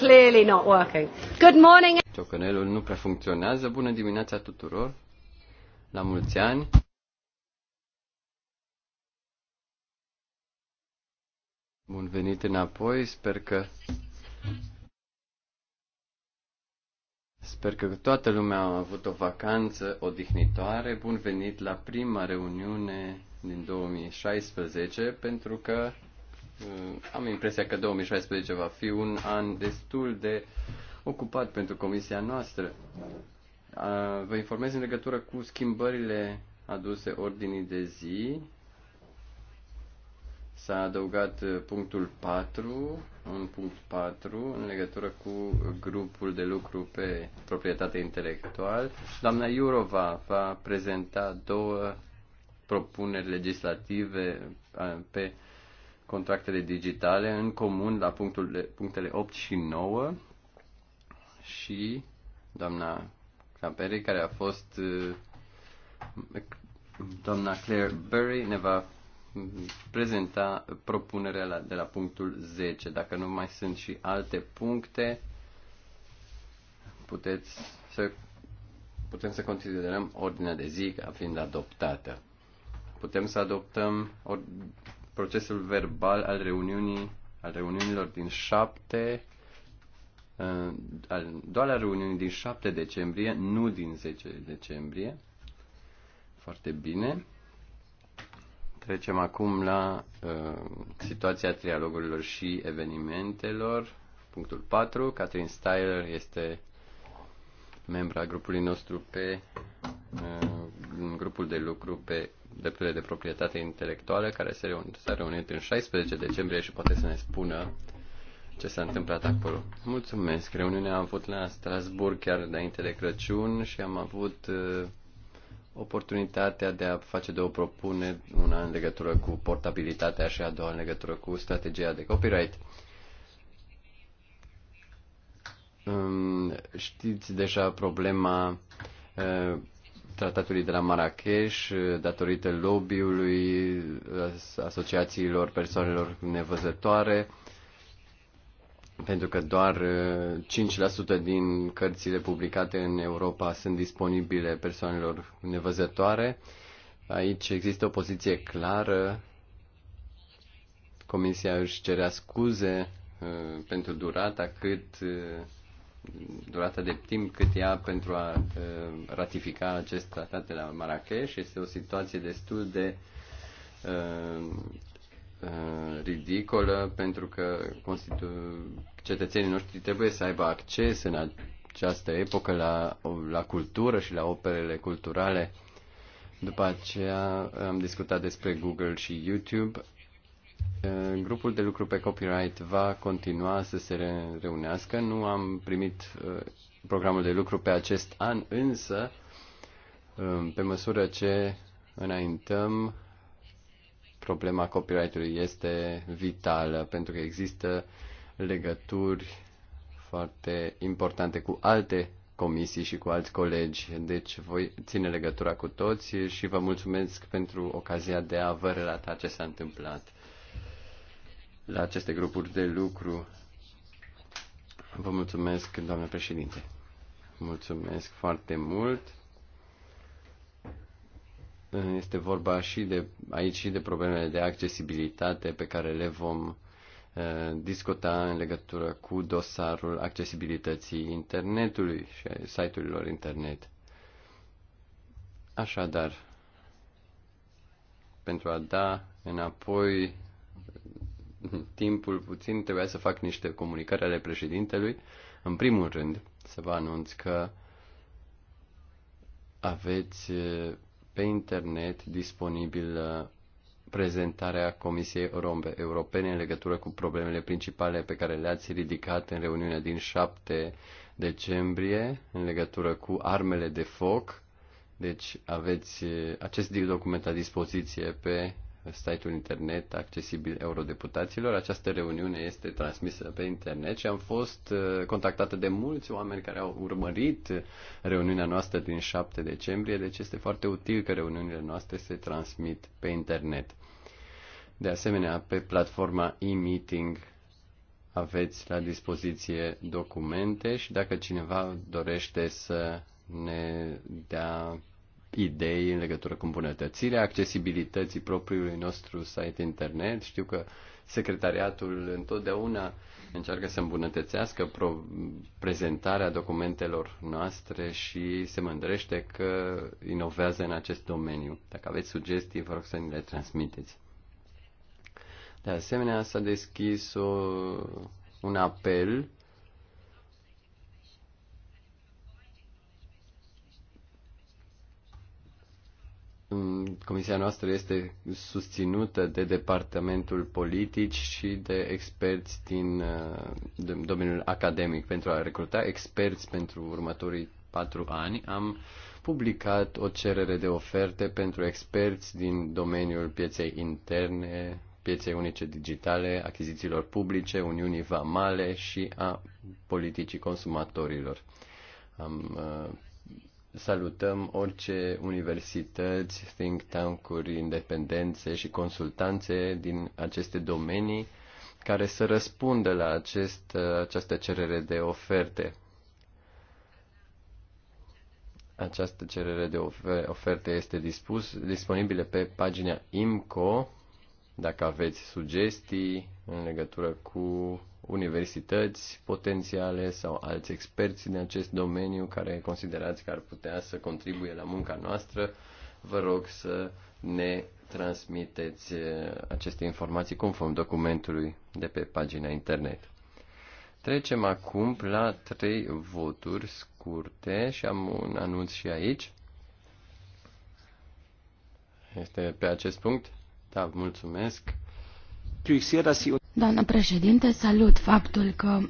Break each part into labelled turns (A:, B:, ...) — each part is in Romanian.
A: clearly not working. Good morning.
B: Ciocanelul nu prea funcționează. Bună dimineața tuturor. La mulți ani. Bun venit înapoi. Sper că Sper că toată lumea a avut o vacanță odihnitoare. Bun venit la prima reuniune din 2016 pentru că Mm, am impresia că 2016 va fi un an destul de ocupat pentru comisia noastră. Vă informez în legătură cu schimbările aduse ordinii de zi. S-a adăugat uh, punctul 4, un punct 4, în legătură cu grupul de lucru pe proprietate intelectual. Doamna Iurova va prezenta două propuneri legislative uh, pe contractele digitale în comun la punctul, punctele 8 și 9 și doamna Claperi, care a fost uh, doamna Claire Berry, ne va prezenta propunerea de la punctul 10. Dacă nu mai sunt și alte puncte, puteți să, putem să considerăm ordinea de zi ca fiind adoptată. Putem să adoptăm procesul verbal al reuniunii, al reuniunilor din 7 eh, al la reuniunii din 7 decembrie, nu din 10 decembrie. Foarte bine. Trecem acum la uh, situația trialogurilor și evenimentelor. Punctul 4. Catherine Styler este membra grupului nostru pe Uh, grupul de lucru pe drepturile de proprietate intelectuală care s-a reunit în 16 decembrie și poate să ne spună ce s-a întâmplat acolo. Mulțumesc! Reuniunea am avut la Strasburg chiar înainte de Crăciun și am avut uh, oportunitatea de a face două propuneri, una în legătură cu portabilitatea și a doua în legătură cu strategia de copyright. Um, știți deja problema uh, tratatului de la Marrakesh, datorită lobby-ului asociațiilor persoanelor nevăzătoare, pentru că doar 5% uh, din cărțile publicate în Europa sunt disponibile persoanelor nevăzătoare. Aici există o poziție clară. Comisia își cerea scuze uh, pentru durata cât uh, durata de timp cât ia pentru a ă, ratifica acest tratat de la Marrakesh este o situație destul de ă, ă, ridicolă pentru că constitu cetățenii noștri trebuie să aibă acces în această epocă la, la cultură și la operele culturale. După aceea am discutat despre Google și YouTube. Grupul de lucru pe copyright va continua să se reunească. Nu am primit uh, programul de lucru pe acest an, însă, um, pe măsură ce înaintăm, problema copyright-ului este vitală, pentru că există legături foarte importante cu alte comisii și cu alți colegi. Deci voi ține legătura cu toți și vă mulțumesc pentru ocazia de a vă relata ce s-a întâmplat la aceste grupuri de lucru. Vă mulțumesc, doamnă președinte. Mulțumesc foarte mult. Este vorba și de, aici și de problemele de accesibilitate pe care le vom eh, discuta în legătură cu dosarul accesibilității internetului și site-urilor internet. Așadar, pentru a da înapoi Mhm. timpul puțin trebuia să fac niște comunicări ale președintelui. În primul rând, să vă anunț că aveți pe internet disponibil prezentarea Comisiei Europene în legătură cu problemele principale pe care le-ați ridicat în reuniunea din 7 decembrie în legătură cu armele de foc. Deci aveți acest document la dispoziție pe site-ul internet accesibil eurodeputaților. Această reuniune este transmisă pe internet și am fost uh, contactată de mulți oameni care au urmărit reuniunea noastră din 7 decembrie, deci este foarte util că reuniunile noastre se transmit pe internet. De asemenea, pe platforma e-meeting aveți la dispoziție documente și dacă cineva dorește să ne dea idei în legătură cu îmbunătățirea accesibilității propriului nostru site internet. Știu că secretariatul întotdeauna încearcă să îmbunătățească pro- prezentarea documentelor noastre și se mândrește că inovează în acest domeniu. Dacă aveți sugestii, vă rog să ne le transmiteți. De asemenea, s-a deschis o, un apel Comisia noastră este susținută de departamentul politic și de experți din uh, de domeniul academic. Pentru a recruta experți pentru următorii patru ani am publicat o cerere de oferte pentru experți din domeniul pieței interne, pieței unice digitale, achizițiilor publice, Uniunii Vamale și a politicii consumatorilor. Am uh, salutăm orice universități, think tank-uri, independențe și consultanțe din aceste domenii care să răspundă la acest, această cerere de oferte. Această cerere de oferte este dispus, disponibilă pe pagina IMCO. Dacă aveți sugestii în legătură cu universități potențiale sau alți experți din acest domeniu care considerați că ar putea să contribuie la munca noastră, vă rog să ne transmiteți eh, aceste informații conform documentului de pe pagina internet. Trecem acum la trei voturi scurte și am un anunț și aici. Este pe acest punct? Da, mulțumesc. Doamnă
C: președinte, salut faptul că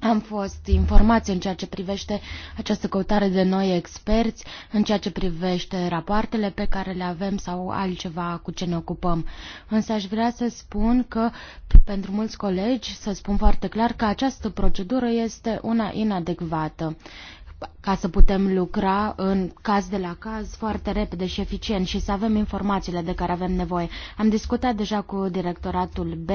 C: am fost informați în ceea ce privește această căutare de noi experți, în ceea ce privește rapoartele pe care le avem sau altceva cu ce ne ocupăm. Însă aș vrea să spun că, pentru mulți colegi, să spun foarte clar că această procedură este una inadecvată ca să putem lucra în caz de la caz foarte repede și eficient și să avem informațiile de care avem nevoie. Am discutat deja cu directoratul B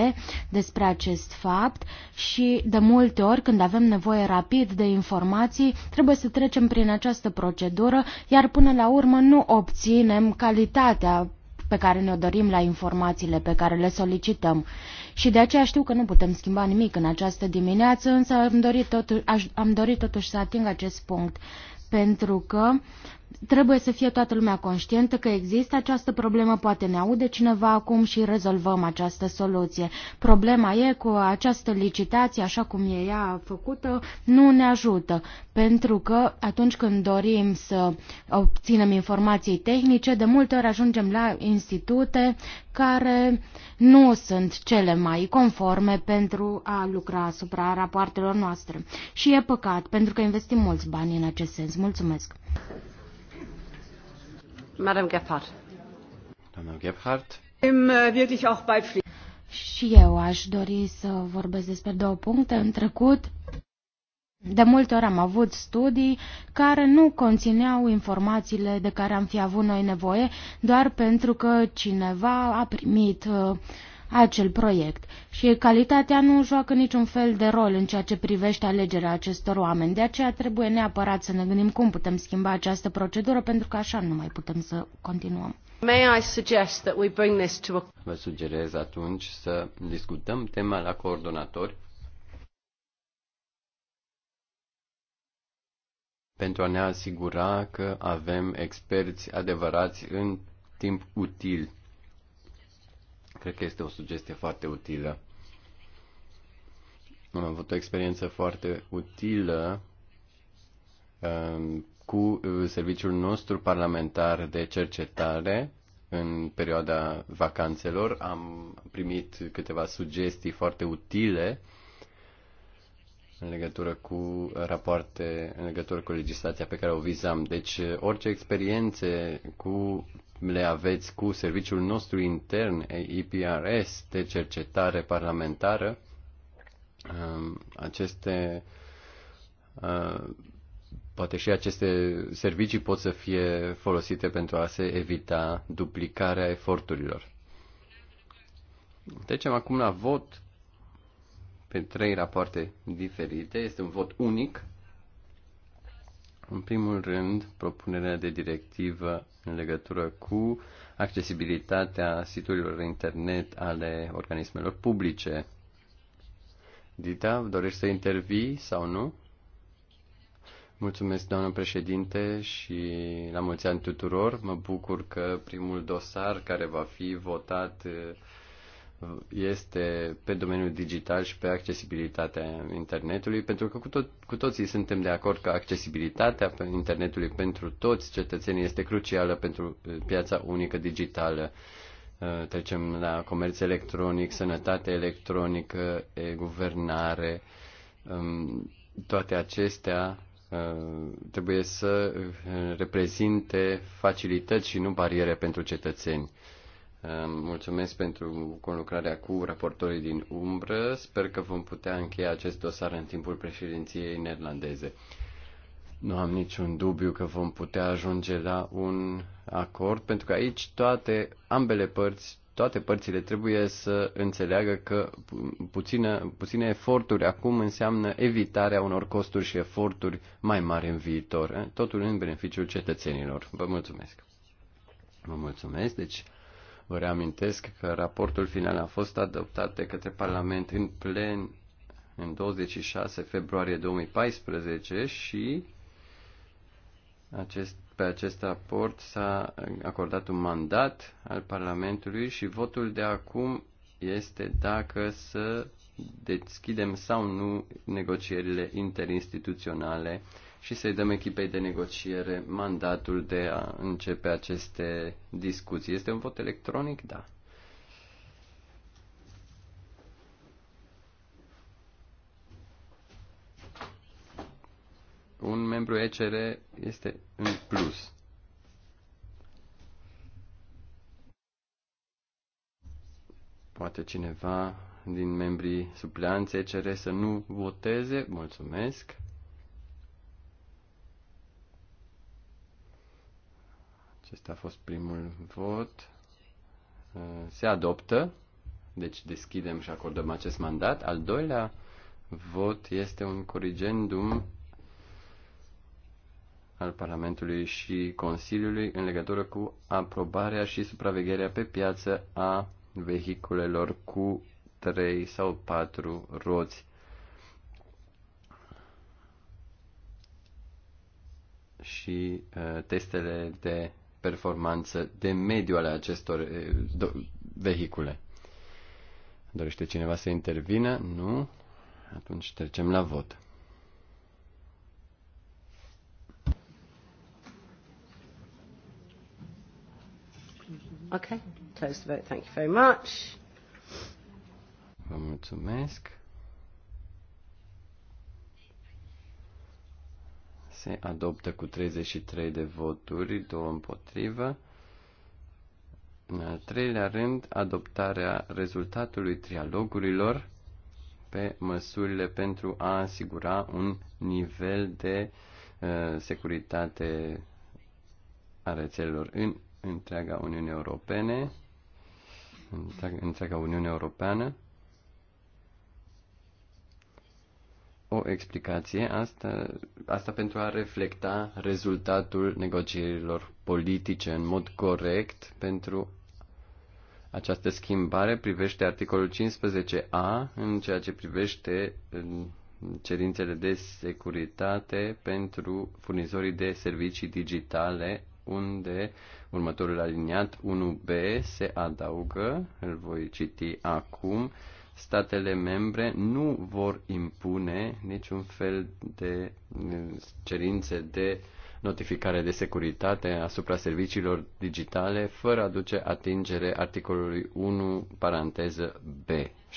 C: despre acest fapt și de multe ori când avem nevoie rapid de informații trebuie să trecem prin această procedură, iar până la urmă nu obținem calitatea pe care ne-o dorim la informațiile pe care le solicităm și de aceea știu că nu putem schimba nimic în această dimineață, însă am dorit, totu- aș, am dorit totuși să ating acest punct pentru că Trebuie să fie toată lumea conștientă că există această problemă, poate ne aude cineva acum și rezolvăm această soluție. Problema e cu această licitație, așa cum e ea făcută, nu ne ajută, pentru că atunci când dorim să obținem informații tehnice, de multe ori ajungem la institute care nu sunt cele mai conforme pentru a lucra asupra rapoartelor noastre. Și e păcat, pentru că investim mulți bani în acest sens. Mulțumesc!
A: Madame
B: Doamna Gebhardt.
A: Uh, Și eu aș dori să vorbesc
C: despre două puncte. În trecut, de multe ori am avut studii care nu conțineau informațiile de care am fi avut noi nevoie, doar pentru că cineva a primit uh, acel proiect și calitatea nu joacă niciun fel de rol în ceea ce privește alegerea acestor oameni. De aceea trebuie neapărat să ne gândim cum putem schimba această procedură pentru că așa nu mai putem să continuăm.
A: May I suggest that we bring this to a...
B: Vă sugerez atunci să discutăm tema la coordonatori pentru a ne asigura că avem experți adevărați în timp util Cred că este o sugestie foarte utilă. Am avut o experiență foarte utilă um, cu uh, serviciul nostru parlamentar de cercetare în perioada vacanțelor. Am primit câteva sugestii foarte utile în legătură cu rapoarte, în legătură cu legislația pe care o vizam. Deci orice experiențe cu le aveți cu serviciul nostru intern, EPRS, de cercetare parlamentară. Um, aceste, uh, poate și aceste servicii pot să fie folosite pentru a se evita duplicarea eforturilor. Trecem acum la vot pe trei rapoarte diferite. Este un vot unic. În primul rând, propunerea de directivă în legătură cu accesibilitatea siturilor internet ale organismelor publice. Dita, dorești să intervii sau nu? Mulțumesc, doamnă președinte, și la mulți ani tuturor. Mă bucur că primul dosar care va fi votat este pe domeniul digital și pe accesibilitatea internetului, pentru că cu, tot, cu toții suntem de acord că accesibilitatea internetului pentru toți cetățenii este crucială pentru uh, piața unică digitală. Uh, trecem la comerț electronic, sănătate electronică, e guvernare, um, toate acestea uh, trebuie să reprezinte facilități și nu bariere pentru cetățeni. Mulțumesc pentru conlucrarea cu raportorii din umbră. Sper că vom putea încheia acest dosar în timpul președinției neerlandeze. Nu am niciun dubiu că vom putea ajunge la un acord, pentru că aici toate, ambele părți, toate părțile trebuie să înțeleagă că puțină, puține eforturi acum înseamnă evitarea unor costuri și eforturi mai mari în viitor. Totul în beneficiul cetățenilor. Vă mulțumesc. Vă mulțumesc. Deci, Vă reamintesc că raportul final a fost adoptat de către Parlament în plen în 26 februarie 2014 și acest, pe acest raport s-a acordat un mandat al Parlamentului și votul de acum este dacă să deschidem sau nu negocierile interinstituționale și să-i dăm echipei de negociere mandatul de a începe aceste discuții. Este un vot electronic? Da. Un membru ECR este în plus. Poate cineva din membrii supleanțe ECR să nu voteze? Mulțumesc. Acesta a fost primul vot. Uh, se adoptă, deci deschidem și acordăm acest mandat. Al doilea vot este un corigendum al Parlamentului și Consiliului în legătură cu aprobarea și supravegherea pe piață a vehiculelor cu 3 sau 4 roți. și uh, testele de performanță de mediu ale acestor eh, vehicule. Dorește cineva să intervină? Nu? Atunci trecem la vot.
A: Okay, close the vote. Thank you very much.
B: Vă mulțumesc. se adoptă cu 33 de voturi, două împotrivă. În al treilea rând, adoptarea rezultatului trialogurilor pe măsurile pentru a asigura un nivel de uh, securitate a rețelelor în întreaga Uniune Europene, întreaga Uniune Europeană. o explicație, asta, asta pentru a reflecta rezultatul negocierilor politice în mod corect pentru această schimbare privește articolul 15a în ceea ce privește cerințele de securitate pentru furnizorii de servicii digitale, unde următorul aliniat 1b se adaugă, îl voi citi acum, statele membre nu vor impune niciun fel de cerințe de notificare de securitate asupra serviciilor digitale fără a duce atingere articolului 1 paranteză B,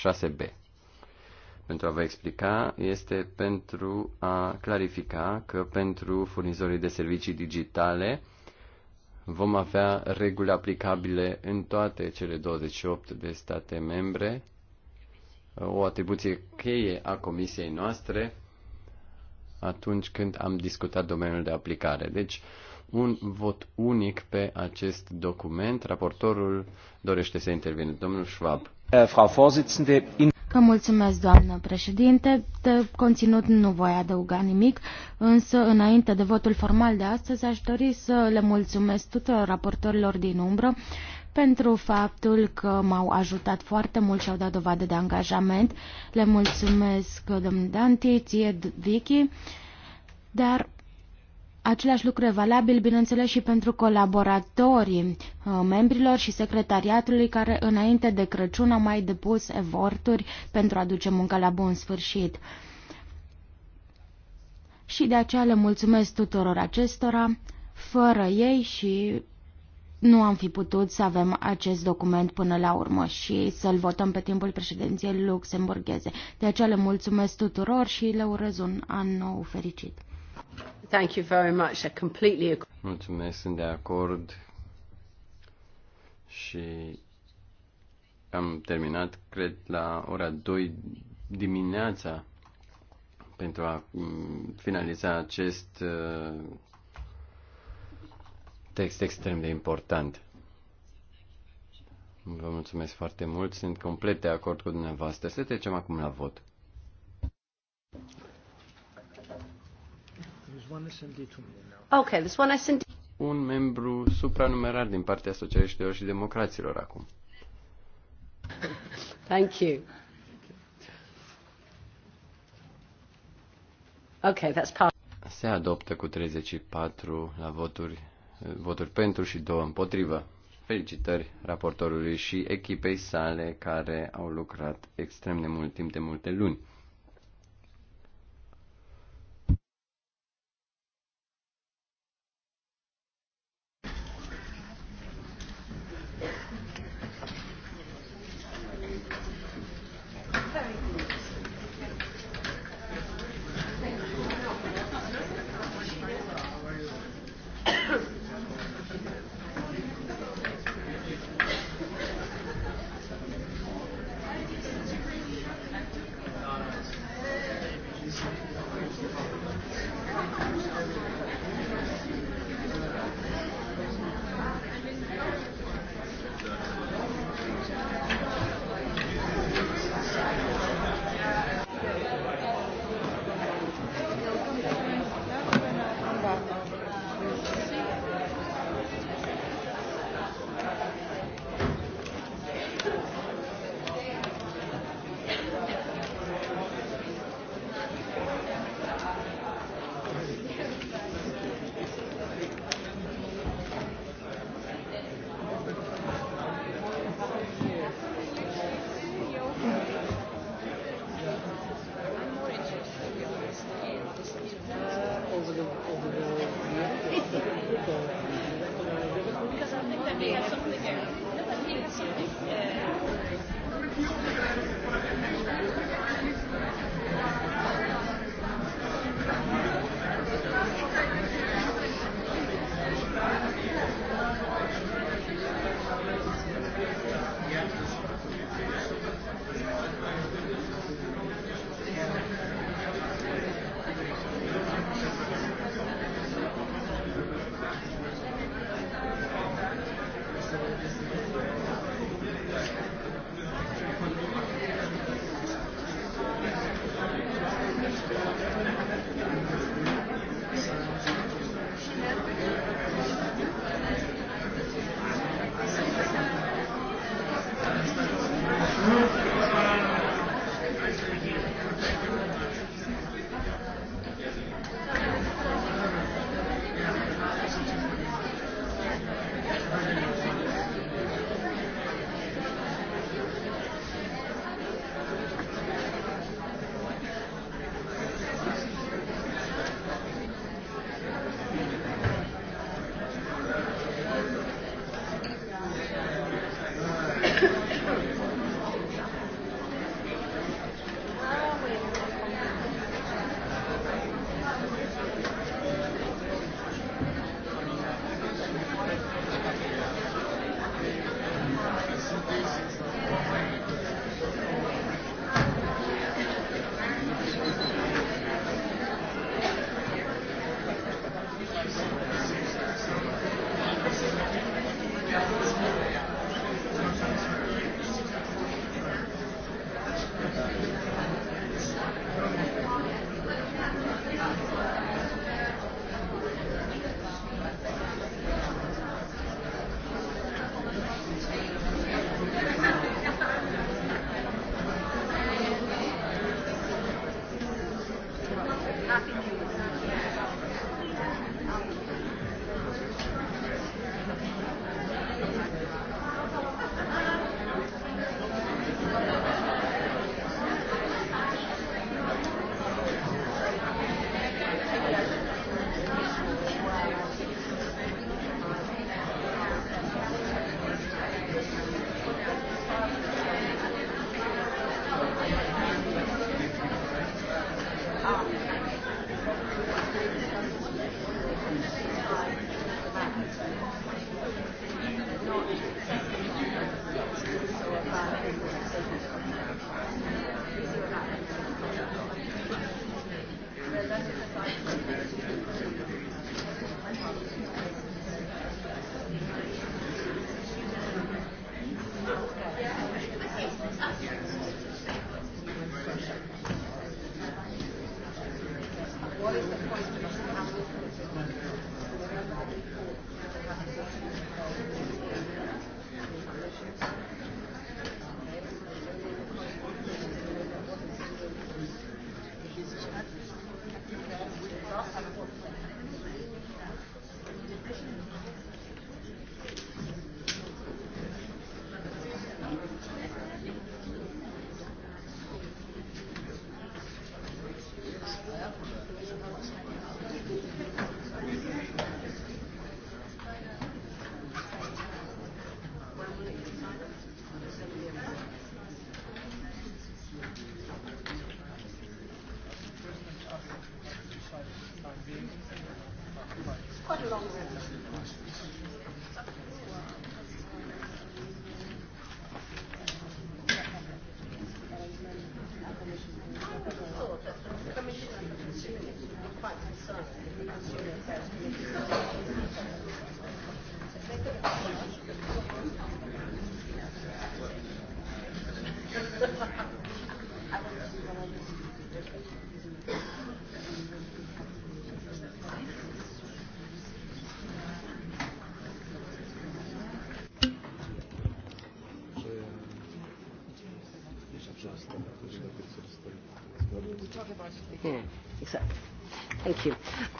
B: 6B. Pentru a vă explica, este pentru a clarifica că pentru furnizorii de servicii digitale vom avea reguli aplicabile în toate cele 28 de state membre o atribuție cheie a comisiei noastre atunci când am discutat domeniul de aplicare. Deci, un vot unic pe acest document. Raportorul dorește să intervine. Domnul Schwab. Eh,
C: Că mulțumesc, doamnă președinte. De conținut nu voi adăuga nimic, însă înainte de votul formal de astăzi aș dori să le mulțumesc tuturor raportorilor din umbră pentru faptul că m-au ajutat foarte mult și au dat dovadă de angajament. Le mulțumesc, domnul Dante, ție, Vicky, dar Același lucru e valabil, bineînțeles, și pentru colaboratorii uh, membrilor și secretariatului care înainte de Crăciun au mai depus eforturi pentru a duce munca la bun sfârșit. Și de aceea le mulțumesc tuturor acestora. Fără ei și nu am fi putut să avem acest document până la urmă și să-l votăm pe timpul președinției luxemburgheze. De aceea le mulțumesc tuturor și le urez un an nou fericit.
A: Thank you very much. I completely agree.
B: Mulțumesc, sunt de acord și am terminat, cred, la ora 2 dimineața pentru a mm, finaliza acest uh, text extrem de important. Vă mulțumesc foarte mult, sunt complet de acord cu dumneavoastră. Să trecem acum la vot.
A: Okay, this one sent...
B: Un membru supranumerar din partea socialiștilor și democraților acum.
A: Thank you. Okay, that's part.
B: Se adoptă cu 34 la voturi voturi pentru și două împotrivă. Felicitări raportorului și echipei sale care au lucrat extrem de mult timp de multe luni.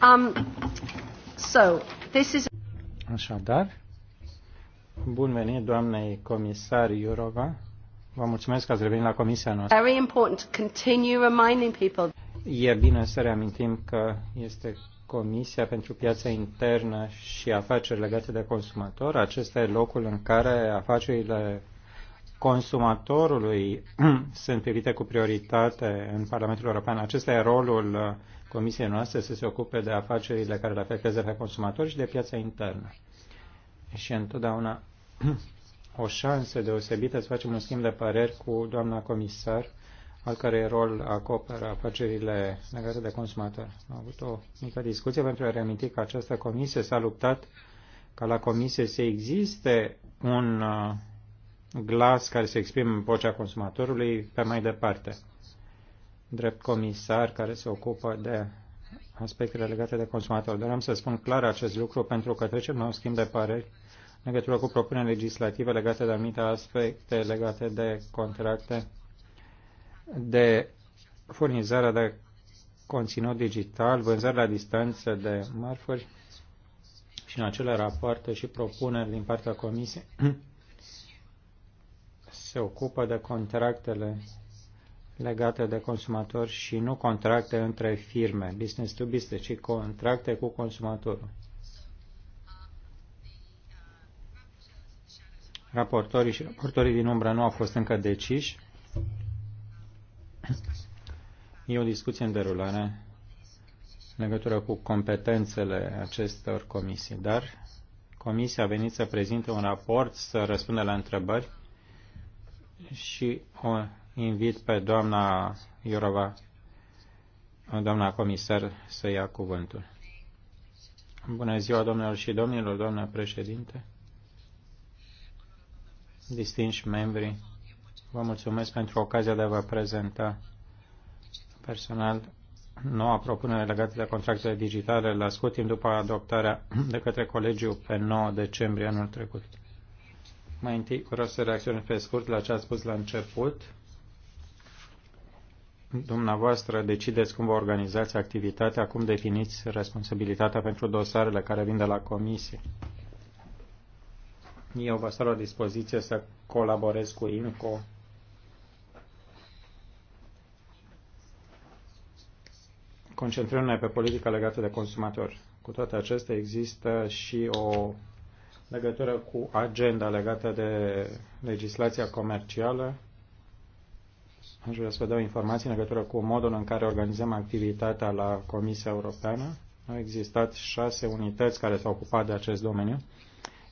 A: Um, so, this is...
D: Așadar, bun venit doamnei comisar Iurova. Vă mulțumesc că ați revenit la comisia noastră.
A: Very important to continue reminding people.
D: E bine să reamintim că este Comisia pentru Piața Internă și Afaceri Legate de Consumator. Acesta e locul în care afacerile consumatorului sunt privite cu prioritate în Parlamentul European. Acesta e rolul comisiei noastre să se ocupe de afacerile care le afectează pe consumatori și de piața internă. Și întotdeauna o șansă deosebită să facem un schimb de păreri cu doamna comisar, al cărei rol acoperă afacerile legate de consumator. Am avut o mică discuție pentru a reaminti că această comisie s-a luptat ca la comisie să existe un uh, glas care se exprimă în vocea consumatorului pe mai departe drept comisar care se ocupă de aspectele legate de consumator. Doream să spun clar acest lucru pentru că trecem la un schimb de păreri în legătură cu propuneri legislative legate de anumite aspecte legate de contracte de furnizarea de conținut digital, vânzări la distanță de marfuri și în acele rapoarte și propuneri din partea Comisiei se ocupă de contractele legate de consumatori și nu contracte între firme, business to business, ci contracte cu consumatorul. Raportorii și raportorii din umbră nu au fost încă deciși. E o discuție în derulare în legătură cu competențele acestor comisii, dar comisia a venit să prezinte un raport, să răspundă la întrebări și o invit pe doamna Iorova, doamna comisar, să ia cuvântul. Bună ziua, domnilor și domnilor, doamna președinte, distinși membri, vă mulțumesc pentru ocazia de a vă prezenta personal noua propunere legată de contractele digitale la scurt timp după adoptarea de către colegiu pe 9 decembrie anul trecut. Mai întâi vreau să reacționez pe scurt la ce a spus la început dumneavoastră decideți cum vă organizați activitatea, cum definiți responsabilitatea pentru dosarele care vin de la comisie. Eu vă stau la dispoziție să colaborez cu INCO concentrându-ne pe politica legată de consumatori. Cu toate acestea există și o legătură cu agenda legată de legislația comercială Aș vrea să vă dau informații în legătură cu modul în care organizăm activitatea la Comisia Europeană. Au existat șase unități care s-au ocupat de acest domeniu.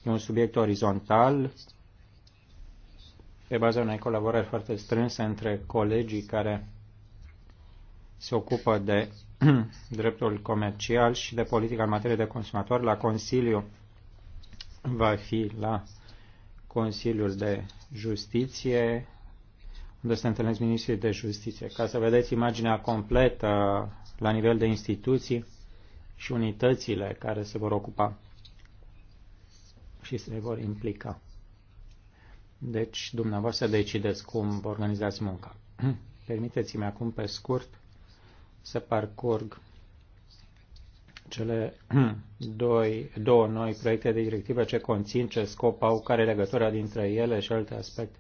D: E un subiect orizontal, pe baza unei colaborări foarte strânse între colegii care se ocupă de dreptul comercial și de politica în materie de consumator. La Consiliu va fi la Consiliul de Justiție, unde se întâlnesc ministrii de justiție, ca să vedeți imaginea completă la nivel de instituții și unitățile care se vor ocupa și se vor implica. Deci, dumneavoastră decideți cum vă organizați munca. Permiteți-mi acum, pe scurt, să parcurg cele doi, două noi proiecte de directivă, ce conțin, ce scop au, care legătura dintre ele și alte aspecte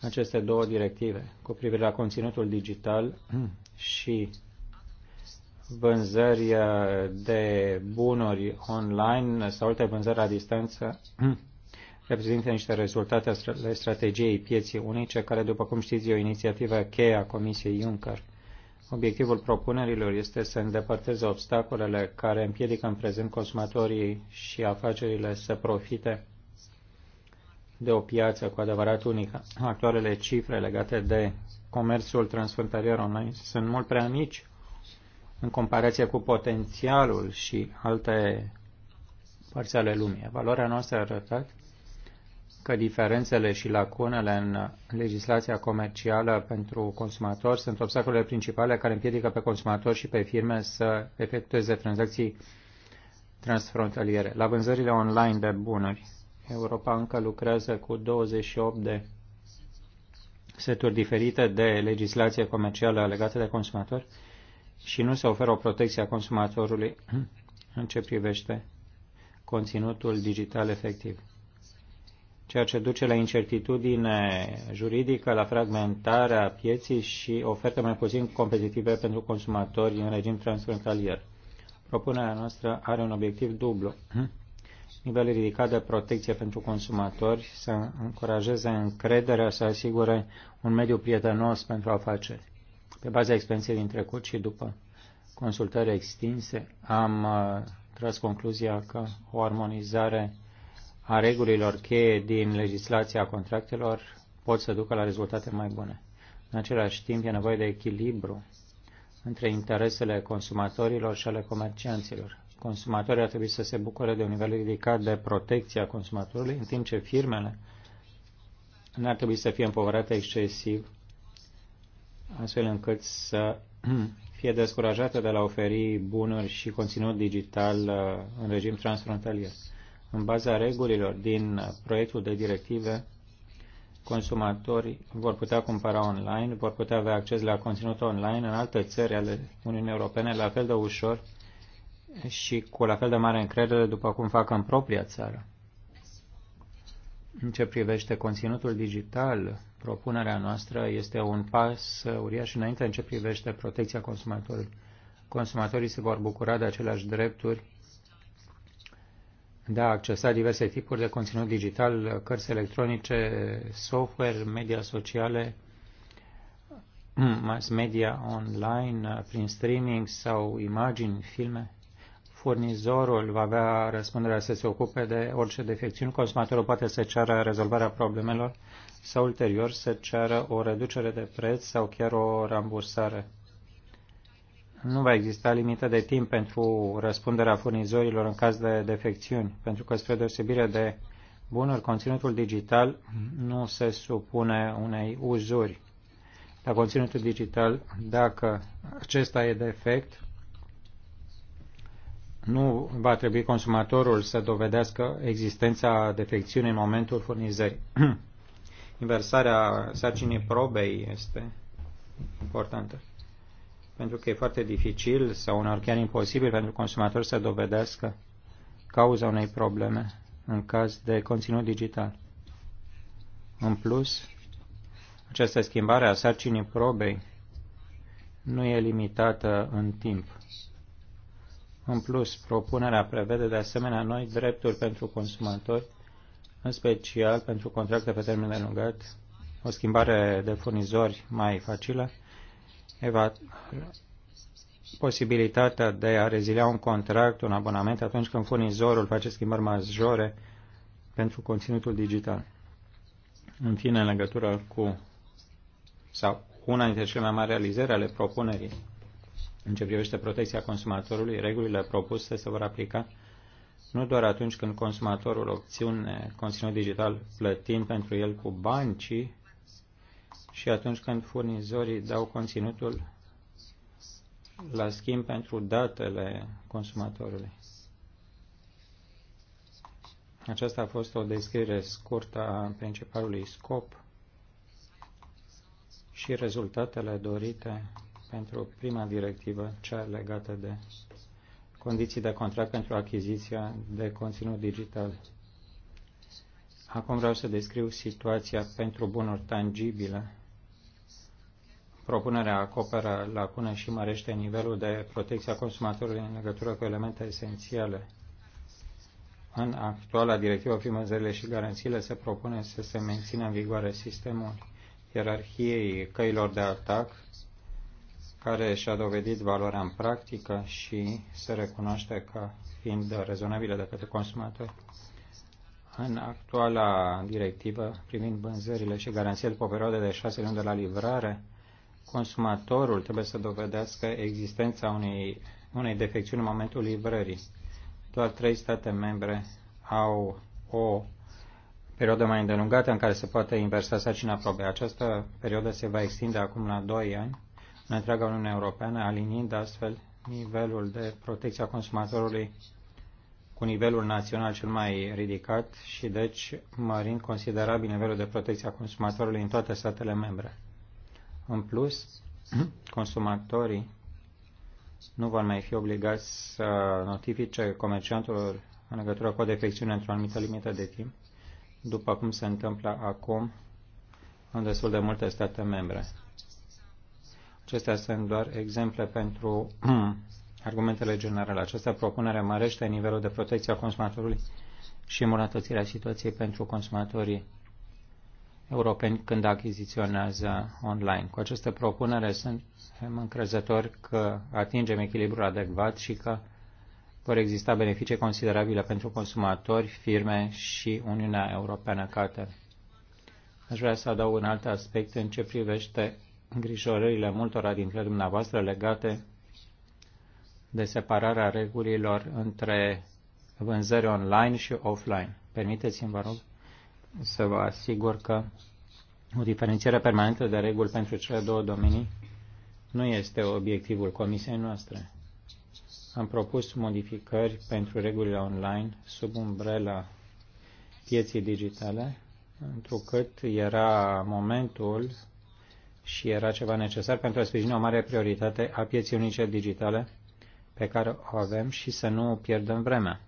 D: aceste două directive cu privire la conținutul digital și vânzări de bunuri online sau alte vânzări la distanță reprezintă niște rezultate ale strategiei pieții unice, care, după cum știți, e o inițiativă cheie a Comisiei Juncker. Obiectivul propunerilor este să îndepărteze obstacolele care împiedică în prezent consumatorii și afacerile să profite de o piață cu adevărat unică. Actualele cifre legate de comerțul transfrontalier online sunt mult prea mici în comparație cu potențialul și alte părți ale lumii. Valoarea noastră a arătat că diferențele și lacunele în legislația comercială pentru consumatori sunt obstacolele principale care împiedică pe consumatori și pe firme să efectueze tranzacții transfrontaliere. La vânzările online de bunuri, Europa încă lucrează cu 28 de seturi diferite de legislație comercială legată de consumatori și nu se oferă o protecție a consumatorului în ce privește conținutul digital efectiv. Ceea ce duce la incertitudine juridică, la fragmentarea pieții și oferte mai puțin competitive pentru consumatori în regim transfrontalier. Propunerea noastră are un obiectiv dublu nivel ridicat de protecție pentru consumatori, să încurajeze încrederea, să asigure un mediu prietenos pentru afaceri. Pe baza experienței din trecut și după consultări extinse, am uh, tras concluzia că o armonizare a regulilor cheie din legislația contractelor pot să ducă la rezultate mai bune. În același timp, e nevoie de echilibru între interesele consumatorilor și ale comercianților consumatorii ar trebui să se bucure de un nivel ridicat de protecție a consumatorului, în timp ce firmele nu ar trebui să fie împovărate excesiv, astfel încât să fie descurajate de la oferi bunuri și conținut digital uh, în regim transfrontalier. În baza regulilor din proiectul de directive, consumatorii vor putea cumpăra online, vor putea avea acces la conținut online în alte țări ale Uniunii Europene, la fel de ușor și cu la fel de mare încredere după cum fac în propria țară. În ce privește conținutul digital, propunerea noastră este un pas uriaș înainte în ce privește protecția consumatorului. Consumatorii se vor bucura de aceleași drepturi de a accesa diverse tipuri de conținut digital, cărți electronice, software, media sociale, mass media online, prin streaming sau imagini, filme furnizorul va avea răspunderea să se ocupe de orice defecțiune. consumatorul poate să ceară rezolvarea problemelor sau ulterior să ceară o reducere de preț sau chiar o rambursare. Nu va exista limită de timp pentru răspunderea furnizorilor în caz de defecțiuni, pentru că spre deosebire de bunuri, conținutul digital nu se supune unei uzuri. La conținutul digital, dacă acesta e defect, nu va trebui consumatorul să dovedească existența defecțiunii în momentul furnizării. Inversarea sarcinii probei este importantă, pentru că e foarte dificil sau uneori chiar imposibil pentru consumator să dovedească cauza unei probleme în caz de conținut digital. În plus, această schimbare a sarcinii probei nu e limitată în timp. În plus, propunerea prevede de asemenea noi drepturi pentru consumatori, în special pentru contracte pe termen lungat, o schimbare de furnizori mai facilă, posibilitatea de a rezilia un contract, un abonament atunci când furnizorul face schimbări majore pentru conținutul digital. În fine, în legătură cu sau una dintre cele mai mari realizări ale propunerii în ce privește protecția consumatorului, regulile propuse se vor aplica nu doar atunci când consumatorul obține conținut digital plătind pentru el cu bani, ci și atunci când furnizorii dau conținutul la schimb pentru datele consumatorului. Aceasta a fost o descriere scurtă a principalului scop și rezultatele dorite pentru prima directivă, cea legată de condiții de contract pentru achiziția de conținut digital. Acum vreau să descriu situația pentru bunuri tangibile. Propunerea acoperă lacune și mărește nivelul de protecție a consumatorului în legătură cu elemente esențiale. În actuala directivă primăzările și garanțiile se propune să se mențină în vigoare sistemul ierarhiei căilor de atac care și-a dovedit valoarea în practică și se recunoaște ca fiind rezonabilă de către consumatori. În actuala directivă privind vânzările și garanțiile pe o perioadă de șase luni de la livrare, consumatorul trebuie să dovedească existența unei, unei defecțiuni în momentul livrării. Doar trei state membre au o perioadă mai îndelungată în care se poate inversa sarcina probei. Această perioadă se va extinde acum la 2 ani în întreaga Uniune Europeană, aliniind astfel nivelul de protecție a consumatorului cu nivelul național cel mai ridicat și deci mărind considerabil nivelul de protecție a consumatorului în toate statele membre. În plus, consumatorii nu vor mai fi obligați să notifice comerciantul în legătură cu o defecțiune într-o anumită limită de timp, după cum se întâmplă acum în destul de multe state membre. Acestea sunt doar exemple pentru argumentele generale. Această propunere mărește nivelul de protecție a consumatorului și îmbunătățirea situației pentru consumatorii europeni când achiziționează online. Cu aceste propunere suntem încrezători că atingem echilibrul adecvat și că vor exista beneficii considerabile pentru consumatori, firme și Uniunea Europeană ca Aș vrea să adaug un alt aspect în ce privește îngrijorările multora dintre dumneavoastră legate de separarea regulilor între vânzări online și offline. Permiteți-mi, vă rog, să vă asigur că o diferențiere permanentă de reguli pentru cele două domenii nu este obiectivul comisiei noastre. Am propus modificări pentru regulile online sub umbrela pieții digitale, întrucât era momentul și era ceva necesar pentru a sprijini o mare prioritate a pieții unice digitale pe care o avem și să nu pierdem vremea.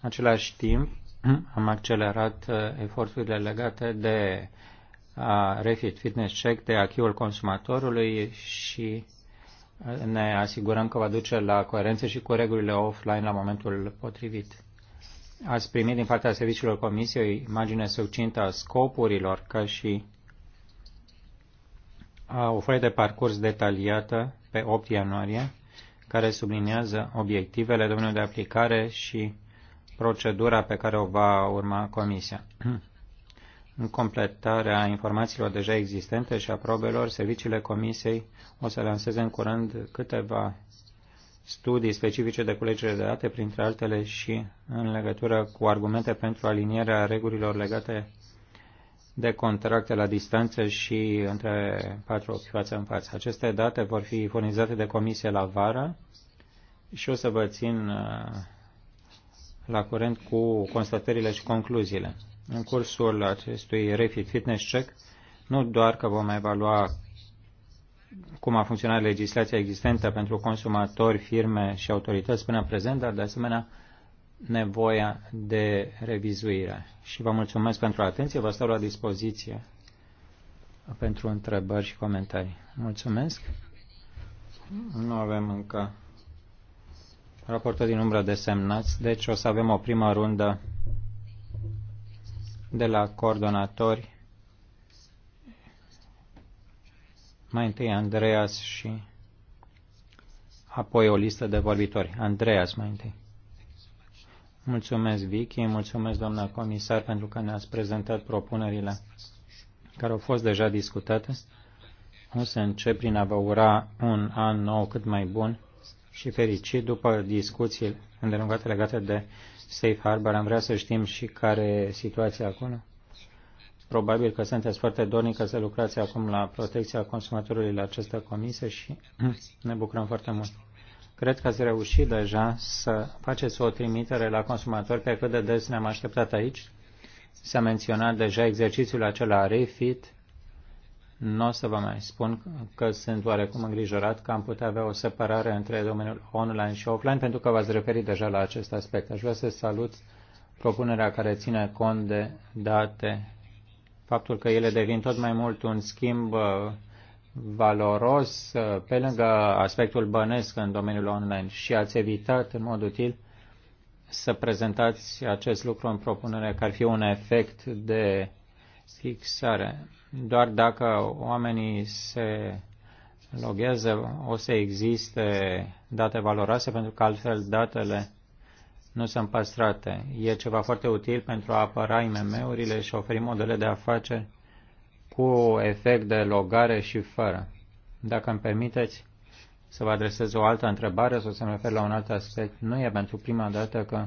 D: În același timp, am accelerat uh, eforturile legate de Refit Fitness Check, de achiul consumatorului și uh, ne asigurăm că va duce la coerență și cu regulile offline la momentul potrivit. Ați primit din partea serviciilor Comisiei imagine succintă a scopurilor ca și o foaie de parcurs detaliată pe 8 ianuarie, care subliniază obiectivele, domeniului de aplicare și procedura pe care o va urma Comisia. În completarea informațiilor deja existente și a probelor, serviciile Comisiei o să lanseze în curând câteva studii specifice de culegere de date, printre altele și în legătură cu argumente pentru alinierea regulilor legate de contracte la distanță și între patru ochi față în față. Aceste date vor fi furnizate de comisie la vară și o să vă țin uh, la curent cu constatările și concluziile. În cursul acestui Refit Fitness Check, nu doar că vom evalua cum a funcționat legislația existentă pentru consumatori, firme și autorități până în prezent, dar de asemenea nevoia de revizuire. Și vă mulțumesc pentru atenție, vă stau la dispoziție pentru întrebări și comentarii. Mulțumesc. Nu avem încă raportul din umbră de semnați, deci o să avem o primă rundă de la coordonatori. Mai întâi Andreas și apoi o listă de vorbitori. Andreas mai întâi. Mulțumesc, Vicky, mulțumesc, doamna comisar, pentru că ne-ați prezentat propunerile care au fost deja discutate. O să încep prin a vă ura un an nou cât mai bun și fericit după discuții îndelungate legate de Safe Harbor. Am vrea să știm și care e situația acolo. Probabil că sunteți foarte dornică să lucrați acum la protecția consumatorului la această comisie și ne bucurăm foarte mult. Cred că ați reușit deja să faceți o trimitere la consumatori pe cât de des ne-am așteptat aici. S-a menționat deja exercițiul acela refit. Nu o să vă mai spun că sunt oarecum îngrijorat că am putea avea o separare între domeniul online și offline, pentru că v-ați referit deja la acest aspect. Aș vrea să salut propunerea care ține cont de date, faptul că ele devin tot mai mult un schimb uh, valoros uh, pe lângă aspectul bănesc în domeniul online și ați evitat în mod util să prezentați acest lucru în propunere că ar fi un efect de fixare. Doar dacă oamenii se loghează, o să existe date valoroase, pentru că altfel datele nu sunt păstrate. E ceva foarte util pentru a apăra IMM-urile și oferi modele de afaceri cu efect de logare și fără. Dacă îmi permiteți să vă adresez o altă întrebare sau să mă refer la un alt aspect, nu e pentru prima dată că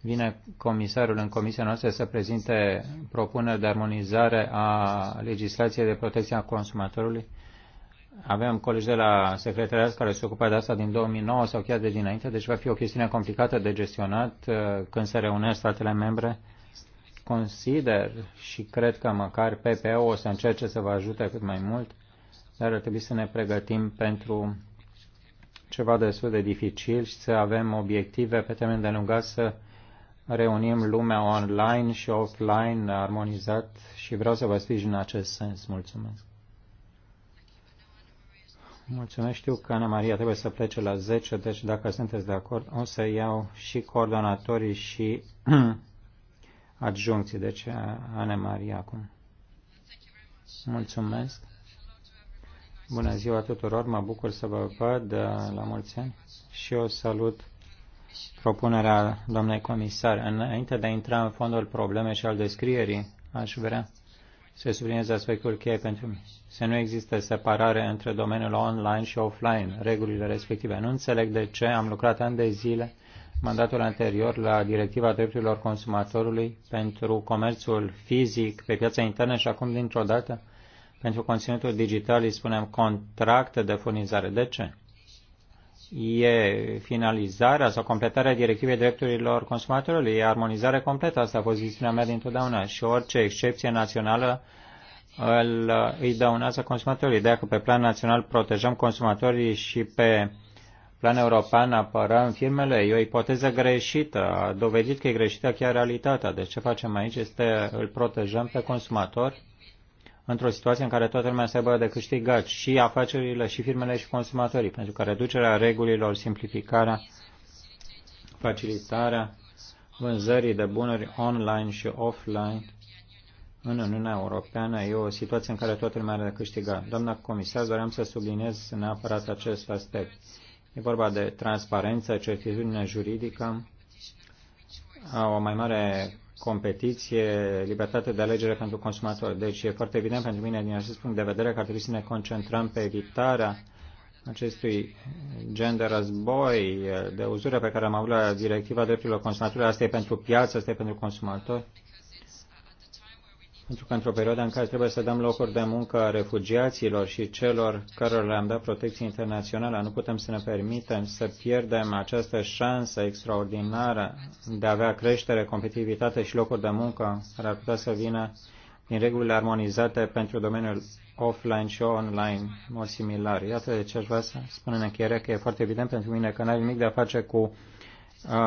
D: vine comisarul în comisia noastră să prezinte propuneri de armonizare a legislației de protecție a consumatorului. Avem colegi de la secretariat care se ocupă de asta din 2009 sau chiar de dinainte, deci va fi o chestiune complicată de gestionat uh, când se reunesc statele membre consider și cred că măcar PPO o să încerce să vă ajute cât mai mult, dar ar trebui să ne pregătim pentru ceva destul de dificil și să avem obiective pe termen de lungat să reunim lumea online și offline armonizat și vreau să vă sprijin în acest sens. Mulțumesc! Mulțumesc, știu că Ana Maria trebuie să plece la 10, deci dacă sunteți de acord, o să iau și coordonatorii și adjuncții. Deci, Ana Maria acum. Mulțumesc. Bună ziua tuturor, mă bucur să vă văd uh, la mulți ani și o salut propunerea doamnei comisar. Înainte de a intra în fondul problemei și al descrierii, aș vrea să subliniez aspectul cheie pentru mine. Să nu există separare între domeniul online și offline, regulile respective. Nu înțeleg de ce am lucrat ani de zile mandatul anterior la Directiva Drepturilor Consumatorului pentru comerțul fizic pe piața internă și acum, dintr-o dată, pentru conținutul digital îi spunem contracte de furnizare. De ce? E finalizarea sau completarea Directivei Drepturilor Consumatorului, e armonizare completă. Asta a fost viziunea mea dintotdeauna și orice excepție națională îl, îi dăunează consumatorii. Dacă pe plan național protejăm consumatorii și pe plan european apărăm firmele, e o ipoteză greșită. A dovedit că e greșită chiar realitatea. Deci ce facem aici este îl protejăm pe consumator într-o situație în care toată lumea să aibă de câștigat și afacerile, și firmele, și consumatorii, pentru că reducerea regulilor, simplificarea, facilitarea vânzării de bunuri online și offline în Uniunea Europeană e o situație în care toată lumea are de câștigat. Doamna comisar, doream să subliniez neapărat acest aspect. E vorba de transparență, certitudine juridică, o mai mare competiție, libertate de alegere pentru consumator. Deci e foarte evident pentru mine din acest punct de vedere că ar trebui să ne concentrăm pe evitarea acestui gen de război, de uzură pe care am avut la directiva drepturilor consumatorilor. Asta e pentru piață, asta e pentru consumator. Pentru că într-o perioadă în care trebuie să dăm locuri de muncă a refugiaților și celor care le-am dat protecție internațională, nu putem să ne permitem să pierdem această șansă extraordinară de a avea creștere, competitivitate și locuri de muncă care ar putea să vină din regulile armonizate pentru domeniul offline și online, mult similar. Iată de ce aș vrea să spun în încheiere că e foarte evident pentru mine că n-ai nimic de a face cu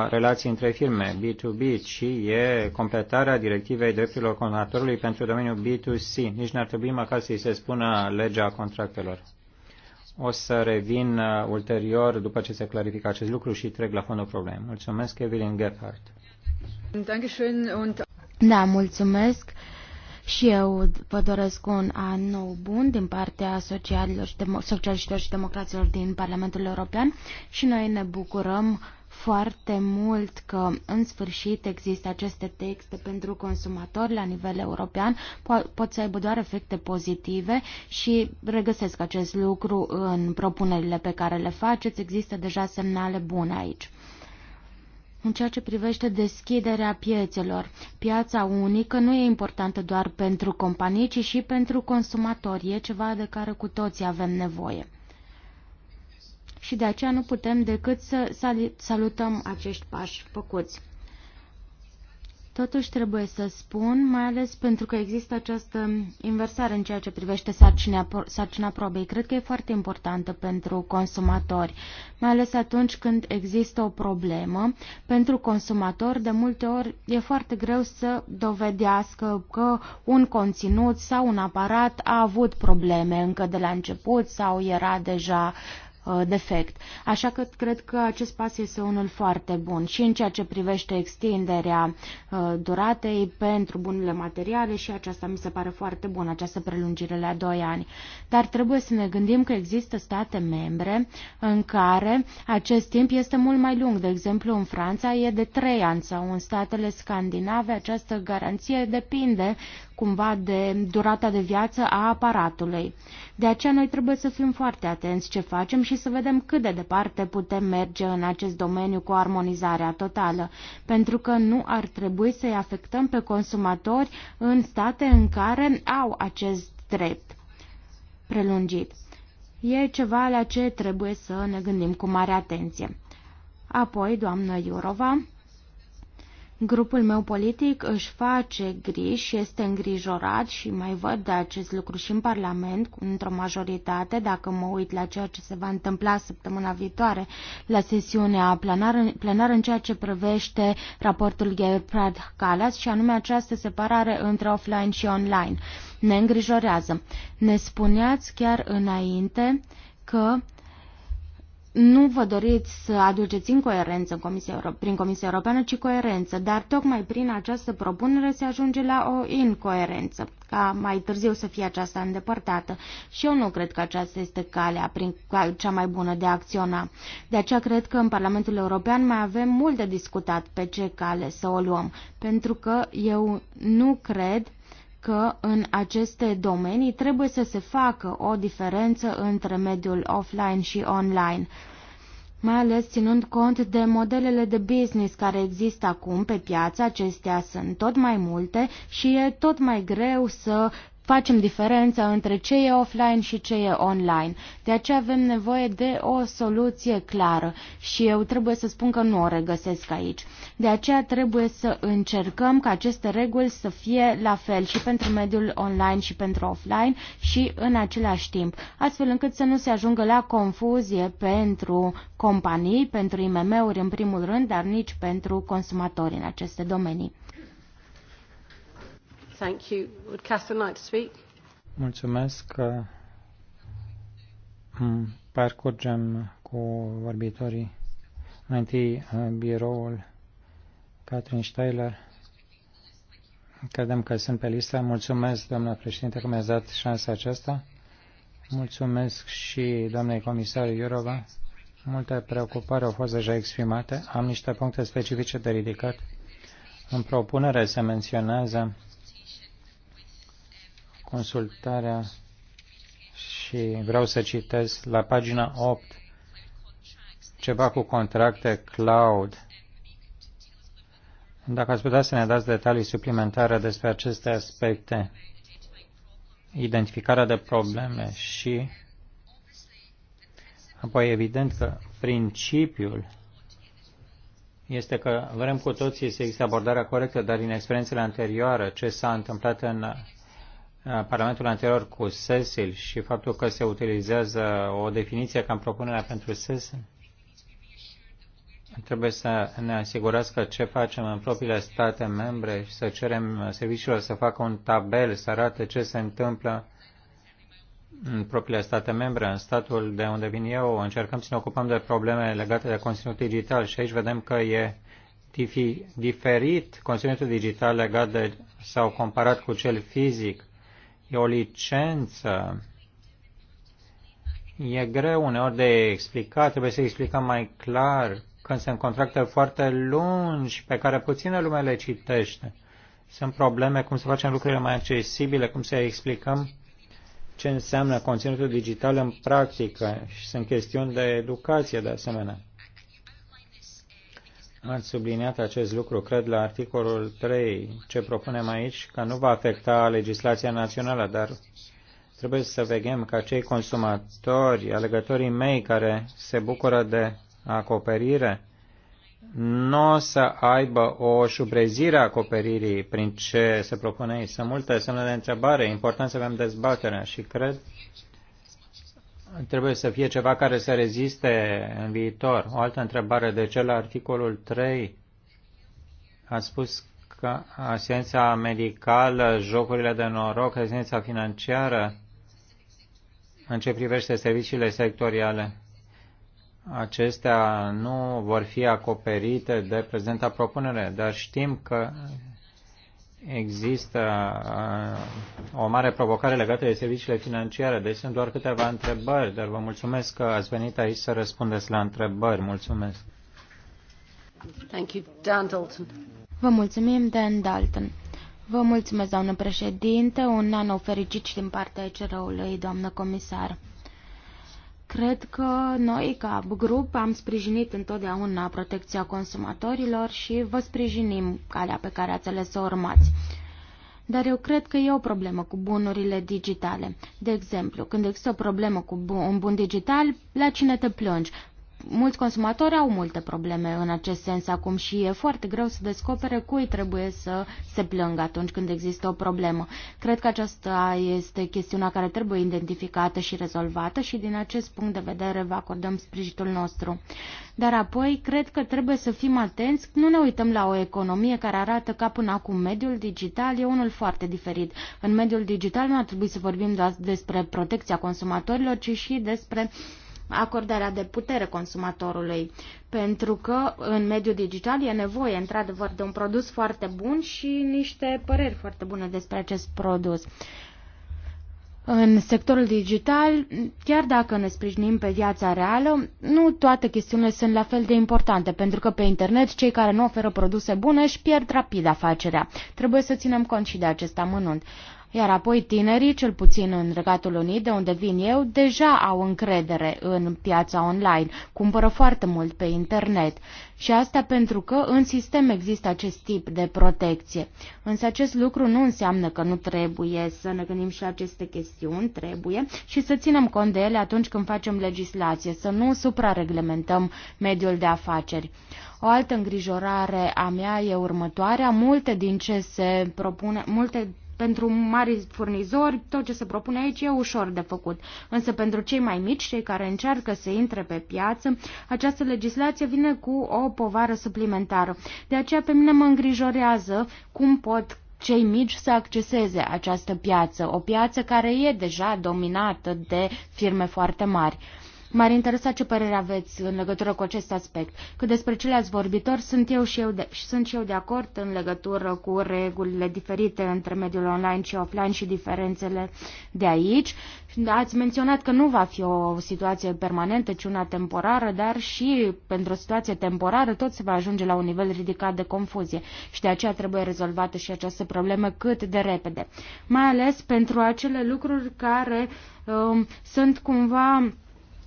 D: relații între firme, B2B, ci e completarea directivei drepturilor consumatorului pentru domeniul B2C. Nici n-ar trebui măcar să-i se spună legea contractelor. O să revin uh, ulterior după ce se clarifică acest lucru și trec la fondul problemei. Mulțumesc, Evelyn Gephardt.
C: Da, mulțumesc. Și eu vă doresc un an nou bun din partea socialilor și, demo- socialiștilor și democraților din Parlamentul European și noi ne bucurăm foarte mult că în sfârșit există aceste texte pentru consumatori la nivel european, po- pot să aibă doar efecte pozitive și regăsesc acest lucru în propunerile pe care le faceți, există deja semnale bune aici. În ceea ce privește deschiderea piețelor, piața unică nu e importantă doar pentru companii, ci și pentru consumatori. E ceva de care cu toții avem nevoie și de aceea nu putem decât să salutăm acești pași făcuți. Totuși trebuie să spun, mai ales pentru că există această inversare în ceea ce privește sarcina, sarcina probei. Cred că e foarte importantă pentru consumatori, mai ales atunci când există o problemă. Pentru consumator, de multe ori, e foarte greu să dovedească că un conținut sau un aparat a avut probleme încă de la început sau era deja uh, Uh, defect. Așa că cred că acest pas este unul foarte bun și în ceea ce privește extinderea uh, duratei pentru bunurile materiale și aceasta mi se pare foarte bună, această prelungire la 2 ani. Dar trebuie să ne gândim că există state membre în care acest timp este mult mai lung. De exemplu, în Franța e de 3 ani sau în statele scandinave această garanție depinde cumva de durata de viață a aparatului. De aceea noi trebuie să fim foarte atenți ce facem și să vedem cât de departe putem merge în acest domeniu cu armonizarea totală, pentru că nu ar trebui să-i afectăm pe consumatori în state în care au acest drept prelungit. E ceva la ce trebuie să ne gândim cu mare atenție. Apoi, doamnă Iurova, Grupul meu politic își face griji și este îngrijorat și mai văd de acest lucru și în Parlament, într-o majoritate, dacă mă uit la ceea ce se va întâmpla săptămâna viitoare la sesiunea plenară plenar în ceea ce privește raportul Gerhard Calas și anume această separare între offline și online. Ne îngrijorează. Ne spuneați chiar înainte că uh, nu vă doriți să aduceți incoerență în Comisia prin Comisia Europeană, ci coerență, dar tocmai prin această propunere se ajunge la o incoerență, ca mai târziu să fie aceasta îndepărtată. Și eu nu cred că aceasta este calea prin cea mai bună de a acționa. De aceea cred că în Parlamentul European mai avem mult de discutat pe ce cale să o luăm, pentru că eu nu cred că în aceste domenii trebuie să se facă o diferență între mediul offline și online, mai ales ținând cont de modelele de business care există acum pe piață, acestea sunt tot mai multe și e tot mai greu să facem diferența între ce e offline și ce e online. De aceea avem nevoie de o soluție clară și eu trebuie să spun că nu o regăsesc aici. De aceea trebuie să încercăm ca aceste reguli să fie la fel și pentru mediul online și pentru offline și în același timp, astfel încât să nu se ajungă la confuzie pentru companii, pentru IMM-uri în primul rând, dar nici pentru consumatori în aceste domenii.
A: Thank you. Would Catherine like to speak?
D: Mulțumesc. Mm, parcurgem cu vorbitorii. Mai întâi uh, biroul Catherine Steiler. Credem că sunt pe listă. Mulțumesc, doamna președinte, că mi-ați dat șansa aceasta. Mulțumesc și doamnei comisar Iurova. Multe preocupări au fost deja exprimate. Am niște puncte specifice de ridicat. În propunere se menționează consultarea și vreau să citesc la pagina 8 ceva cu contracte cloud. Dacă ați putea să ne dați detalii suplimentare despre aceste aspecte, identificarea de probleme și apoi evident că principiul este că vrem cu toții să existe abordarea corectă, dar din experiențele anterioare, ce s-a întâmplat în Parlamentul anterior cu Cecil și faptul că se utilizează o definiție cam propunerea pentru Cecil, trebuie să ne asigurați că ce facem în propriile state membre și să cerem serviciilor să facă un tabel, să arate ce se întâmplă în propriile state membre, în statul de unde vin eu, încercăm să ne ocupăm de probleme legate de conținut digital și aici vedem că e diferit conținutul digital legat de sau comparat cu cel fizic e o licență. E greu uneori de explicat, trebuie să explicăm mai clar când sunt contracte foarte lungi pe care puțină lume le citește. Sunt probleme cum să facem lucrurile mai accesibile, cum să explicăm ce înseamnă conținutul digital în practică și sunt chestiuni de educație de asemenea. Ați subliniat acest lucru, cred, la articolul 3. Ce propunem aici, că nu va afecta legislația națională, dar trebuie să vegem ca cei consumatori, alegătorii mei care se bucură de acoperire, nu o să aibă o șubrezire a acoperirii prin ce se propune aici. Sunt multe semne de întrebare, e important să avem dezbaterea și cred trebuie să fie ceva care să reziste în viitor. O altă întrebare, de ce la articolul 3 a spus că asistența medicală, jocurile de noroc, asistența financiară, în ce privește serviciile sectoriale, acestea nu vor fi acoperite de prezenta propunere, dar știm că există uh, o mare provocare legată de serviciile financiare, deci sunt doar câteva întrebări, dar vă mulțumesc că ați venit aici să răspundeți la întrebări. Mulțumesc.
A: Thank you, Dan Dalton.
C: Vă mulțumim, Dan Dalton. Vă mulțumesc, doamnă președinte, un an fericit și din partea ecr doamnă comisar. Cred că noi, ca grup, am sprijinit întotdeauna protecția consumatorilor și vă sprijinim calea pe care ați ales să o urmați. Dar eu cred că e o problemă cu bunurile digitale. De exemplu, când există o problemă cu un bun digital, la cine te plângi? mulți consumatori au multe probleme în acest sens acum și e foarte greu să descopere cui trebuie să se plângă atunci când există o problemă. Cred că aceasta este chestiunea care trebuie identificată și rezolvată și din acest punct de vedere vă acordăm sprijinul nostru. Dar apoi, cred că trebuie să fim atenți, nu ne uităm la o economie care arată ca până acum mediul digital e unul foarte diferit. În mediul digital nu ar trebui să vorbim doar despre protecția consumatorilor, ci și despre acordarea de putere consumatorului, pentru că în mediul digital e nevoie, într-adevăr, de un produs foarte bun și niște păreri foarte bune despre acest produs. În sectorul digital, chiar dacă ne sprijinim pe viața reală, nu toate chestiunile sunt la fel de importante, pentru că pe internet cei care nu oferă produse bune își pierd rapid afacerea. Trebuie să ținem cont și de acest amănunt. Iar apoi tinerii, cel puțin în Regatul Unit, de unde vin eu, deja au încredere în piața online, cumpără foarte mult pe internet. Și asta pentru că în sistem există acest tip de protecție. Însă acest lucru nu înseamnă că nu trebuie să ne gândim și la aceste chestiuni, trebuie, și să ținem cont de ele atunci când facem legislație, să nu suprareglementăm mediul de afaceri. O altă îngrijorare a mea e următoarea. Multe din ce se propune, multe pentru mari furnizori, tot ce se propune aici e ușor de făcut. Însă pentru cei mai mici, cei care încearcă să intre pe piață, această legislație vine cu o povară suplimentară. De aceea pe mine mă îngrijorează cum pot cei mici să acceseze această piață, o piață care e deja dominată de firme foarte mari. M-ar interesa ce părere aveți în legătură cu acest aspect. Cât despre ceilalți vorbitori, sunt, eu și, eu de, sunt și eu de acord în legătură cu regulile diferite între mediul online și offline și diferențele de aici. Ați menționat că nu va fi o situație permanentă, ci una temporară, dar și pentru o situație temporară tot se va ajunge la un nivel ridicat de confuzie și de aceea trebuie rezolvată și această problemă cât de repede. Mai ales pentru acele lucruri care um, sunt cumva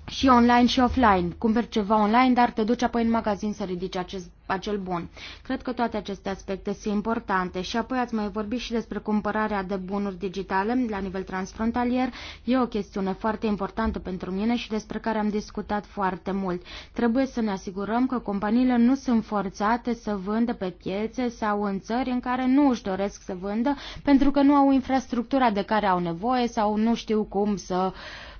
C: și online și offline. Cumperi ceva online, dar te duci apoi în magazin să ridici acest, acel bun. Cred că toate aceste aspecte sunt importante și apoi ați mai vorbit și despre cumpărarea de bunuri digitale la nivel transfrontalier. E o chestiune foarte importantă pentru mine și despre care am discutat foarte mult. Trebuie să ne asigurăm că companiile nu sunt forțate să vândă pe piețe sau în țări în care nu își doresc să vândă pentru că nu au infrastructura de care au nevoie sau nu știu cum să uh,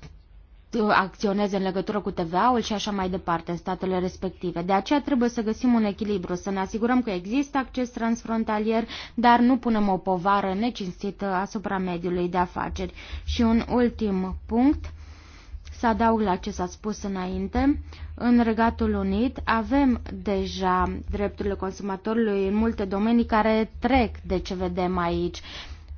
C: acționeze în legătură cu TVA-ul și așa mai departe în statele respective. De aceea trebuie să găsim un echilibru, să ne asigurăm că există acces transfrontalier, dar nu punem o povară necinstită asupra mediului de afaceri. Și un ultim punct, să adaug la ce s-a spus înainte, în Regatul Unit avem deja drepturile consumatorului în multe domenii care trec de ce vedem aici.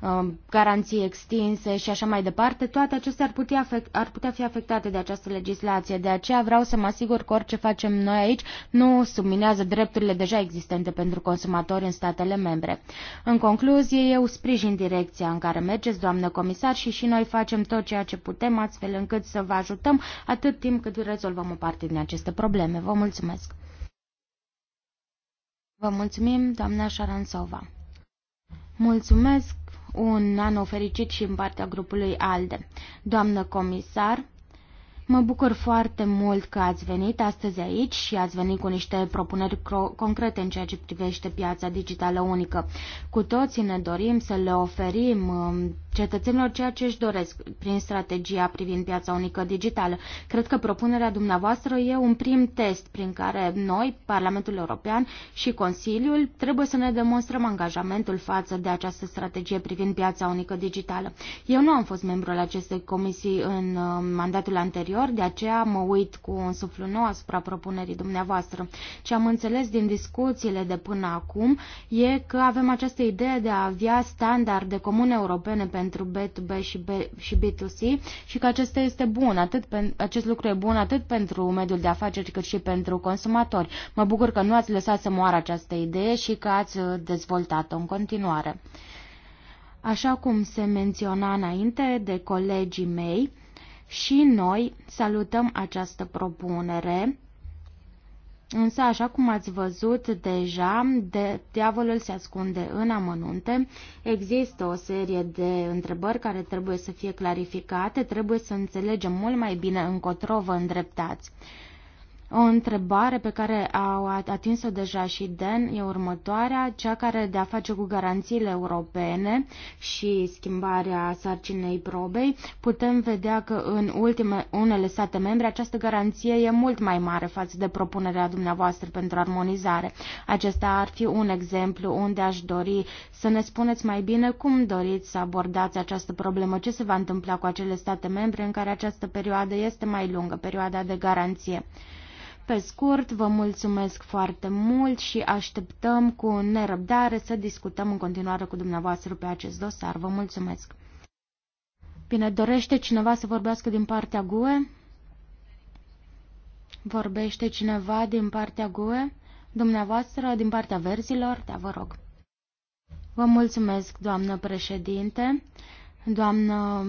C: Um, garanții extinse și așa mai departe, toate acestea ar putea, afect, ar putea fi afectate de această legislație. De aceea vreau să mă asigur că orice facem noi aici nu subminează drepturile deja existente pentru consumatori în statele membre. În concluzie, eu sprijin direcția în care mergeți, doamnă comisar, și și noi facem tot ceea ce putem astfel încât să vă ajutăm atât timp cât rezolvăm o parte din aceste probleme. Vă mulțumesc! Vă mulțumim, doamna Șaransova. Mulțumesc! un an fericit și în partea grupului ALDE. Doamnă comisar, mă bucur foarte mult că ați venit astăzi aici și ați venit cu niște propuneri concrete în ceea ce privește piața digitală unică. Cu toții ne dorim să le oferim um, cetățenilor ceea ce își doresc prin strategia privind piața unică digitală. Cred că propunerea dumneavoastră e un prim test prin care noi, Parlamentul European și Consiliul, trebuie să ne demonstrăm angajamentul față de această strategie privind piața unică digitală. Eu nu am fost membru al acestei comisii în uh, mandatul anterior, de aceea mă uit cu un suflu nou asupra propunerii dumneavoastră. Ce am înțeles din discuțiile de până acum e că avem această idee de a avea standarde comune europene pentru pentru B2B și, B, și B2C și că acesta este bun, atât pe, acest lucru e bun atât pentru mediul de afaceri cât și pentru consumatori. Mă bucur că nu ați lăsat să moară această idee și că ați uh, dezvoltat-o în continuare. Așa cum se menționa înainte de colegii mei, și noi salutăm această propunere Însă, așa cum ați văzut deja, de, diavolul se ascunde în amănunte. Există o serie de întrebări care trebuie să fie clarificate, trebuie să înțelegem mult mai bine încotro vă îndreptați. O întrebare pe care au atins-o deja și Dan e următoarea, cea care de a face cu garanțiile europene și schimbarea sarcinei probei. Putem vedea că în ultime, unele state membre această garanție e mult mai mare față de propunerea dumneavoastră pentru armonizare. Acesta ar fi un exemplu unde aș dori să ne spuneți mai bine cum doriți să abordați această problemă, ce se va întâmpla cu acele state membre în care această perioadă este mai lungă, perioada de garanție. Pe scurt, vă mulțumesc foarte mult și așteptăm cu nerăbdare să discutăm în continuare cu dumneavoastră pe acest dosar. Vă mulțumesc! Bine, dorește cineva să vorbească din partea GUE? Vorbește cineva din partea GUE? Dumneavoastră, din partea verzilor? Da, vă rog. Vă mulțumesc, doamnă președinte. Doamnă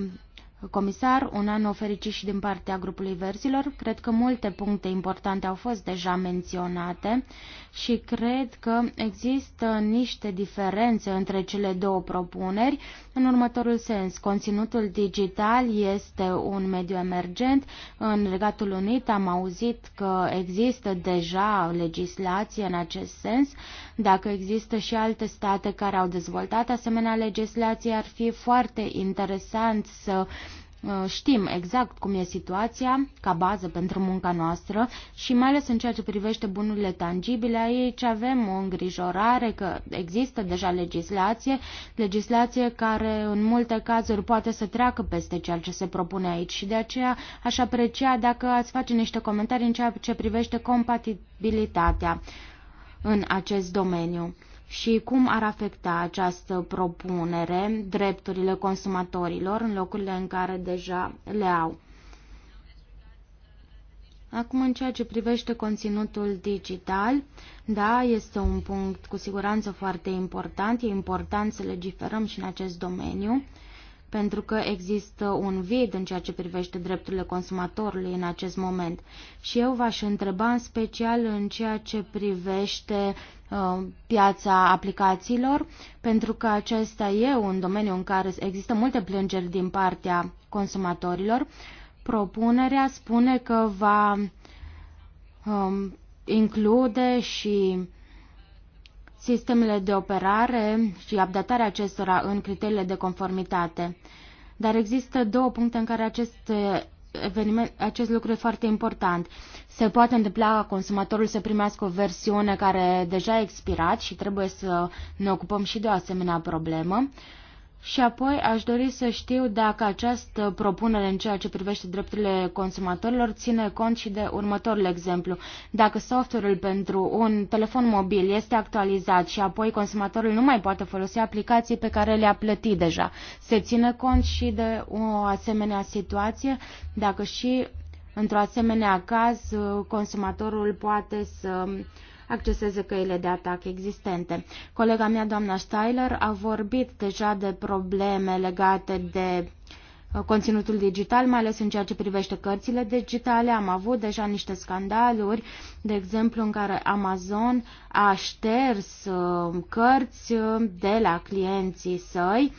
C: comisar, un an ofericit și din partea grupului verzilor. Cred că multe puncte importante au fost deja menționate și cred că există niște diferențe între cele două propuneri. În următorul sens, conținutul digital este un mediu emergent. În Regatul Unit am auzit că există deja legislație în acest sens, dacă există și alte state care au dezvoltat asemenea legislație, ar fi foarte interesant să uh, știm exact cum e situația ca bază pentru munca noastră și mai ales în ceea ce privește bunurile tangibile, aici avem o îngrijorare că există deja legislație, legislație care în multe cazuri poate să treacă peste ceea ce se propune aici și de aceea aș aprecia dacă ați face niște comentarii în ceea ce privește compatibilitatea în acest domeniu și cum ar afecta această propunere drepturile consumatorilor în locurile în care deja le au. Acum, în ceea ce privește conținutul digital, da, este un punct cu siguranță foarte important, e important să legiferăm și în acest domeniu pentru că există un vid în ceea ce privește drepturile consumatorului în acest moment. Și eu v-aș întreba în special în ceea ce privește uh, piața aplicațiilor, pentru că acesta e un domeniu în care există multe plângeri din partea consumatorilor. Propunerea spune că va um, include și sistemele de operare și updatarea acestora în criteriile de conformitate. Dar există două puncte în care acest eveniment, acest lucru e foarte important. Se poate întâmpla ca consumatorul să primească o versiune care deja a expirat și trebuie să ne ocupăm și de o asemenea problemă. Uh, și apoi aș dori să știu dacă această propunere în ceea ce privește drepturile consumatorilor ține cont și de următorul exemplu. Dacă software-ul pentru un telefon mobil este actualizat și apoi consumatorul nu mai poate folosi aplicații pe care le-a plătit deja, se ține cont și de o asemenea situație, dacă și într-o asemenea caz consumatorul poate să uh, acceseze căile de atac existente. Colega mea, doamna Steiler, a vorbit deja de probleme legate de uh, conținutul digital, mai ales în ceea ce privește cărțile digitale. Am avut deja niște scandaluri, de exemplu în care Amazon a șters uh, cărți uh, de la clienții săi,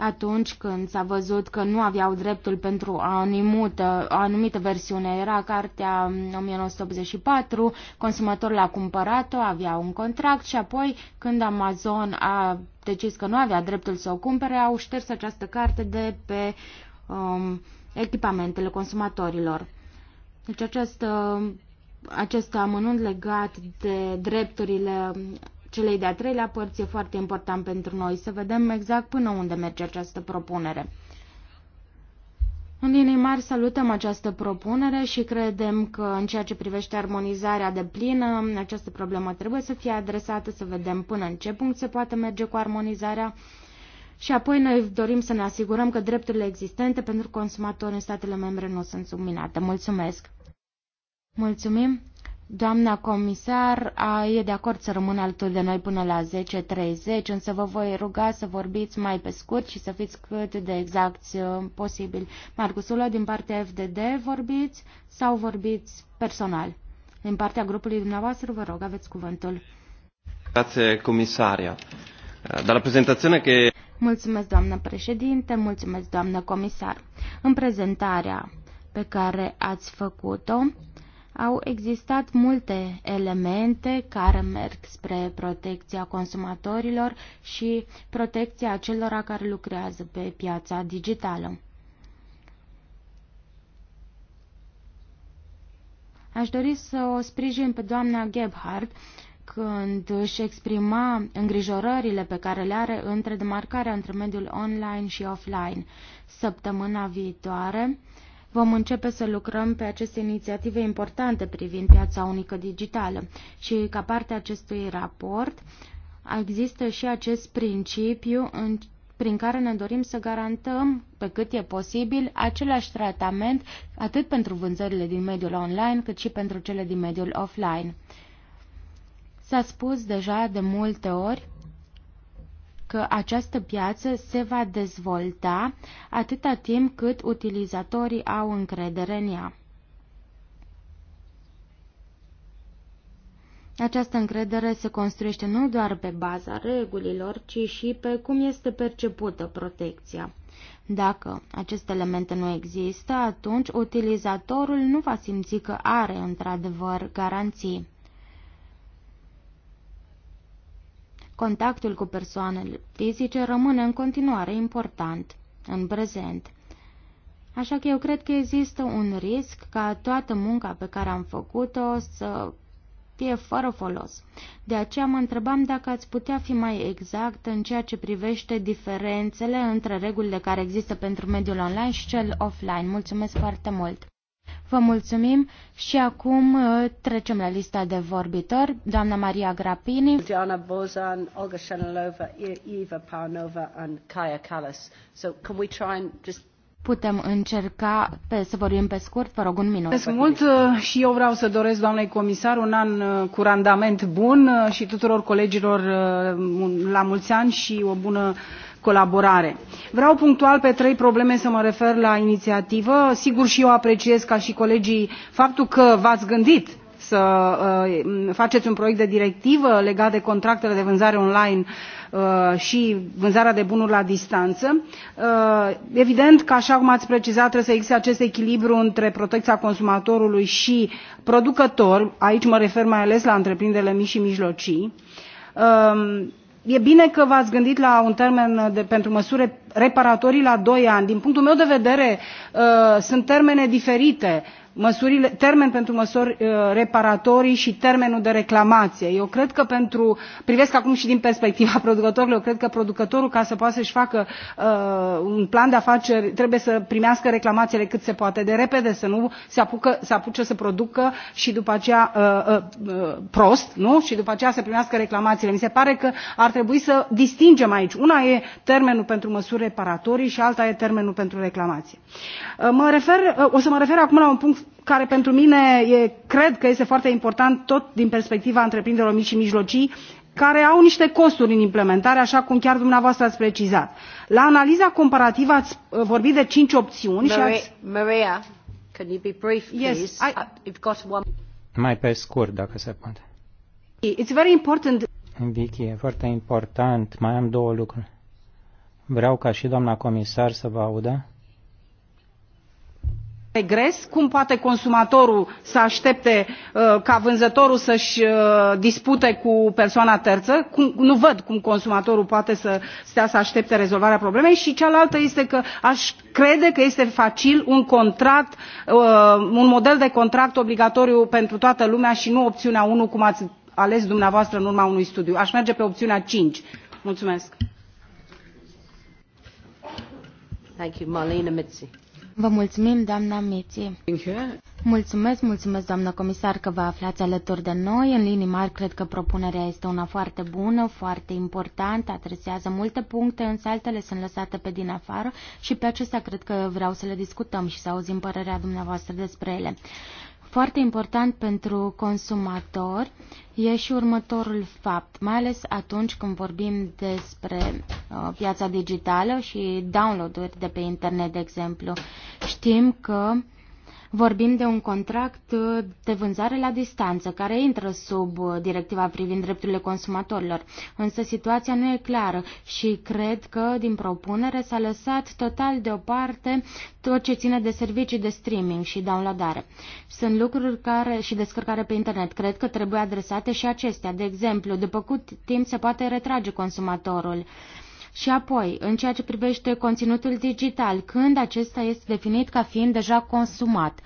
C: atunci când s-a văzut că nu aveau dreptul pentru o anumită, o anumită versiune, era cartea 1984, um, consumatorul a cumpărat-o, avea un contract și apoi când Amazon a decis că nu avea dreptul să o cumpere, au șters această carte de pe um, echipamentele consumatorilor. Deci această um, acest amănunt legat de drepturile Celei de-a treilea părți e foarte important pentru noi să vedem exact până unde merge această propunere. În linii mari salutăm această propunere și credem că în ceea ce privește armonizarea de plină, această problemă trebuie să fie adresată, să vedem până în ce punct se poate merge cu armonizarea. Și apoi noi dorim să ne asigurăm că drepturile existente pentru consumatori în statele membre nu sunt subminate. Mulțumesc! Mulțumim! Doamna comisar a, e de acord să rămână alături de noi până la 10.30, însă vă voi ruga să vorbiți mai pe scurt și să fiți cât de exact uh, posibil. Marcus Ulo, din partea FDD vorbiți sau vorbiți personal? Din partea grupului dumneavoastră, vă rog, aveți cuvântul.
B: Grazie, comisaria. la presentazione că...
C: Mulțumesc, doamnă președinte, mulțumesc, doamnă comisar. În prezentarea pe care ați făcut-o, au existat multe elemente care merg spre protecția consumatorilor și protecția celor care lucrează pe piața digitală. Aș dori să o sprijin pe doamna Gebhardt când își exprima îngrijorările pe care le are între demarcarea între mediul online și offline. Săptămâna viitoare Vom începe să lucrăm pe aceste inițiative importante privind piața unică digitală și ca parte a acestui raport există și acest principiu în prin care ne dorim să garantăm, pe cât e posibil, același tratament atât pentru vânzările din mediul online, cât și pentru cele din mediul offline. S-a spus deja de multe ori că această piață se va dezvolta atâta timp cât utilizatorii au încredere în ea. Această încredere se construiește nu doar pe baza regulilor, ci și pe cum este percepută protecția. Dacă aceste elemente nu există, atunci utilizatorul nu va simți că are într-adevăr garanții. Contactul cu persoanele fizice rămâne în continuare important în prezent. Așa că eu cred că există un risc ca toată munca pe care am făcut-o să fie fără folos. De aceea mă întrebam dacă ați putea fi mai exact în ceea ce privește diferențele între regulile care există pentru mediul online și cel offline. Mulțumesc foarte mult! Vă mulțumim și acum uh, trecem la lista de vorbitori. Doamna Maria
A: Grapini. Diana Bozan, Olga Shenilova, Eva Paunova and Kaya Kallas. So can we try and just Putem încerca pe, să vorbim pe scurt, vă rog un minut. Mulțumesc mult uh, și eu vreau să doresc doamnei comisar un an uh, cu randament bun și tuturor colegilor la mulți ani și o bună colaborare. Vreau punctual pe trei probleme să mă refer la inițiativă. Sigur și eu apreciez ca și colegii faptul că v-ați gândit să uh, faceți un proiect de directivă legat de contractele de vânzare online uh, și vânzarea de bunuri la distanță. Uh, evident că, așa cum ați precizat, trebuie să existe acest echilibru între protecția consumatorului și producător. Aici mă refer mai ales la întreprinderile mici și mijlocii e bine că v ați gândit la un termen de, pentru măsuri reparatorii la doi ani din punctul meu de vedere uh, sunt termene diferite măsurile, termen pentru măsuri uh, reparatorii și termenul de reclamație. Eu cred că pentru, privesc acum și din perspectiva producătorului, eu cred că producătorul ca să poată să-și facă uh, un plan de afaceri trebuie să primească reclamațiile cât se poate de repede, să nu se, apucă, să apuce să producă și după aceea uh, uh, uh prost, nu? Și după aceea să primească reclamațiile. Mi se pare că ar trebui să distingem aici. Una e termenul pentru măsuri reparatorii și alta e termenul pentru reclamație. Uh, mă refer, o să mă refer acum la un punct care pentru mine cred că este foarte important tot din perspectiva întreprinderilor mici și mijlocii care au niște costuri în implementare așa cum chiar dumneavoastră ați precizat. la analiza comparativă ați uh, vorbit de cinci opțiuni Maria, și ați... Maria, can you be brief, please? Yes, I... Uh, got one...
D: Mai pe scurt, dacă se poate.
A: It's very important.
D: Vicky, e foarte important. Mai am două lucruri. Vreau ca și doamna comisar să vă audă
A: regres cum poate consumatorul să aștepte uh, ca vânzătorul să și uh, dispute cu persoana terță nu văd cum consumatorul poate să stea să aștepte rezolvarea problemei și cealaltă este că aș crede că este facil un contract uh, un model de contract obligatoriu pentru toată lumea și nu opțiunea unu cum ați ales dumneavoastră în urma unui studiu aș merge pe opțiunea cinci mulțumesc. Thank you, Marlene Mitzi.
C: Vă mulțumim, doamna Miții. Mulțumesc, mulțumesc, doamnă comisar, că vă aflați alături de noi. În linii mari, cred că propunerea este una foarte bună, foarte importantă, adresează multe puncte, însă altele sunt lăsate pe din afară și pe acestea cred că vreau să le discutăm și să auzim părerea dumneavoastră despre ele. Foarte important pentru consumator e și următorul fapt, mai ales atunci când vorbim despre uh, piața digitală și download-uri de pe internet, de exemplu. Știm că uh, Vorbim de un contract uh, de vânzare la distanță, care intră sub uh, directiva privind drepturile consumatorilor, însă situația nu e clară și cred că din propunere s-a lăsat total deoparte tot ce ține de servicii de streaming și downloadare. Sunt lucruri care și descărcare pe internet. Cred că trebuie adresate și acestea. De exemplu, după cât timp se poate retrage consumatorul și apoi, în ceea ce privește conținutul digital, când acesta este definit ca fiind deja consumat,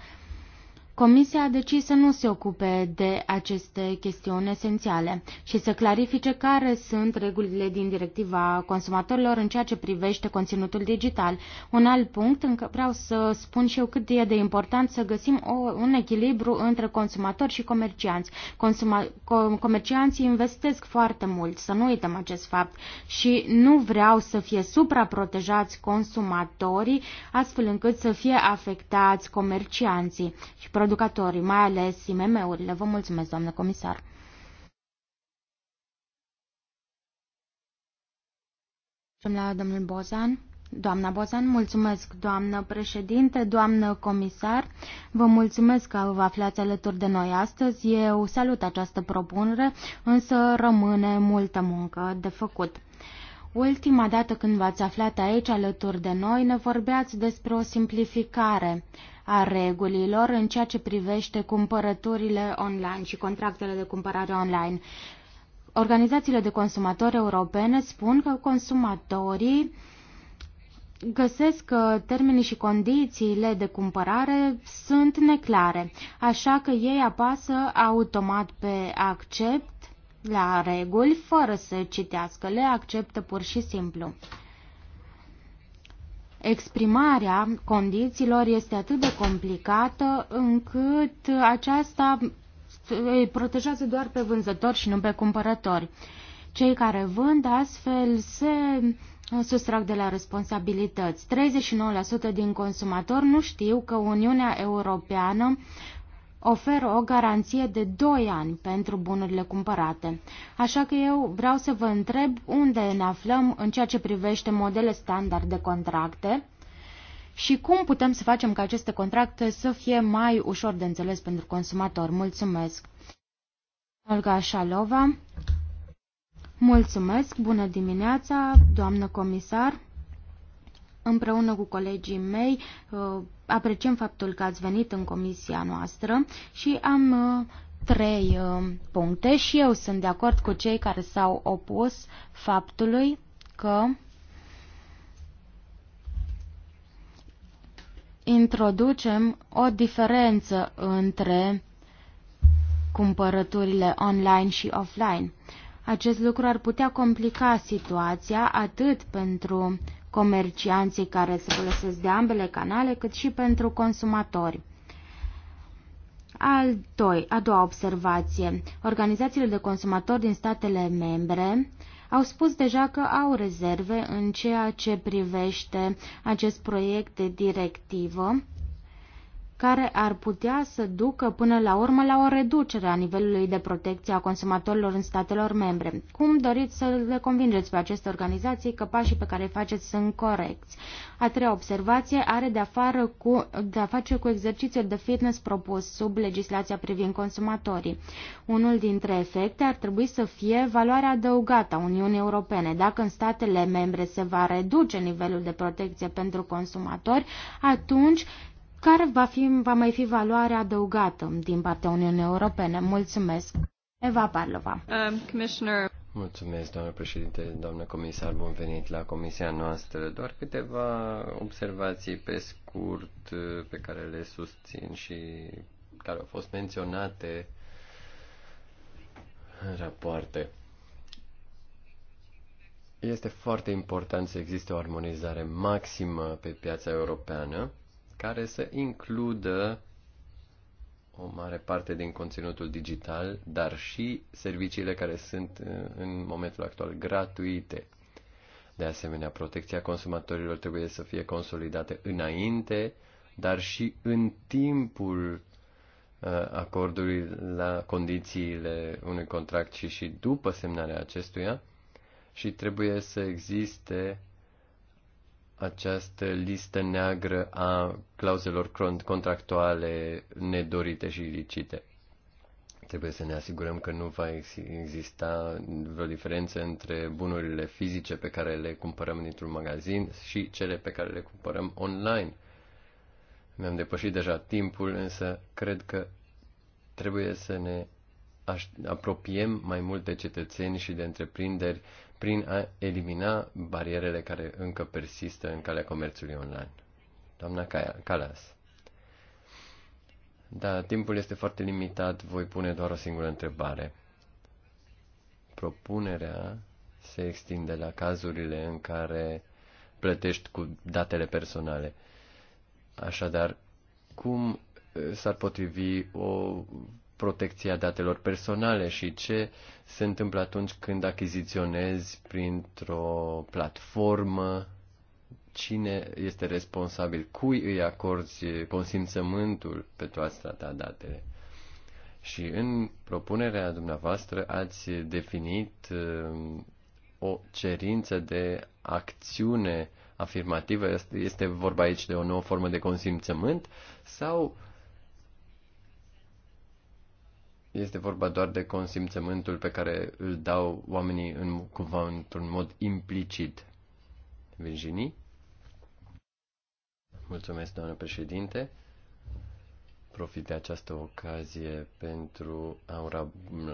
C: Comisia a decis să nu se ocupe de aceste chestiuni esențiale și să clarifice care sunt regulile din directiva consumatorilor în ceea ce privește conținutul digital. Un alt punct, încă vreau să spun și eu cât e de important să găsim o, un echilibru între consumatori și comercianți. Consuma, com, comercianții investesc foarte mult, să nu uităm acest fapt, și nu vreau să fie supraprotejați consumatorii astfel încât să fie afectați comercianții și producătorii, mai ales IMM-urile. Vă mulțumesc, doamnă comisar. La domnul Bozan. Doamna Bozan, mulțumesc, doamnă președinte, doamnă comisar. Vă mulțumesc că vă aflați alături de noi astăzi. Eu salut această propunere, însă rămâne multă muncă de făcut. Ultima dată când v-ați aflat aici alături de noi, ne vorbeați despre o simplificare a regulilor în ceea ce privește cumpărăturile online și contractele de cumpărare online. Organizațiile de consumatori europene spun că consumatorii găsesc că termenii și condițiile de cumpărare sunt neclare, așa că ei apasă automat pe accept la reguli fără să citească, le acceptă pur și simplu exprimarea condițiilor este atât de complicată încât aceasta îi protejează doar pe vânzători și nu pe cumpărători. Cei care vând astfel se sustrag de la responsabilități. 39% din consumatori nu știu că Uniunea Europeană oferă o garanție de 2 ani pentru bunurile cumpărate. Așa că eu vreau să vă întreb unde ne aflăm în ceea ce privește modele standard de contracte și cum putem să facem ca aceste contracte să fie mai ușor de înțeles pentru consumator. Mulțumesc! Olga Șalova Mulțumesc! Bună dimineața, doamnă comisar! Împreună cu colegii mei uh, apreciem faptul că ați venit în comisia noastră și am uh, trei uh, puncte și eu sunt de acord cu cei care s-au opus faptului că introducem o diferență între cumpărăturile online și offline. Acest lucru ar putea complica situația atât pentru comercianții care se folosesc de ambele canale, cât și pentru consumatori. Al doi, a doua observație. Organizațiile de consumatori din statele membre au spus deja că au rezerve în ceea ce privește acest proiect de directivă care ar putea să ducă până la urmă la o reducere a nivelului de protecție a consumatorilor în statelor membre. Cum doriți să le convingeți pe aceste organizații că pașii pe care îi faceți sunt corecți? A treia observație are de, afară cu, de a face cu exercițiul de fitness propus sub legislația privind consumatorii. Unul dintre efecte ar trebui să fie valoarea adăugată a Uniunii Europene. Dacă în statele membre se va reduce nivelul de protecție pentru consumatori, atunci care va, fi, va mai fi valoarea adăugată din partea Uniunii Europene? Mulțumesc! Eva Parlova.
D: Um,
B: Mulțumesc, doamnă președinte, doamnă comisar, bun venit la comisia noastră. Doar câteva observații pe scurt uh, pe care le susțin și care au fost menționate în rapoarte. Este foarte important să existe o armonizare maximă pe piața europeană care să includă o mare parte din conținutul digital, dar și serviciile care sunt uh, în momentul actual gratuite. De asemenea, protecția consumatorilor trebuie să fie consolidată înainte, dar și în timpul uh, acordului la condițiile unui contract și și după semnarea acestuia și trebuie să existe această listă neagră a clauzelor contractuale nedorite și ilicite. Trebuie să ne asigurăm că nu va exista vreo diferență între bunurile fizice pe care le cumpărăm dintr-un magazin și cele pe care le cumpărăm online. Mi-am depășit deja timpul, însă cred că trebuie să ne apropiem mai mult de cetățeni și de întreprinderi prin a elimina barierele care încă persistă în calea comerțului online. Doamna Calas. Da, timpul este foarte limitat, voi pune doar o singură întrebare. Propunerea se extinde la cazurile în care plătești cu datele personale. Așadar, cum eh, s-ar potrivi o protecția datelor personale și ce se întâmplă atunci când achiziționezi printr-o platformă, cine este responsabil, cui îi acorzi consimțământul pentru a-ți trata datele. Și în propunerea dumneavoastră ați definit um, o cerință de acțiune afirmativă, este vorba aici de o nouă formă de consimțământ, sau este vorba doar de consimțământul pe care îl dau oamenii în cumva într-un mod implicit. Virginie? Mulțumesc, doamnă președinte. Profit de această ocazie pentru a ura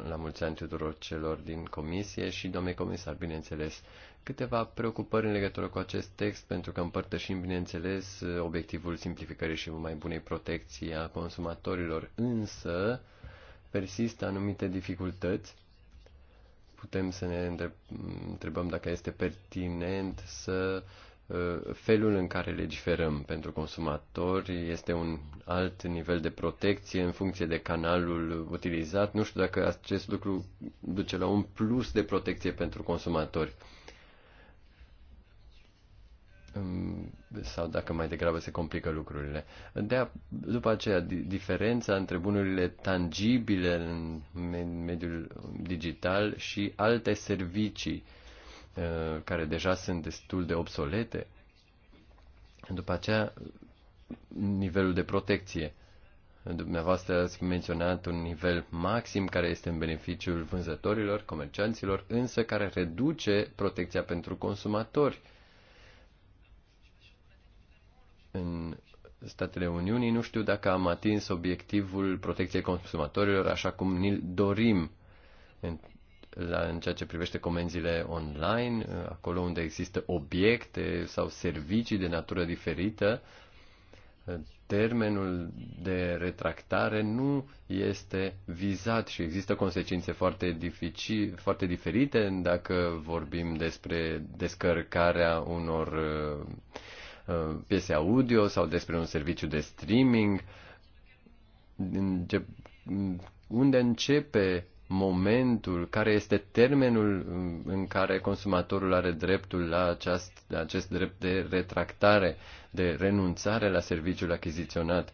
B: la mulți ani tuturor celor din comisie și, domnule comisar, bineînțeles, câteva preocupări în legătură cu acest text, pentru că împărtășim, bineînțeles, obiectivul simplificării și mai bunei protecții a consumatorilor, însă, persistă anumite dificultăți. Putem să ne întrebăm dacă este pertinent să uh, felul în care legiferăm pentru consumatori este un alt nivel de protecție în funcție de canalul utilizat. Nu știu dacă acest lucru duce la un plus de protecție pentru consumatori sau dacă mai degrabă se complică lucrurile. De a, după aceea, diferența între bunurile tangibile în mediul digital și alte servicii uh, care deja sunt destul de obsolete. După aceea, nivelul de protecție. Dumneavoastră ați menționat un nivel maxim care este în beneficiul vânzătorilor, comercianților, însă care reduce protecția pentru consumatori. Uh, în Statele Uniunii, nu știu dacă am atins obiectivul protecției consumatorilor așa cum ni-l dorim în, la, în ceea ce privește comenzile online, acolo unde există obiecte sau servicii de natură diferită, termenul de retractare nu este vizat și există consecințe foarte, dificil, foarte diferite dacă vorbim despre descărcarea unor uh, Uh, piese audio sau despre un serviciu de streaming. Unde începe momentul, care este termenul uh, în care consumatorul are dreptul la aceast, acest drept de retractare, de renunțare la serviciul achiziționat.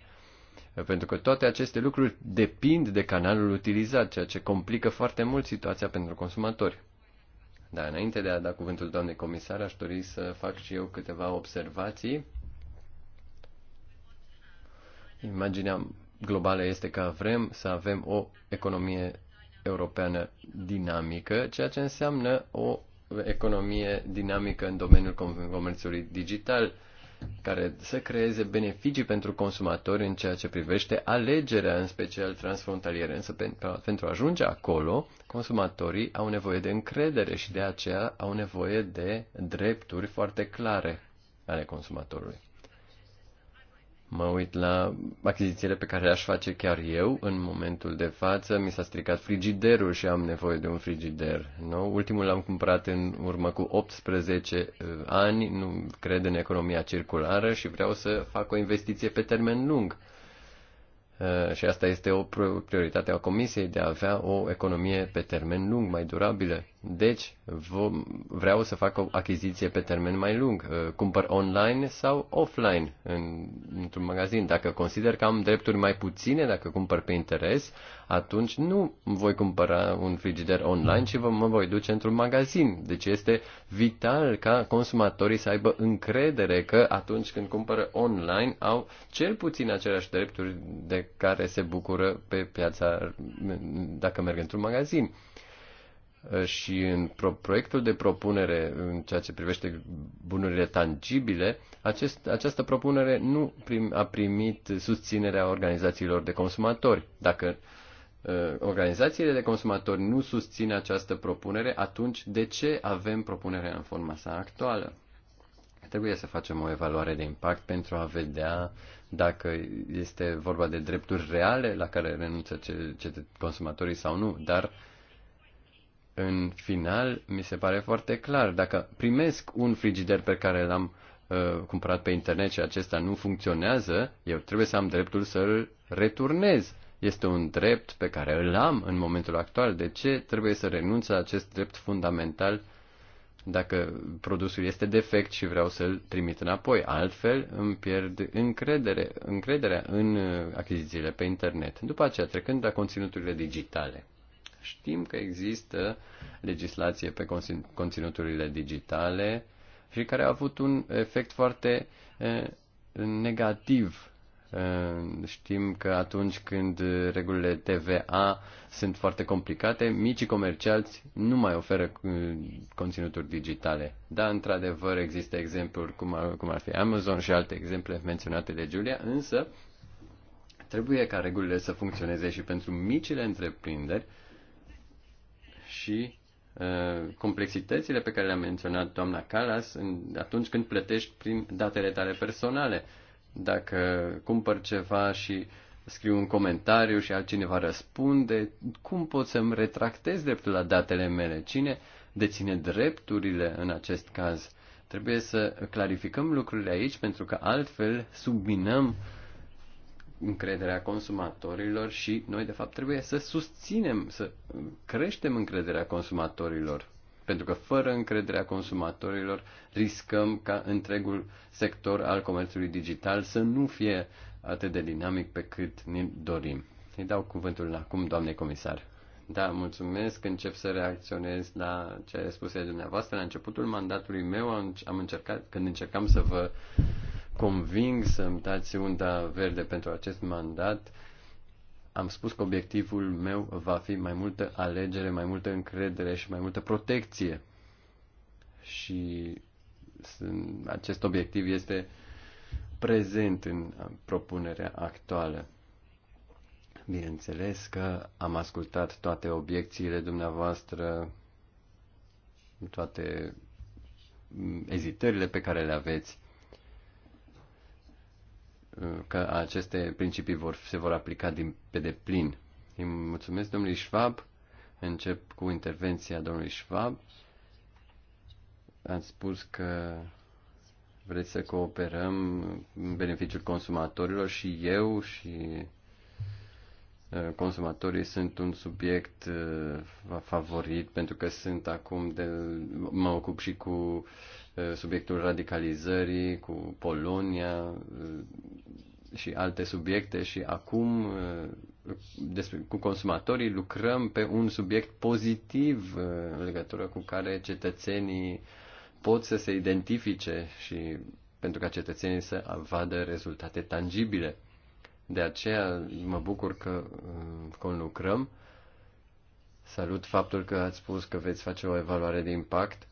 B: Uh, pentru că toate aceste lucruri depind de canalul utilizat, ceea ce complică foarte mult situația pentru consumatori. Dar înainte de a da cuvântul doamnei comisar, aș dori să fac și eu câteva observații. Imaginea globală este că vrem să avem o economie europeană dinamică, ceea ce înseamnă o economie dinamică în domeniul comerțului digital care să creeze beneficii pentru consumatori în ceea ce privește alegerea, în special transfrontalieră. Însă pentru a ajunge acolo, consumatorii au nevoie de încredere și de aceea au nevoie de drepturi foarte clare ale consumatorului. Mă uit la achizițiile pe care le-aș face chiar eu în momentul de față. Mi s-a stricat frigiderul și am nevoie de un frigider nou. Ultimul l-am cumpărat în urmă cu 18 uh, ani. Nu cred în economia circulară și vreau să fac o investiție pe termen lung. Uh, și asta este o prioritate a Comisiei de a avea o economie pe termen lung mai durabilă. Deci, vreau să fac o achiziție pe termen mai lung. Uh, cumpăr online sau offline în, într-un magazin. Dacă consider că am drepturi mai puține dacă cumpăr pe interes, atunci nu voi cumpăra un frigider online, ci vă, mă voi duce într-un magazin. Deci este vital ca consumatorii să aibă încredere că atunci când cumpără online au cel puțin aceleași drepturi de care se bucură pe piața dacă merg într-un magazin Uh, și în proiectul de propunere în ceea ce privește bunurile tangibile, acest, această propunere nu prim, a primit susținerea organizațiilor de consumatori. Dacă uh, organizațiile de consumatori nu susțin această propunere, atunci de ce avem propunerea în forma sa actuală? Trebuie să facem o evaluare de impact pentru a vedea dacă este vorba de drepturi reale la care renunță ce, ce consumatorii sau nu, dar uh, în final, mi se pare foarte clar, dacă primesc un frigider pe care l-am uh, cumpărat pe internet și acesta nu funcționează, eu trebuie să am dreptul să-l returnez. Este un drept pe care îl am în momentul actual. De ce trebuie să renunț la acest drept fundamental dacă produsul este defect și vreau să-l trimit înapoi. Altfel îmi pierd încredere, încrederea în uh, achizițiile pe internet. După aceea, trecând la conținuturile digitale. Știm că există legislație pe conținuturile digitale și care a avut un efect foarte negativ. Știm că atunci când regulile TVA sunt foarte complicate, micii comercianți nu mai oferă conținuturi digitale. Da, într-adevăr, există exempluri cum ar, cum ar fi Amazon și alte exemple menționate de Julia, însă trebuie ca regulile să funcționeze și pentru micile întreprinderi și uh, complexitățile pe care le-a menționat doamna Calas în, atunci când plătești prin datele tale personale. Dacă cumpăr ceva și scriu un comentariu și altcineva răspunde, cum pot să-mi retractez dreptul la datele mele? Cine deține drepturile în acest caz? Trebuie să clarificăm lucrurile aici pentru că altfel subminăm uh, încrederea consumatorilor și noi, de fapt, trebuie să susținem, să creștem încrederea consumatorilor. Pentru că fără încrederea consumatorilor riscăm ca întregul sector al comerțului digital să nu fie atât de dinamic pe cât ne dorim. Îi dau cuvântul acum, doamne comisar. Da, mulțumesc. Încep să reacționez la ce a spus dumneavoastră. La începutul mandatului meu am încercat, când încercam să vă conving să-mi dați unda verde pentru acest mandat. Am spus că obiectivul meu va fi mai multă alegere, mai multă încredere și mai multă protecție. Și acest obiectiv este prezent în propunerea actuală. Bineînțeles că am ascultat toate obiecțiile dumneavoastră, toate ezitările pe care le aveți că aceste principii vor, se vor aplica din, pe deplin. Îi mulțumesc domnului Schwab. Încep cu intervenția domnului Schwab. Ați spus că vreți să cooperăm în beneficiul consumatorilor și eu și uh, consumatorii sunt un subiect uh, favorit pentru că sunt acum de mă ocup și cu uh, subiectul radicalizării cu Polonia și alte subiecte și acum uh, despre, cu consumatorii lucrăm pe un subiect pozitiv uh, în legătură cu care cetățenii pot să se identifice și pentru ca cetățenii să vadă rezultate tangibile. De aceea mă bucur că uh, conlucrăm. Salut faptul că ați spus că veți face o evaluare de impact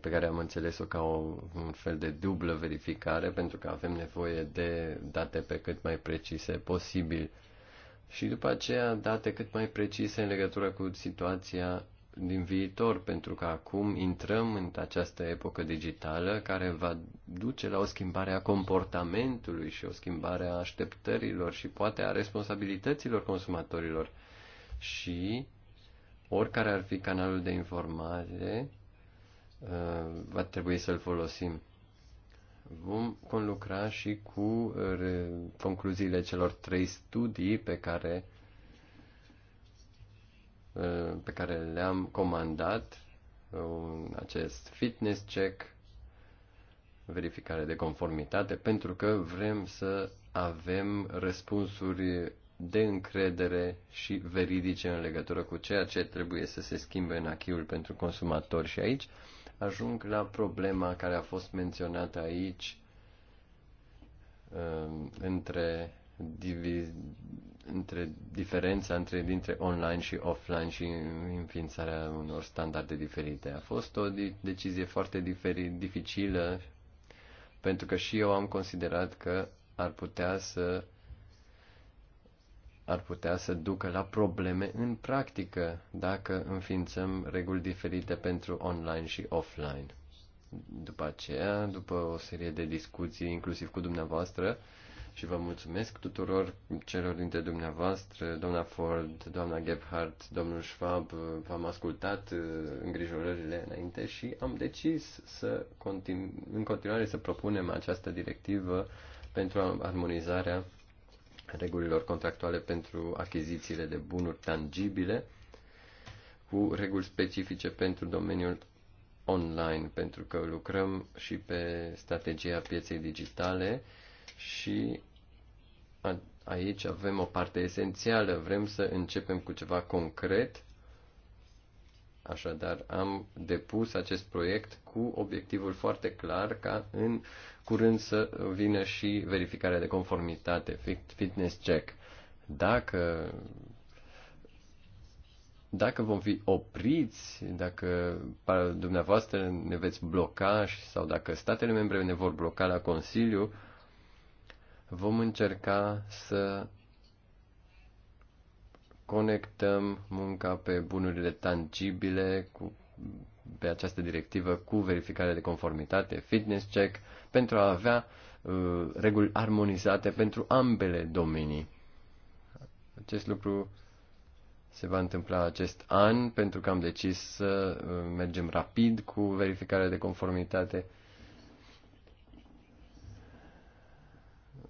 B: pe care am înțeles-o ca o, un fel de dublă verificare, pentru că avem nevoie de date pe cât mai precise posibil și după aceea date cât mai precise în legătură cu situația din viitor, pentru că acum intrăm în această epocă digitală care va duce la o schimbare a comportamentului și o schimbare a așteptărilor și poate a responsabilităților consumatorilor. Și oricare ar fi canalul de informare, Uh, va trebui să-l folosim. Vom conlucra și cu uh, concluziile celor trei studii pe care, uh, pe care le-am comandat, acest fitness check, verificare de conformitate, pentru că vrem să avem răspunsuri de încredere și veridice în legătură cu ceea ce trebuie să se schimbe în achiul pentru consumatori și aici ajung la problema care a fost menționată aici um, între, între diferența între dintre online și offline și înființarea unor standarde diferite. A fost o decizie foarte diferi, dificilă pentru că și eu am considerat că ar putea să ar putea să ducă la probleme în practică dacă înființăm reguli diferite pentru online și offline. După aceea, după o serie de discuții, inclusiv cu dumneavoastră, și vă mulțumesc tuturor celor dintre dumneavoastră, doamna Ford, doamna Gebhardt, domnul Schwab, v-am ascultat uh, îngrijorările înainte și am decis să continu- în continuare să propunem această directivă pentru armonizarea regulilor contractuale pentru achizițiile de bunuri tangibile, cu reguli specifice pentru domeniul online, pentru că lucrăm și pe strategia pieței digitale și aici avem o parte esențială. Vrem să începem cu ceva concret Așadar, am depus acest proiect cu obiectivul foarte clar ca în curând să vină și verificarea de conformitate, fitness check. Dacă, dacă vom fi opriți, dacă dumneavoastră ne veți bloca sau dacă statele membre ne vor bloca la Consiliu, vom încerca să conectăm munca pe bunurile tangibile cu, pe această directivă cu verificare de conformitate, fitness check, pentru a avea uh, reguli armonizate pentru ambele domenii. Acest lucru se va întâmpla acest an pentru că am decis să uh, mergem rapid cu verificarea de conformitate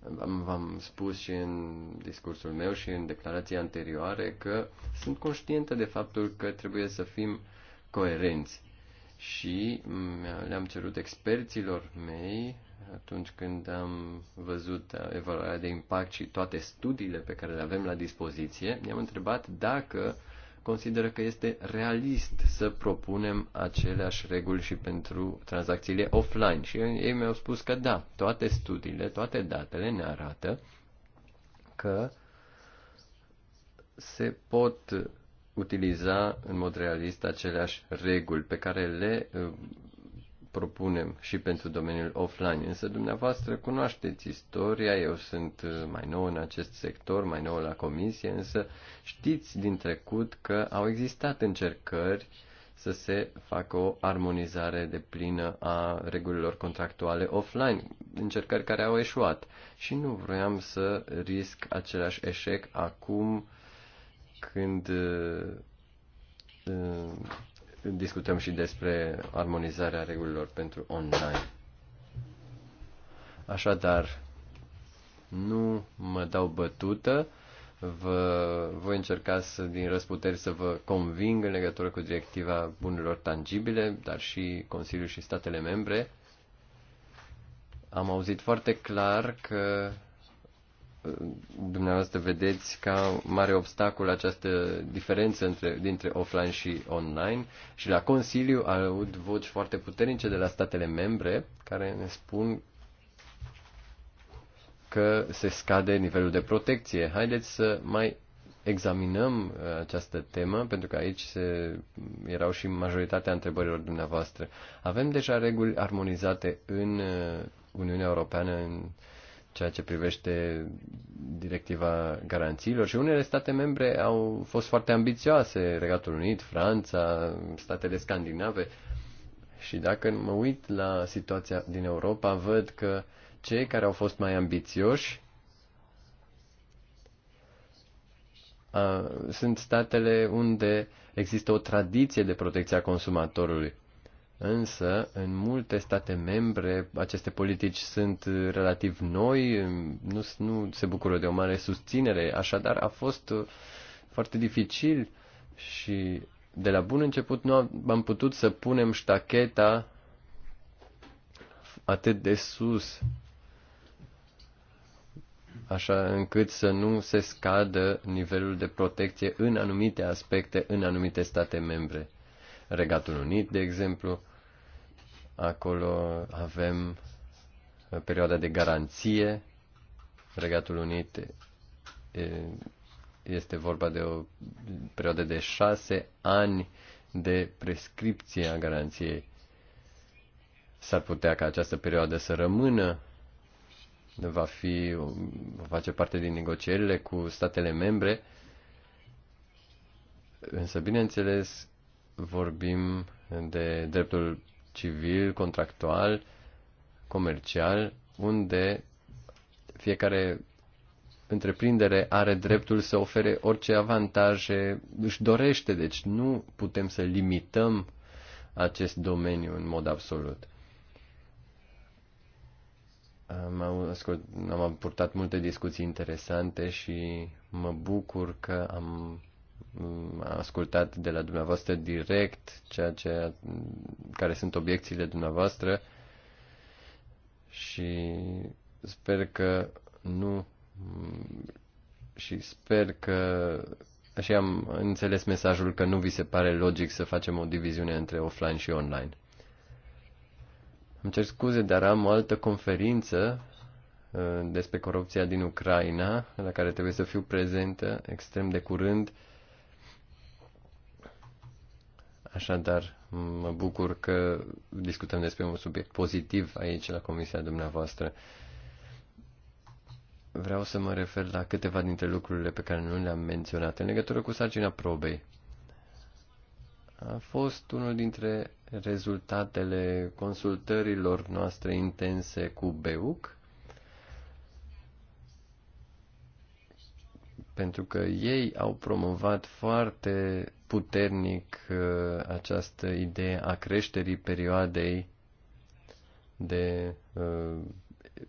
B: V-am spus și în discursul meu și în declarații anterioare că sunt conștientă de faptul că trebuie să fim coerenți și le-am cerut experților mei atunci când am văzut evaluarea de impact și toate studiile pe care le avem la dispoziție, mi am întrebat dacă uh, consideră că este realist să propunem aceleași reguli și pentru tranzacțiile offline. Și ei mi-au spus că da, toate studiile, toate datele ne arată că se pot utiliza în mod realist aceleași reguli pe care le propunem și pentru domeniul offline, însă dumneavoastră cunoașteți istoria, eu sunt uh, mai nou în acest sector, mai nou la comisie, însă știți din trecut că au existat încercări să se facă o armonizare de plină a regulilor contractuale offline, încercări care au eșuat. Și nu vroiam să risc același eșec acum când uh, uh, discutăm și despre armonizarea regulilor pentru online. Așadar, nu mă dau bătută, vă, voi încerca să, din răsputeri să vă conving în legătură cu directiva bunurilor tangibile, dar și Consiliul și statele membre. Am auzit foarte clar că dumneavoastră vedeți ca mare obstacol această diferență între, dintre offline și online și la Consiliu aud voci foarte puternice de la statele membre care ne spun că se scade nivelul de protecție. Haideți să mai examinăm uh, această temă, pentru că aici se, erau și majoritatea întrebărilor dumneavoastră. Avem deja reguli armonizate în uh, Uniunea Europeană în ceea ce privește directiva garanțiilor și unele state membre au fost foarte ambițioase, Regatul Unit, Franța, statele scandinave. Și dacă mă uit la situația din Europa, văd că cei care au fost mai ambițioși a, sunt statele unde există o tradiție de protecție a consumatorului. Însă, în multe state membre, aceste politici sunt relativ noi, nu, nu se bucură de o mare susținere, așadar a fost uh, foarte dificil și de la bun început nu am putut să punem ștacheta atât de sus, așa încât să nu se scadă nivelul de protecție în anumite aspecte, în anumite state membre. Regatul Unit, de exemplu. Acolo avem uh, perioada de garanție. Regatul Unit este vorba de o perioadă de șase ani de prescripție a garanției. S-ar putea ca această perioadă să rămână va fi, va face parte din negocierile cu statele membre, însă, bineînțeles, vorbim de dreptul civil, contractual, comercial, unde fiecare întreprindere are dreptul să ofere orice avantaje își dorește, deci nu putem să limităm acest domeniu în mod absolut. Am, ascult, am purtat multe discuții interesante și mă bucur că am a ascultat de la dumneavoastră direct ceea ce, care sunt obiecțiile dumneavoastră și sper că nu și sper că și am înțeles mesajul că nu vi se pare logic să facem o diviziune între offline și online. Îmi cer scuze, dar am o altă conferință uh, despre corupția din Ucraina, la care trebuie să fiu prezentă extrem de curând. Așadar, mă bucur că discutăm despre un subiect pozitiv aici la comisia dumneavoastră. Vreau să mă refer la câteva dintre lucrurile pe care nu le-am menționat în legătură cu sarcina probei. A fost unul dintre rezultatele consultărilor noastre intense cu BEUC, pentru că ei au promovat foarte puternic uh, această idee a creșterii perioadei de, uh,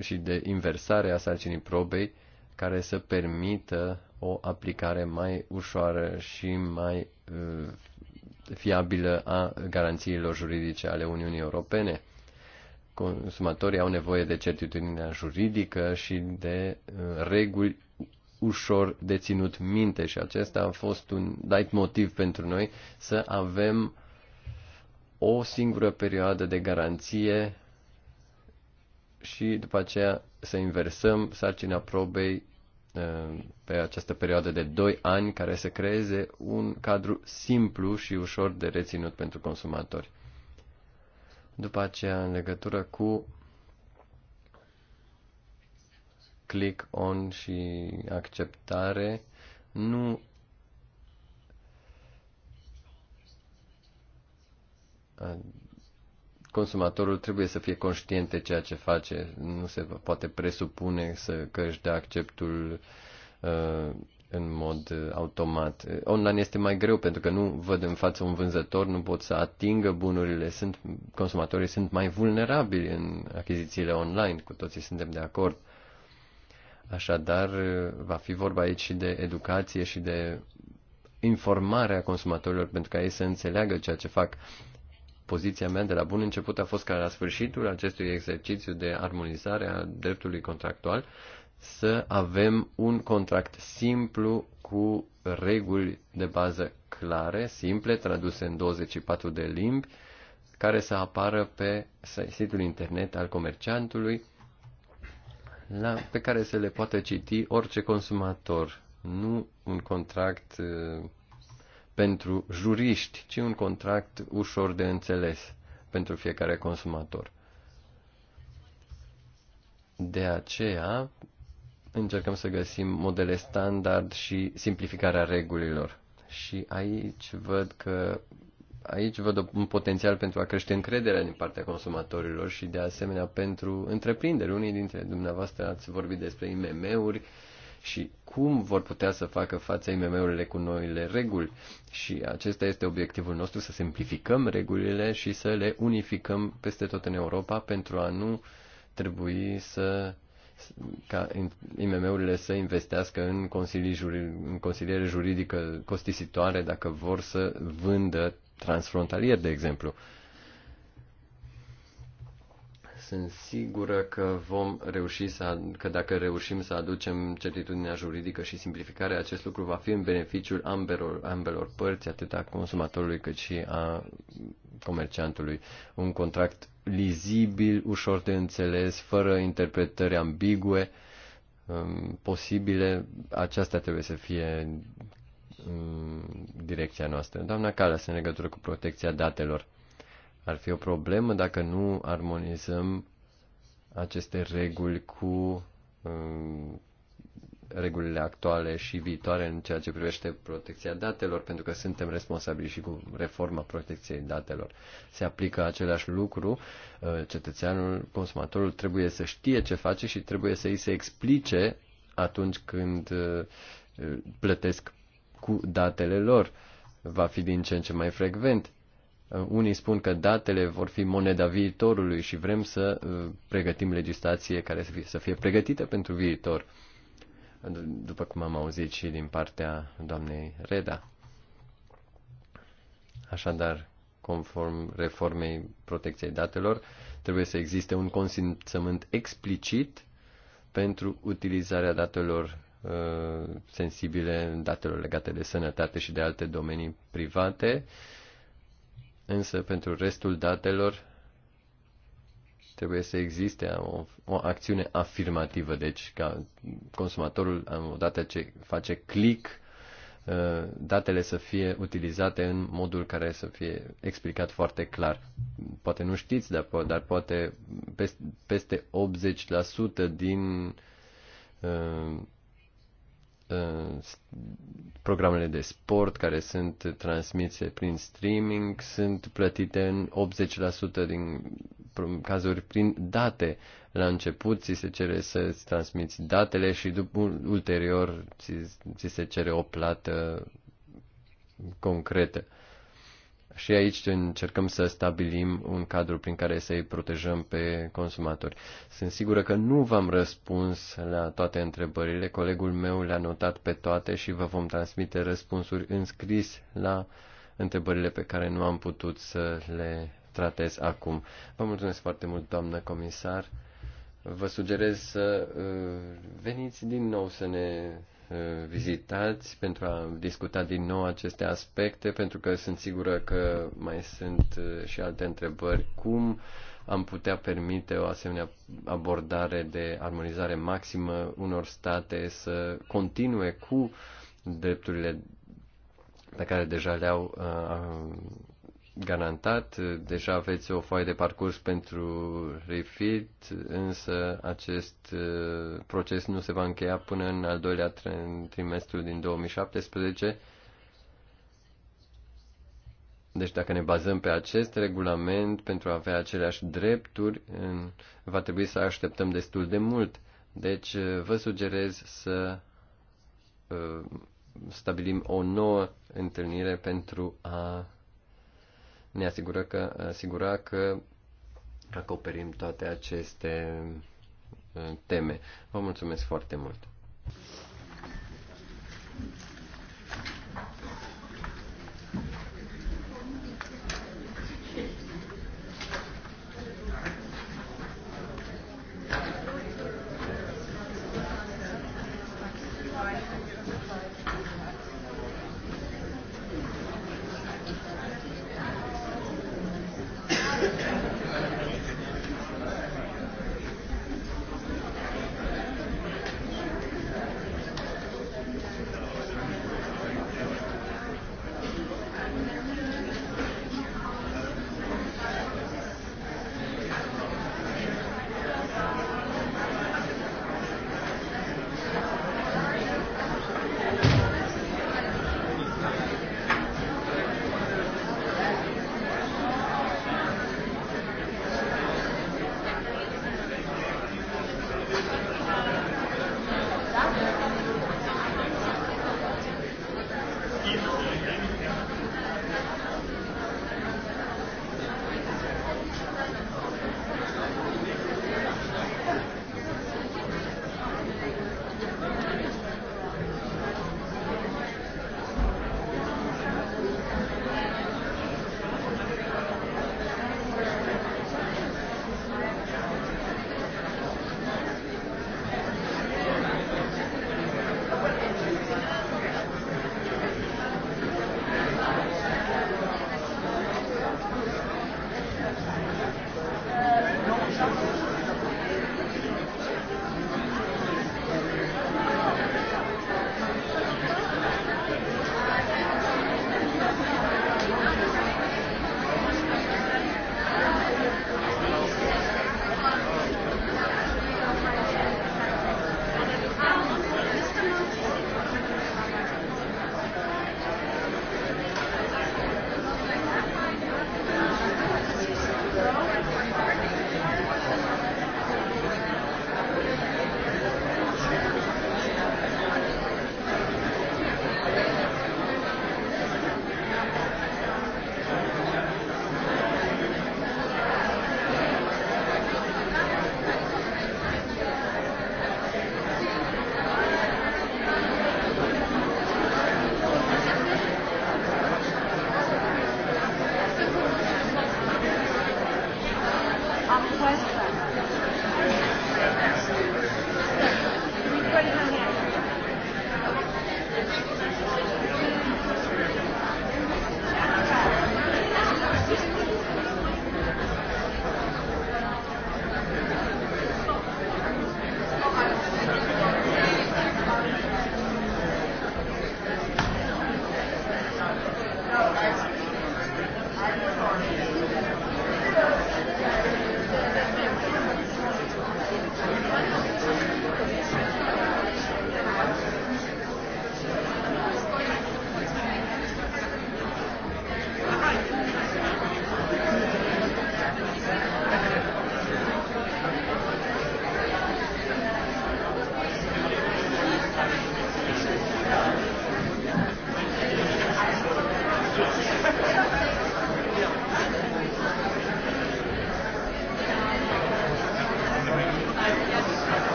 B: și de inversare a sarcinii probei care să permită o aplicare mai ușoară și mai uh, fiabilă a garanțiilor juridice ale Uniunii Europene. Consumatorii au nevoie de certitudinea juridică și de reguli ușor de ținut minte și acesta a fost un dat motiv pentru noi să avem o singură perioadă de garanție și după aceea să inversăm sarcina probei uh, pe această perioadă de 2 ani care să creeze un cadru simplu și ușor de reținut pentru consumatori. După aceea, în legătură cu click on și acceptare nu consumatorul trebuie să fie conștient de ceea ce face, nu se poate presupune să, că își dea acceptul uh, în mod uh, automat. Online este mai greu pentru că nu văd în față un vânzător, nu pot să atingă bunurile, sunt, consumatorii sunt mai vulnerabili în achizițiile online, cu toții suntem de acord. Așadar, va fi vorba aici și de educație și de informarea consumatorilor pentru ca ei să înțeleagă ceea ce fac. Poziția mea de la bun început a fost ca la sfârșitul acestui exercițiu de armonizare a dreptului contractual să avem un contract simplu cu reguli de bază clare, simple, traduse în 24 de limbi, care să apară pe site-ul internet al comerciantului la, pe care se le poate citi orice consumator. Nu un contract uh, pentru juriști, ci un contract ușor de înțeles pentru fiecare consumator. De aceea, încercăm să găsim modele standard și simplificarea regulilor. Și aici văd că aici văd un potențial pentru a crește încrederea din partea consumatorilor și de asemenea pentru întreprinderi. Unii dintre dumneavoastră ați vorbit despre IMM-uri și cum vor putea să facă fața IMM-urile cu noile reguli. Și acesta este obiectivul nostru, să simplificăm regulile și să le unificăm peste tot în Europa pentru a nu trebui să ca IMM-urile să investească în, consilii juri, în consiliere juridică costisitoare dacă vor să vândă transfrontalier, de exemplu. Sunt sigură că vom reuși să, că dacă reușim să aducem certitudinea juridică și simplificarea, acest lucru va fi în beneficiul ambelor, ambelor părți, atât a consumatorului cât și a comerciantului. Un contract lizibil, ușor de înțeles, fără interpretări ambigue, um, posibile, aceasta trebuie să fie Mm, direcția noastră. Doamna Calas, în legătură cu protecția datelor, ar fi o problemă dacă nu armonizăm aceste reguli cu mm, regulile actuale și viitoare în ceea ce privește protecția datelor, pentru că suntem responsabili și cu reforma protecției datelor. Se aplică același lucru, uh, cetățeanul, consumatorul trebuie să știe ce face și trebuie să îi se explice atunci când uh, plătesc cu datele lor. Va fi din ce în ce mai frecvent. Uh, unii spun că datele vor fi moneda viitorului și vrem să uh, pregătim legislație care să fie, să fie pregătită pentru viitor, uh, după cum am auzit și din partea doamnei Reda. Așadar, conform reformei protecției datelor, trebuie să existe un consimțământ explicit pentru utilizarea datelor Uh, sensibile datelor legate de sănătate și de alte domenii private, însă pentru restul datelor trebuie să existe o, o acțiune afirmativă, deci ca consumatorul, odată ce face click, uh, datele să fie utilizate în modul care să fie explicat foarte clar. Poate nu știți, dar, po- dar poate peste 80% din uh, Uh, programele de sport care sunt transmise prin streaming sunt plătite în 80% din cazuri prin date. La început ți se cere să-ți transmiți datele și după, ulterior ți, ți se cere o plată concretă. Și aici încercăm să stabilim un cadru prin care să-i protejăm pe consumatori. Sunt sigură că nu v-am răspuns la toate întrebările. Colegul meu le-a notat pe toate și vă vom transmite răspunsuri în scris la întrebările pe care nu am putut să le tratez acum. Vă mulțumesc foarte mult, doamnă comisar. Vă sugerez să uh, veniți din nou să ne Eh, vizitați pentru a discuta din nou aceste aspecte, pentru că sunt sigură că mai sunt eh, și alte întrebări. Cum am putea permite o asemenea abordare de armonizare maximă unor state să continue cu drepturile pe care deja le-au eh, garantat. Deja aveți o foaie de parcurs pentru refit, însă acest uh, proces nu se va încheia până în al doilea trimestru din 2017. Deci dacă ne bazăm pe acest regulament pentru a avea aceleași drepturi, va trebui să așteptăm destul de mult. Deci uh, vă sugerez să uh, stabilim o nouă întâlnire pentru a ne asigură că, asigura că acoperim toate aceste uh, teme. Vă mulțumesc foarte mult!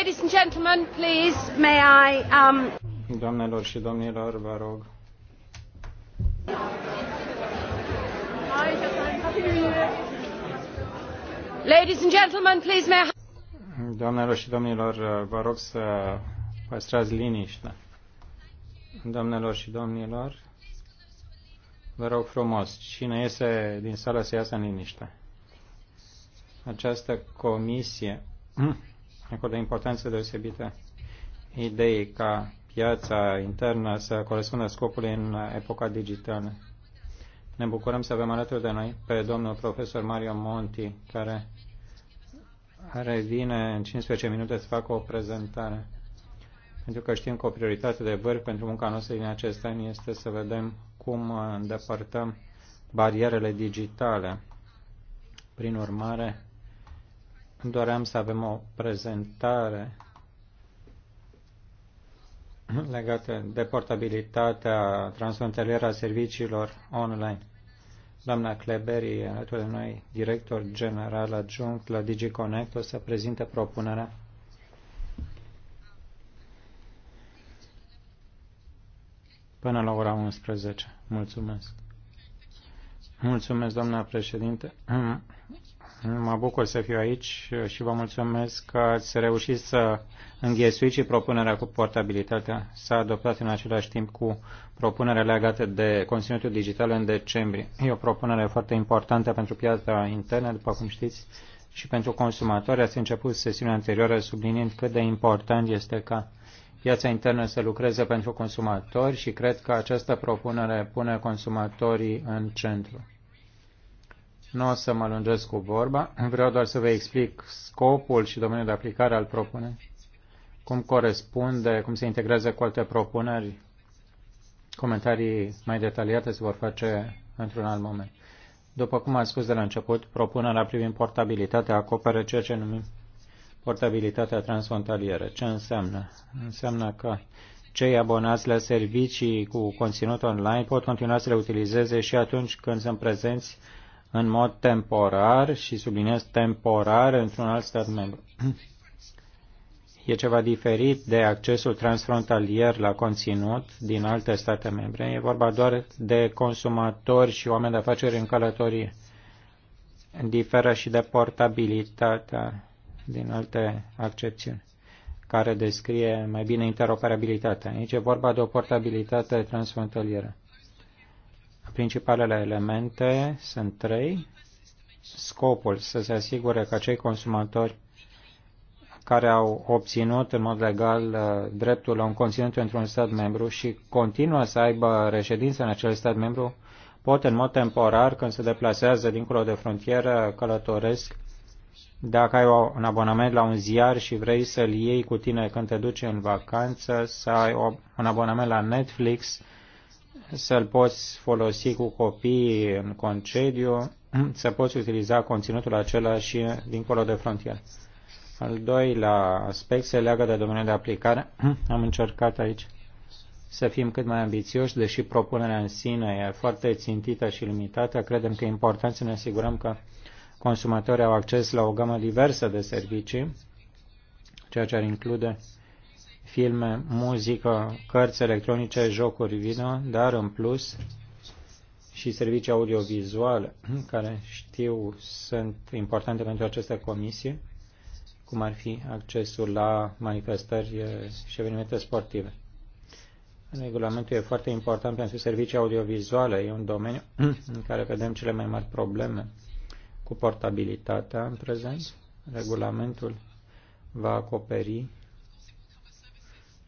A: Ladies and gentlemen, please, may I... Um...
D: Doamnelor și domnilor, vă rog.
A: Ladies and gentlemen, please, may
D: I... Doamnelor și domnilor, vă rog să păstrați liniște. Doamnelor și domnilor, vă rog frumos, cine iese din sală să iasă în liniște. Această comisie acordă importanță deosebită ideii ca piața internă să corespundă scopului în epoca digitală. Ne bucurăm să avem alături de noi pe domnul profesor Mario Monti, care revine în 15 minute să facă o prezentare. Pentru că știm că o prioritate de vârf pentru munca noastră din acest an este să vedem cum îndepărtăm barierele digitale. Prin urmare, doream să avem o prezentare legată de portabilitatea transfrontalieră a serviciilor online. Doamna Cleberi, alături de noi, director general adjunct la DigiConnect, o să prezinte propunerea până la ora 11. Mulțumesc. Mulțumesc, doamna președinte. Mă bucur să fiu aici și vă mulțumesc că ați reușit să înghesuiți și propunerea cu portabilitatea. S-a adoptat în același timp cu propunerea legată de conținutul digital în decembrie. E o propunere foarte importantă pentru piața internă, după cum știți, și pentru consumatori. Ați început sesiunea anterioară subliniind cât de important este ca piața internă să lucreze pentru consumatori și cred că această propunere pune consumatorii în centru. Nu o să mă lungesc cu vorba, vreau doar să vă explic scopul și domeniul de aplicare al propunerii, cum corespunde, cum se integrează cu alte propuneri. Comentarii mai detaliate se vor face într-un alt moment. După cum am spus de la început, propunerea privind portabilitatea acoperă ceea ce numim portabilitatea transfrontalieră. Ce înseamnă? Înseamnă că cei abonați la servicii cu conținut online pot continua să le utilizeze și atunci când sunt prezenți în mod temporar și subliniez temporar într-un alt stat membru. E ceva diferit de accesul transfrontalier la conținut din alte state membre. E vorba doar de consumatori și oameni de afaceri în călătorie. Diferă și de portabilitatea din alte accepțiuni care descrie mai bine interoperabilitatea. Aici e vorba de o portabilitate transfrontalieră. Principalele elemente sunt trei. Scopul să se asigure că cei consumatori care au obținut în mod legal uh, dreptul la un conținut într-un stat membru și continuă să aibă reședință în acel stat membru, pot în mod temporar, când se deplasează dincolo de frontieră, călătoresc. Dacă ai un abonament la un ziar și vrei să-l iei cu tine când te duci în vacanță, să ai un abonament la Netflix, să-l poți folosi cu copiii în concediu, să poți utiliza conținutul acela și dincolo de frontieră. Al doilea aspect se leagă de domeniul de aplicare. Am încercat aici să fim cât mai ambițioși, deși propunerea în sine e foarte țintită și limitată. Credem că e important să ne asigurăm că consumatorii au acces la o gamă diversă de servicii, ceea ce ar include filme, muzică, cărți electronice, jocuri video, dar în plus și servicii audiovizuale, care știu sunt importante pentru aceste comisii, cum ar fi accesul la manifestări și evenimente sportive. Regulamentul e foarte important pentru servicii audiovizuale. E un domeniu în care vedem cele mai mari probleme cu portabilitatea în prezent. Regulamentul va acoperi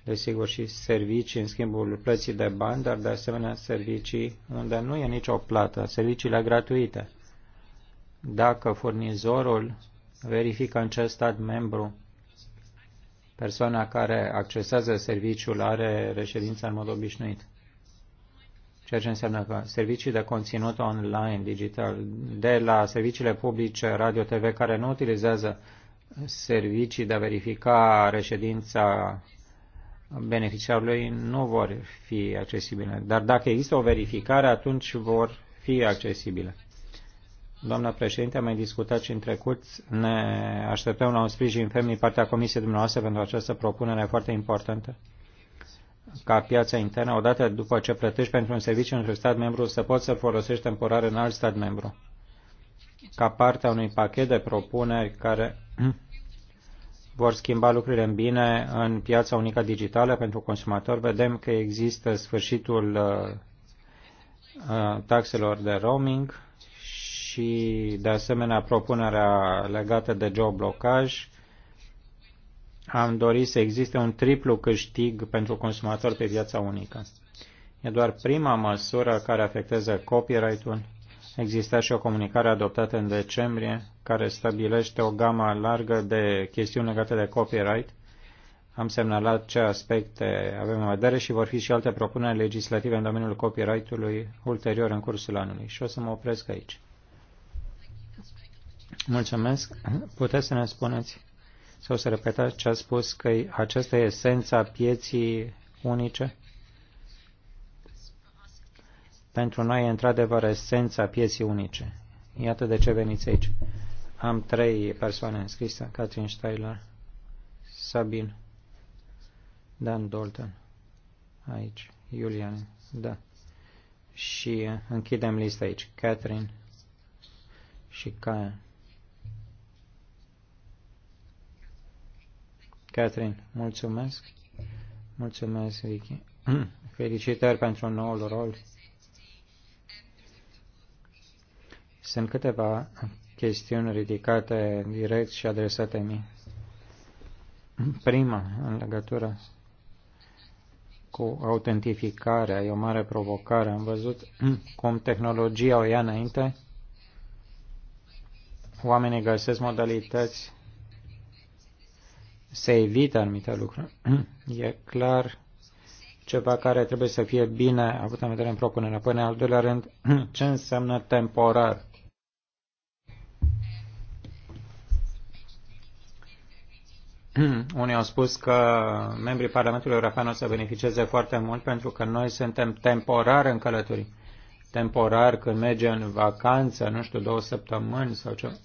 D: desigur, și servicii în schimbul plății de bani, dar de asemenea servicii unde nu e nicio plată, serviciile gratuite. Dacă furnizorul verifică în ce stat membru persoana care accesează serviciul are reședința în mod obișnuit. Ceea ce înseamnă că servicii de conținut online, digital, de la serviciile publice, radio, TV, care nu utilizează servicii de a verifica reședința beneficiarului nu vor fi accesibile. Dar dacă există o verificare, atunci vor fi accesibile. Doamna președinte, am mai discutat și în trecut. Ne așteptăm la un sprijin ferm din partea Comisiei dumneavoastră pentru această propunere foarte importantă ca piața internă, odată după ce plătești pentru un serviciu într-un stat membru, să poți să folosești temporar în alt stat membru, ca parte a unui pachet de propuneri care vor schimba lucrurile în bine în piața unică digitală pentru consumator. Vedem că există sfârșitul uh, uh, taxelor de roaming și, de asemenea, propunerea legată de geoblocaj. Am dorit să existe un triplu câștig pentru consumator pe piața unică. E doar prima măsură care afectează copyright-ul Există și o comunicare adoptată în decembrie care stabilește o gamă largă de chestiuni legate de copyright. Am semnalat ce aspecte avem în vedere și vor fi și alte propuneri legislative în domeniul copyright-ului ulterior în cursul anului. Și o să mă opresc aici. Mulțumesc. Puteți să ne spuneți sau să repetați ce a spus că aceasta e esența pieții unice? pentru noi e într-adevăr esența pieții unice. Iată de ce veniți aici. Am trei persoane înscrise, Catherine Steiler, Sabin, Dan Dalton, aici, Julian, da. Și închidem lista aici, Catherine și Kaya. Catherine, mulțumesc. Mulțumesc, Vicky. Felicitări pentru noul rol Sunt câteva chestiuni ridicate direct și adresate mie. Prima, în legătură cu autentificarea, e o mare provocare. Am văzut cum tehnologia o ia înainte. Oamenii găsesc modalități să evite anumite lucruri. E clar ceva care trebuie să fie bine avut în vedere în propunerea. Până al doilea rând, ce înseamnă temporar? Unii au spus că membrii Parlamentului European o să beneficieze foarte mult pentru că noi suntem temporar în călătorii. Temporar când merge în vacanță, nu știu, două săptămâni sau ce.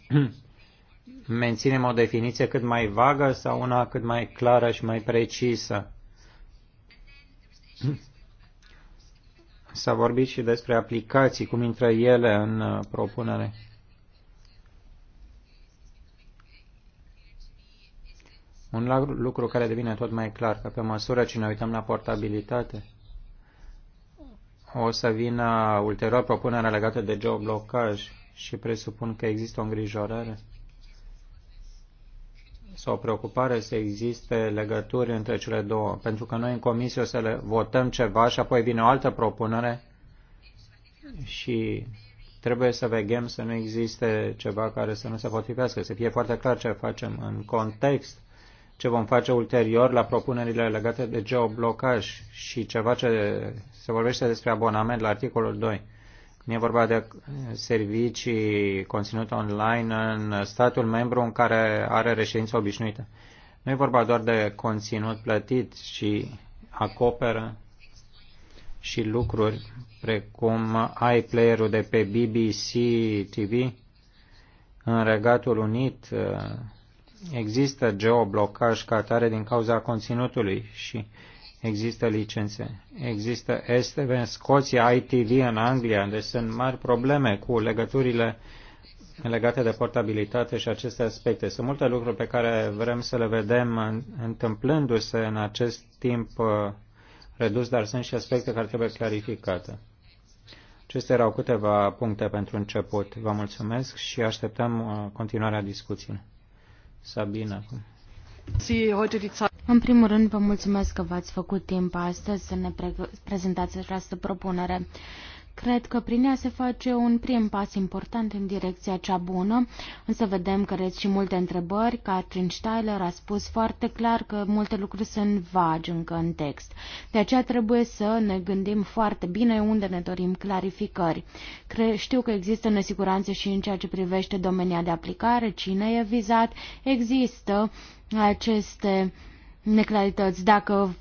D: Menținem o definiție cât mai vagă sau una cât mai clară și mai precisă. S-a vorbit și despre aplicații, cum intră ele în propunere. Un lucru care devine tot mai clar, că pe măsură ce ne uităm la portabilitate, o să vină ulterior propunerea legată de geoblocaj și presupun că există o îngrijorare sau o preocupare să existe legături între cele două, pentru că noi în comisie o să le votăm ceva și apoi vine o altă propunere și trebuie să veghem să nu existe ceva care să nu se potrivească, să fie foarte clar ce facem în context ce vom face ulterior la propunerile legate de geoblocaj și ceva ce se vorbește despre abonament la articolul 2. Când e vorba de servicii, conținut online în statul membru în care are reședință obișnuită. Nu e vorba doar de conținut plătit, și acoperă și lucruri precum iPlayer-ul de pe BBC TV în Regatul Unit, există geoblocaj ca atare din cauza conținutului și există licențe. Există STV în Scoția, ITV în Anglia, deci sunt mari probleme cu legăturile legate de portabilitate și aceste aspecte. Sunt multe lucruri pe care vrem să le vedem întâmplându-se în acest timp uh, redus, dar sunt și aspecte care trebuie clarificate. Acestea erau câteva puncte pentru început. Vă mulțumesc și așteptăm uh, continuarea discuției. Sabina acum.
C: În primul rând, vă mulțumesc că v-ați făcut timp astăzi să ne pre prezentați această propunere. Cred că prin ea se face un prim pas important în direcția cea bună, însă vedem că reți și multe întrebări. Catherine Steiler a spus foarte clar că multe lucruri sunt vagi încă în text. De aceea trebuie să ne gândim foarte bine unde ne dorim clarificări. Cre- știu că există nesiguranțe și în ceea ce privește domenia de aplicare, cine e vizat, există aceste neclarități. Dacă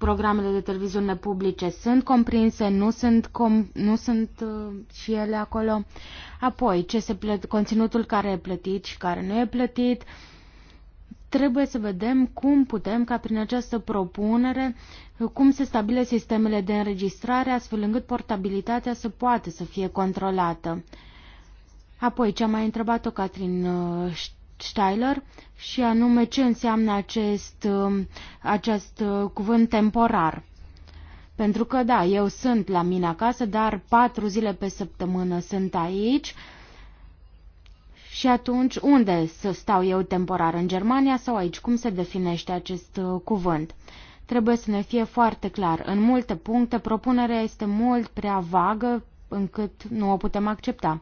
C: programele de televiziune publice sunt comprinse, nu sunt, com, nu sunt uh, și ele acolo. Apoi, ce se plăt, conținutul care e plătit și care nu e plătit. Trebuie să vedem cum putem, ca prin această propunere, cum se stabile sistemele de înregistrare, astfel încât portabilitatea să poată să fie controlată. Apoi, ce a mai întrebat-o Catrin uh, Steiler și anume ce înseamnă acest, um, acest uh, cuvânt temporar. Pentru că, da, eu sunt la mine acasă, dar patru zile pe săptămână sunt aici. Și atunci, unde să stau eu temporar? În Germania sau aici? Cum se definește acest uh, cuvânt? Trebuie să ne fie foarte clar. În multe puncte, propunerea este mult prea vagă încât nu o putem accepta.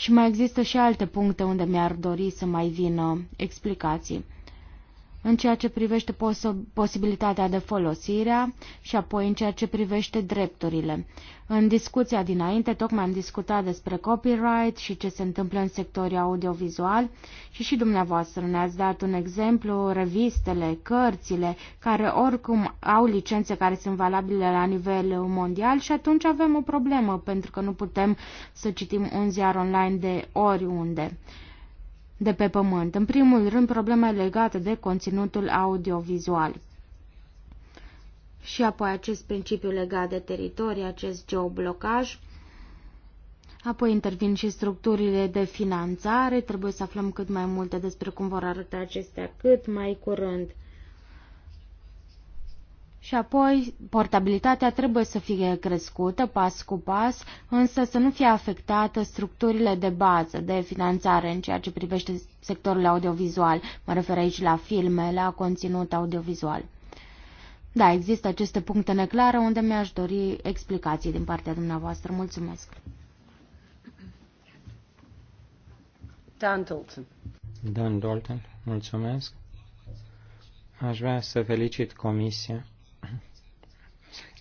C: Și mai există și alte puncte unde mi-ar dori să mai vină explicații în ceea ce privește pos posibilitatea de folosire și apoi în ceea ce privește drepturile. În discuția dinainte, tocmai am discutat despre copyright și ce se întâmplă în sectorul audiovizual și și dumneavoastră ne-ați dat un exemplu, revistele, cărțile, care oricum au licențe care sunt valabile la nivel mondial și atunci avem o problemă pentru că nu putem să citim un ziar online de oriunde de pe pământ. În primul rând, probleme legate de conținutul audiovizual. Și apoi acest principiu legat de teritorii, acest geoblocaj. Apoi intervin și structurile de finanțare. Trebuie să aflăm cât mai multe despre cum vor arăta acestea cât mai curând. Și apoi, portabilitatea trebuie să fie crescută pas cu pas, însă să nu fie afectată structurile de bază de finanțare în ceea ce privește sectorul audiovizual. Mă refer aici la filme, la conținut audiovizual. Da, există aceste puncte neclare unde mi-aș dori explicații din partea dumneavoastră. Mulțumesc.
A: Dan Dalton.
D: Dan Dalton, mulțumesc. Aș vrea să felicit Comisia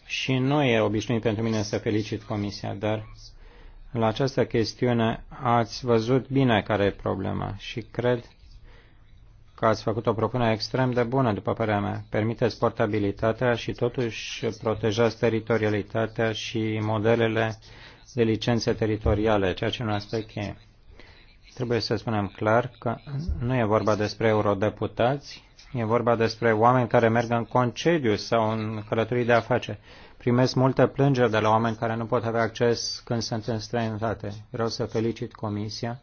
D: și nu e obișnuit pentru mine să felicit Comisia, dar la această chestiune ați văzut bine care e problema și cred că ați făcut o propunere extrem de bună, după părerea mea. Permiteți portabilitatea și totuși protejați teritorialitatea și modelele de licențe teritoriale, ceea ce nu este cheie. Trebuie să spunem clar că nu e vorba despre eurodeputați, E vorba despre oameni care merg în concediu sau în călătorii de afaceri. Primesc multe plângeri de la oameni care nu pot avea acces când sunt în străinătate. Vreau să felicit Comisia.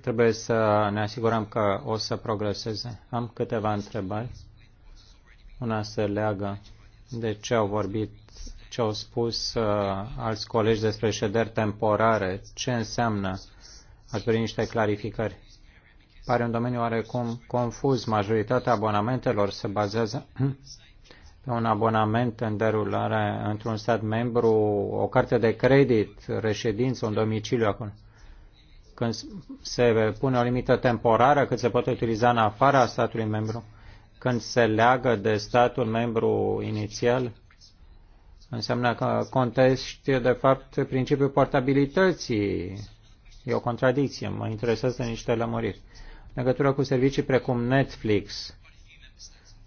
D: Trebuie să ne asigurăm că o să progreseze. Am câteva întrebări. Una se leagă de ce au vorbit, ce au spus uh, alți colegi despre șederi temporare. Ce înseamnă? Aș vrea niște clarificări pare un domeniu oarecum confuz. Majoritatea abonamentelor se bazează pe un abonament în derulare într-un stat membru, o carte de credit, reședință, un domiciliu acolo. Când se pune o limită temporară cât se poate utiliza în afara statului membru, când se leagă de statul membru inițial, înseamnă că contești, de fapt, principiul portabilității. E o contradicție. Mă interesează niște lămuriri legătură cu servicii precum Netflix,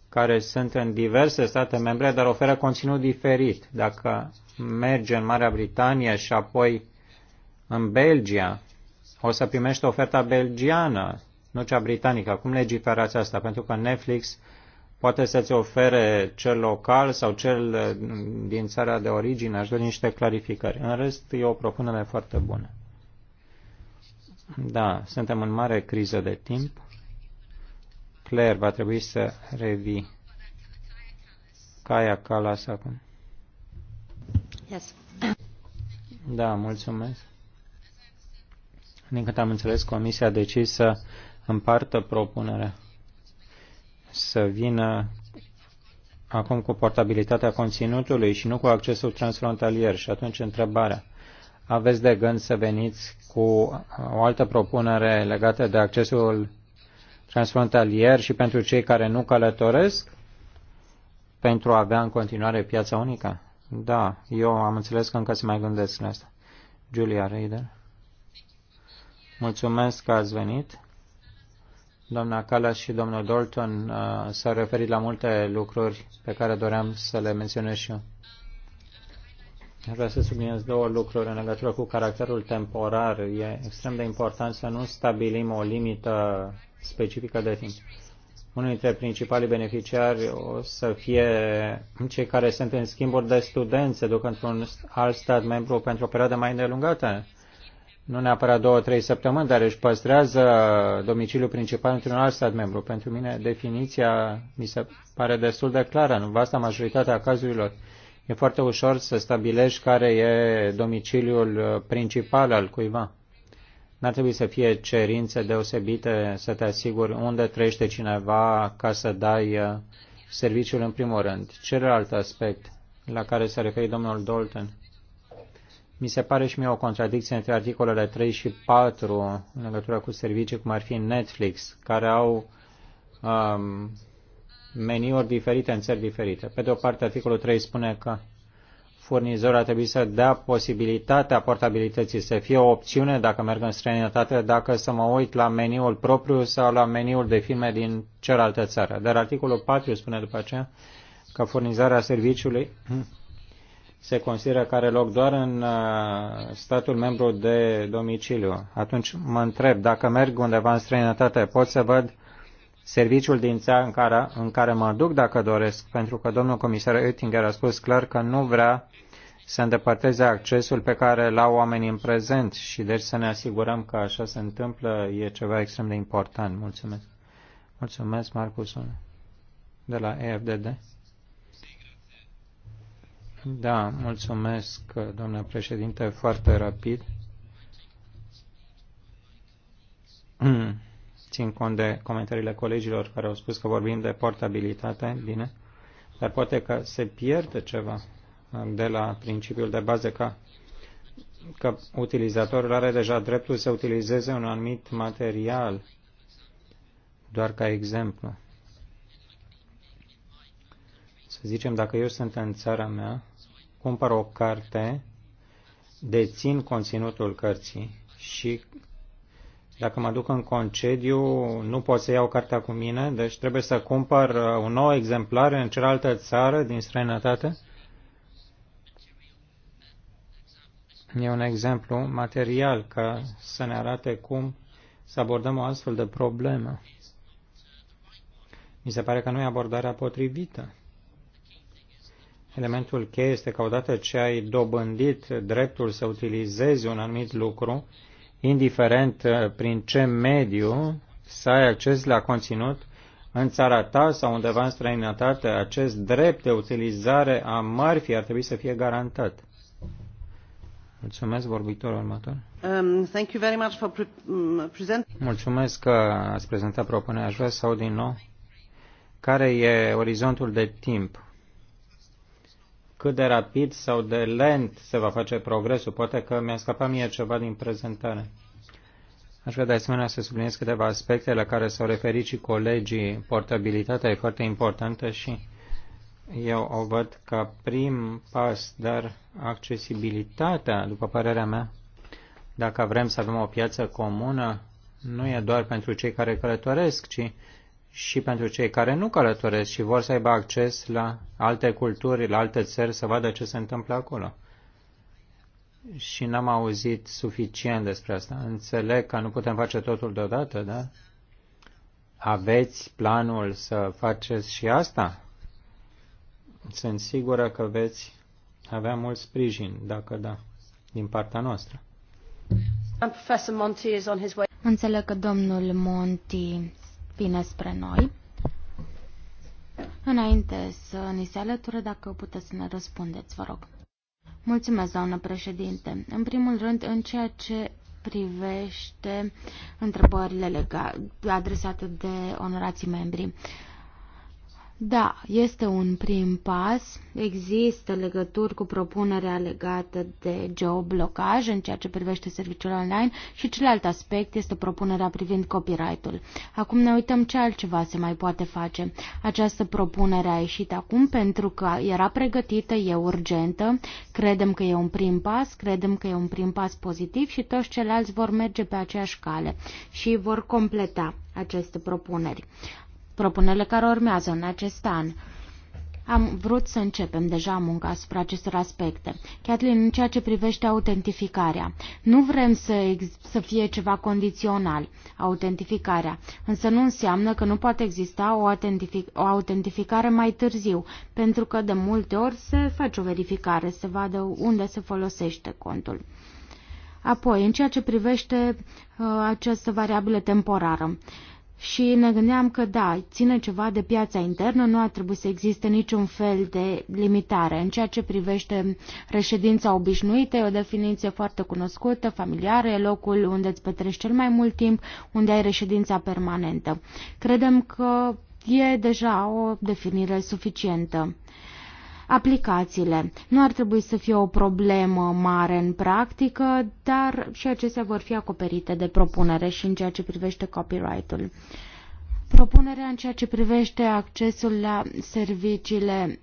D: care sunt în diverse state membre, dar oferă conținut diferit. Dacă merge în Marea Britanie și apoi în Belgia, o să primești oferta belgiană, nu cea britanică. Cum legiferați asta? Pentru că Netflix poate să-ți ofere cel local sau cel mm, din țara de origine. Aș dori niște clarificări. În rest, e o propunere foarte bună. Da, suntem în mare criză de timp. Claire, va trebui să revii. Caia Calas acum. Yes. Da, mulțumesc. Din cât am înțeles, Comisia a decis să împartă propunerea, să vină acum cu portabilitatea conținutului și nu cu accesul transfrontalier. Și atunci întrebarea, aveți de gând să veniți cu o altă propunere legată de accesul transfrontalier și pentru cei care nu călătoresc pentru a avea în continuare piața unică? Da, eu am înțeles că încă se mai gândesc la asta. Julia Reider. Mulțumesc că ați venit. Doamna Calas și domnul Dalton uh, s-au referit la multe lucruri pe care doream să le menționez și eu vrea să subliniez două lucruri în legătură cu caracterul temporar. E extrem de important să nu stabilim o limită specifică de timp. Unul dintre principalii beneficiari o să fie cei care sunt în schimburi de studenți, se duc într-un alt stat membru pentru o perioadă mai îndelungată. Nu neapărat două, trei săptămâni, dar își păstrează domiciliul principal într-un alt stat membru. Pentru mine definiția mi se pare destul de clară, în vasta majoritatea cazurilor E foarte ușor să stabilești care e domiciliul uh, principal al cuiva. N-ar trebui să fie cerințe deosebite să te asiguri unde trăiește cineva ca să dai uh, serviciul în primul rând. Celălalt aspect la care se referi domnul Dalton. Mi se pare și mie o contradicție între articolele 3 și 4 în legătură cu servicii cum ar fi Netflix, care au um, meniuri diferite în țări diferite. Pe de o parte, articolul 3 spune că furnizorul ar trebui să dea posibilitatea portabilității, să fie o opțiune dacă merg în străinătate, dacă să mă uit la meniul propriu sau la meniul de filme din cealaltă țară. Dar articolul 4 spune după aceea că furnizarea serviciului se consideră că are loc doar în uh, statul membru de domiciliu. Atunci mă întreb, dacă merg undeva în străinătate, pot să văd serviciul din țara în care, în care mă duc dacă doresc, pentru că domnul comisar Oettinger a spus clar că nu vrea să îndepărteze accesul pe care îl au oamenii în prezent și deci să ne asigurăm că așa se întâmplă e ceva extrem de important. Mulțumesc. Mulțumesc, Marcus, de la EFDD. Da, mulțumesc, domnule președinte, foarte rapid. țin cont de comentariile colegilor care au spus că vorbim de portabilitate, bine, dar poate că se pierde ceva uh, de la principiul de bază ca că utilizatorul are deja dreptul să utilizeze un anumit material, doar ca exemplu. Să zicem, dacă eu sunt în țara mea, cumpăr o carte, dețin conținutul cărții și dacă mă duc în concediu, nu pot să iau cartea cu mine, deci trebuie să cumpăr uh, un nou exemplar în cealaltă țară din străinătate. E un exemplu material ca să ne arate cum să abordăm o astfel de problemă. Mi se pare că nu e abordarea potrivită. Elementul cheie este că odată ce ai dobândit dreptul să utilizezi un anumit lucru, indiferent uh, prin ce mediu, să ai acces la conținut în țara ta sau undeva în străinătate, acest drept de utilizare a mărfii ar trebui să fie garantat. Mulțumesc, vorbitorul următor.
A: Um, thank you very much for pre mm, present...
D: Mulțumesc că ați prezentat propunerea. Aș vrea să aud din nou care e orizontul de timp cât de rapid sau de lent se va face progresul. Poate că mi-a scăpat mie ceva din prezentare. Aș vrea de asemenea să subliniez câteva aspecte la care s-au referit și colegii. Portabilitatea e foarte importantă și eu o văd ca prim pas, dar accesibilitatea, după părerea mea, dacă vrem să avem o piață comună, nu e doar pentru cei care călătoresc, ci și pentru cei care nu călătoresc și vor să aibă acces la alte culturi, la alte țări, să vadă ce se întâmplă acolo. Și n-am auzit suficient despre asta. Înțeleg că nu putem face totul deodată, da? Aveți planul să faceți și asta? Sunt sigură că veți avea mult sprijin, dacă da, din partea noastră.
A: Înțeleg
C: că domnul Monti bine spre noi. Înainte să ni se alăture, dacă puteți să ne răspundeți, vă rog. Mulțumesc, doamnă președinte. În primul rând, în ceea ce privește întrebările lega- adresate de onorații membri. Da, este un prim pas. Există legături cu propunerea legată de geoblocaj în ceea ce privește serviciul online și celălalt aspect este propunerea privind copyright-ul. Acum ne uităm ce altceva se mai poate face. Această propunere a ieșit acum pentru că era pregătită, e urgentă, credem că e un prim pas, credem că e un prim pas pozitiv și toți ceilalți vor merge pe aceeași cale și vor completa aceste propuneri. Propunele care urmează în acest an. Am vrut să începem deja munca asupra acestor aspecte. Kathleen, în ceea ce privește autentificarea, nu vrem să, să fie ceva condițional, autentificarea, însă nu înseamnă că nu poate exista o, autentific o autentificare mai târziu, pentru că de multe ori se face o verificare, se vadă unde se folosește contul. Apoi, în ceea ce privește uh, această variabilă temporară, uh, și ne gândeam că da, ține ceva de piața internă, nu ar trebui să existe niciun fel de limitare. În ceea ce privește reședința obișnuită, e o definiție foarte cunoscută, familiară, e locul unde îți petrești cel mai mult timp, unde ai reședința permanentă. Credem că e deja o definire suficientă. Aplicațiile. Nu ar trebui să fie o problemă mare în practică, dar și acestea vor fi acoperite de propunere și în ceea ce privește copyright-ul. Propunerea în ceea ce privește accesul la serviciile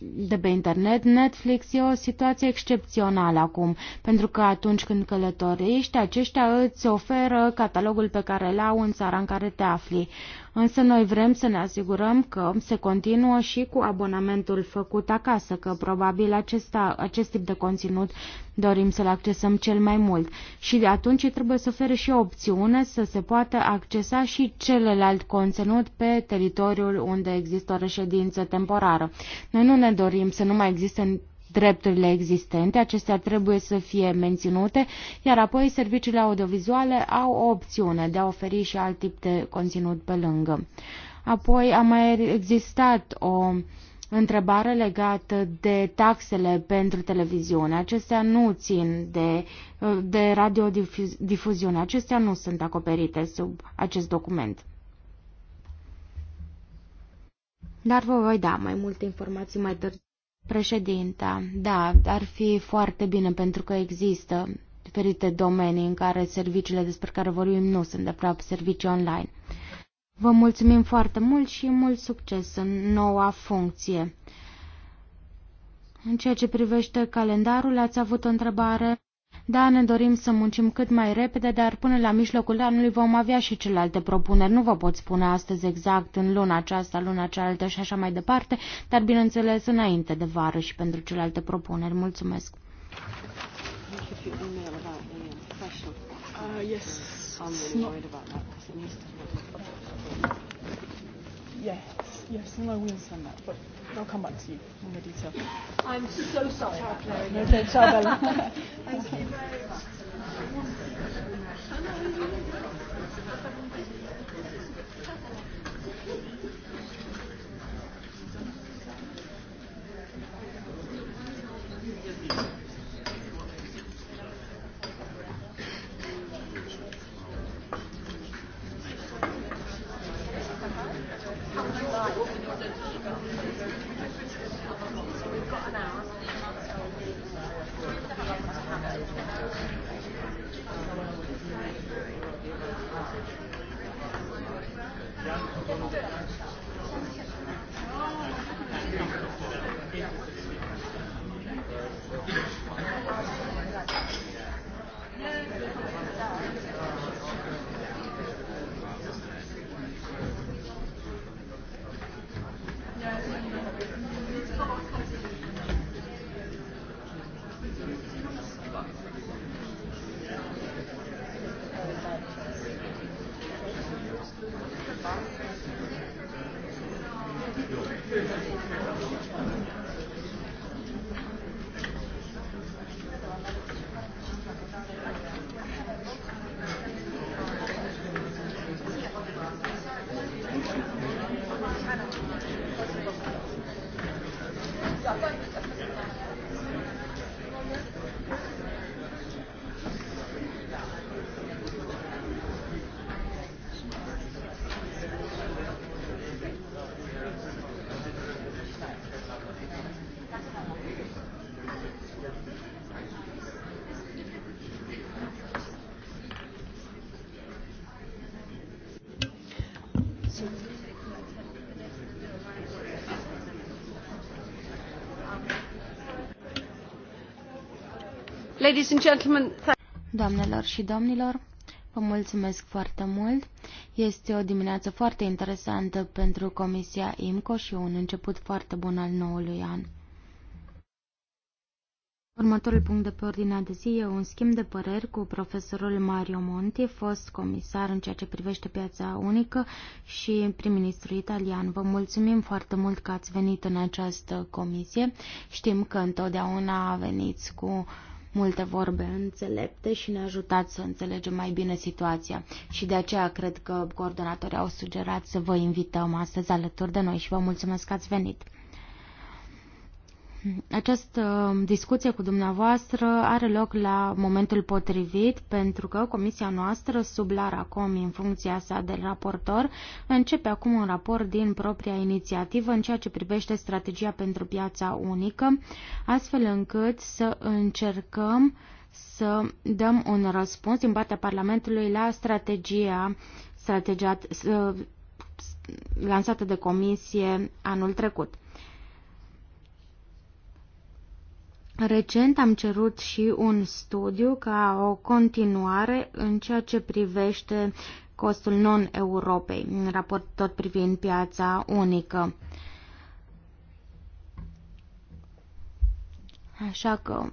C: de pe internet, Netflix e o situație excepțională acum, pentru că atunci când călătorești, aceștia îți oferă catalogul pe care îl au în țara în care te afli. Însă noi vrem să ne asigurăm că se continuă și cu abonamentul făcut acasă, că probabil acesta, acest tip de conținut dorim să-l accesăm cel mai mult. Și de atunci trebuie să ofere și o opțiune să se poată accesa și celălalt conținut pe teritoriul unde există o reședință temporară. Noi nu ne dorim să nu mai existe drepturile existente, acestea trebuie să fie menținute, iar apoi serviciile audiovizuale au o opțiune de a oferi și alt tip de conținut pe lângă. Apoi a mai existat o întrebare legată de taxele pentru televiziune. Acestea nu țin de, de radiodifuziune. Acestea nu sunt acoperite sub acest document. Dar vă voi da mai multe informații mai târziu. Președinta, da, ar fi foarte bine pentru că există diferite domenii în care serviciile despre care vorbim nu sunt de fapt servicii online. Vă mulțumim foarte mult și mult succes în noua funcție. În ceea ce privește calendarul, ați avut o întrebare? Da, ne dorim să muncim cât mai repede, dar până la mijlocul anului vom avea și celelalte propuneri. Nu vă pot spune astăzi exact în luna aceasta, luna cealaltă și așa mai departe, dar bineînțeles înainte de vară și pentru celelalte propuneri. Mulțumesc!
E: Ah, yes, Yeah. Yes, no, I will send that, but I'll come back to you in the detail. I'm so sorry. Ciao, Clary. No, no, ciao, Bella. Thank you very much.
C: Doamnelor și domnilor, vă mulțumesc foarte mult. Este o dimineață foarte interesantă pentru Comisia IMCO și un început foarte bun al noului an. Următorul punct de pe ordinea de zi e un schimb de păreri cu profesorul Mario Monti, fost comisar în ceea ce privește piața unică și prim-ministru italian. Vă mulțumim foarte mult că ați venit în această comisie. Știm că întotdeauna veniți cu uh, multe vorbe înțelepte și ne-a ajutat să înțelegem mai bine situația. Și de aceea cred că coordonatorii au sugerat să vă invităm astăzi alături de noi și vă mulțumesc că ați venit. Această um, discuție cu dumneavoastră are loc la momentul potrivit pentru că comisia noastră sub Lara Comi în funcția sa de raportor începe acum un raport din propria inițiativă în ceea ce privește strategia pentru piața unică, astfel încât să încercăm să dăm un răspuns din partea Parlamentului la strategia, strategia uh, lansată de comisie anul trecut. Recent am cerut și un studiu ca o continuare în ceea ce privește costul non-Europei, în raport tot privind piața unică. Așa că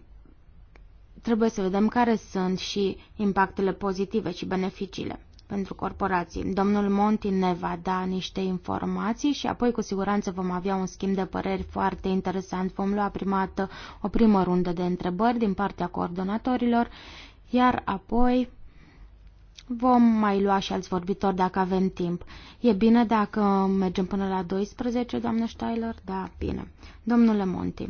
C: trebuie să vedem care sunt și impactele pozitive și beneficiile pentru corporații. Domnul Monti ne va da niște informații și apoi cu siguranță vom avea un schimb de păreri foarte interesant. Vom lua primată o primă rundă de întrebări din partea coordonatorilor, iar apoi vom mai lua și alți vorbitori dacă avem timp. E bine dacă mergem până la 12, doamnă Steiler? Da, bine. Domnule Monti.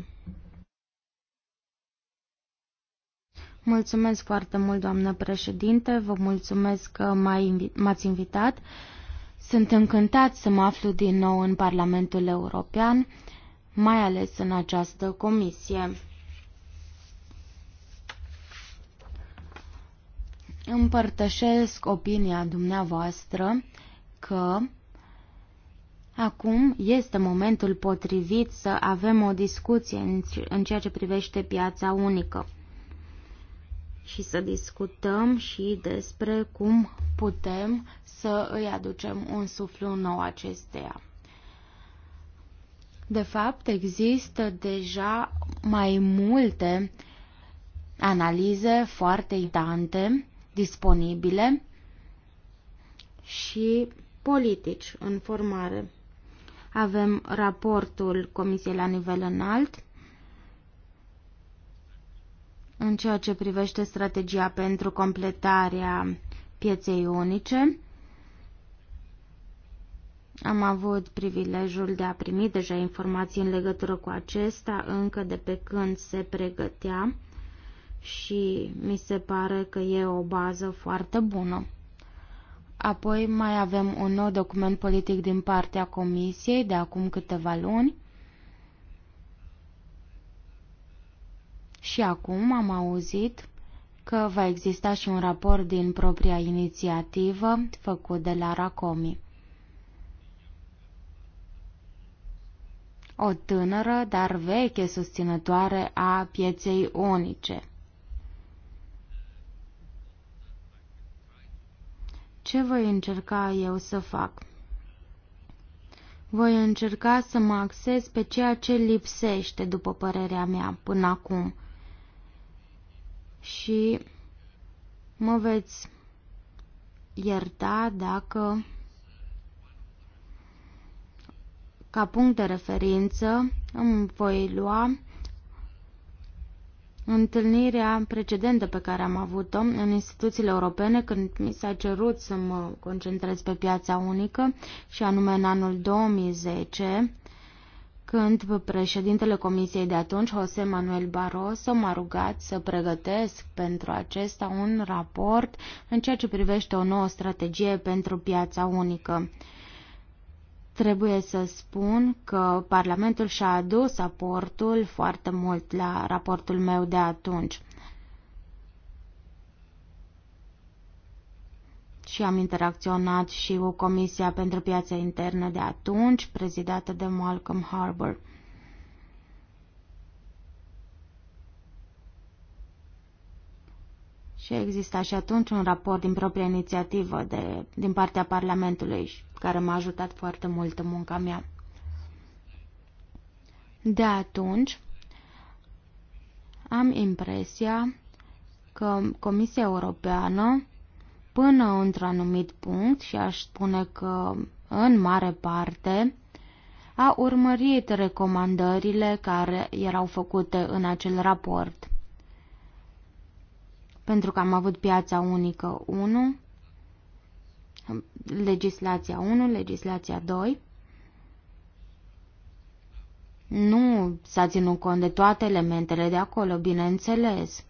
C: Mulțumesc foarte mult, doamnă președinte, vă mulțumesc că m-ați invitat. Sunt încântat să mă aflu din nou în Parlamentul European, mai ales în această comisie. Împărtășesc opinia dumneavoastră că Acum este momentul potrivit să avem o discuție în ceea ce privește piața unică și să discutăm și despre cum putem să îi aducem un suflu nou acesteia. De fapt, există deja mai multe analize foarte importante disponibile și politici în formare. Avem raportul Comisiei la nivel înalt, în ceea ce privește strategia pentru completarea pieței unice. Am avut privilegiul de a primi deja informații în legătură cu acesta încă de pe când se pregătea și mi se pare că e o bază foarte bună. Apoi mai avem un nou document politic din partea Comisiei de acum câteva luni Și acum am auzit că va exista și un raport din propria inițiativă făcut de la Racomi. O tânără, dar veche susținătoare a pieței unice. Ce voi încerca eu să fac? Voi încerca să mă axez pe ceea ce lipsește, după părerea mea, până acum – și mă veți ierta dacă ca punct de referință îmi voi lua întâlnirea precedentă pe care am avut-o în instituțiile europene când mi s-a cerut să mă concentrez pe piața unică și anume în anul 2010 când președintele Comisiei de atunci, José Manuel Barroso, m-a rugat să pregătesc pentru acesta un raport în ceea ce privește o nouă strategie pentru piața unică. Trebuie să spun că Parlamentul și-a adus aportul foarte mult la raportul meu de atunci. și am interacționat și cu Comisia pentru Piața Internă de atunci, prezidată de Malcolm Harbour. Și exista și atunci un raport din propria inițiativă de, din partea Parlamentului, care m-a ajutat foarte mult în munca mea. De atunci am impresia că Comisia Europeană până într-un anumit punct și aș spune că în mare parte a urmărit recomandările care erau făcute în acel raport. Pentru că am avut piața unică 1, legislația 1, legislația 2, nu s-a ținut cont de toate elementele de acolo, bineînțeles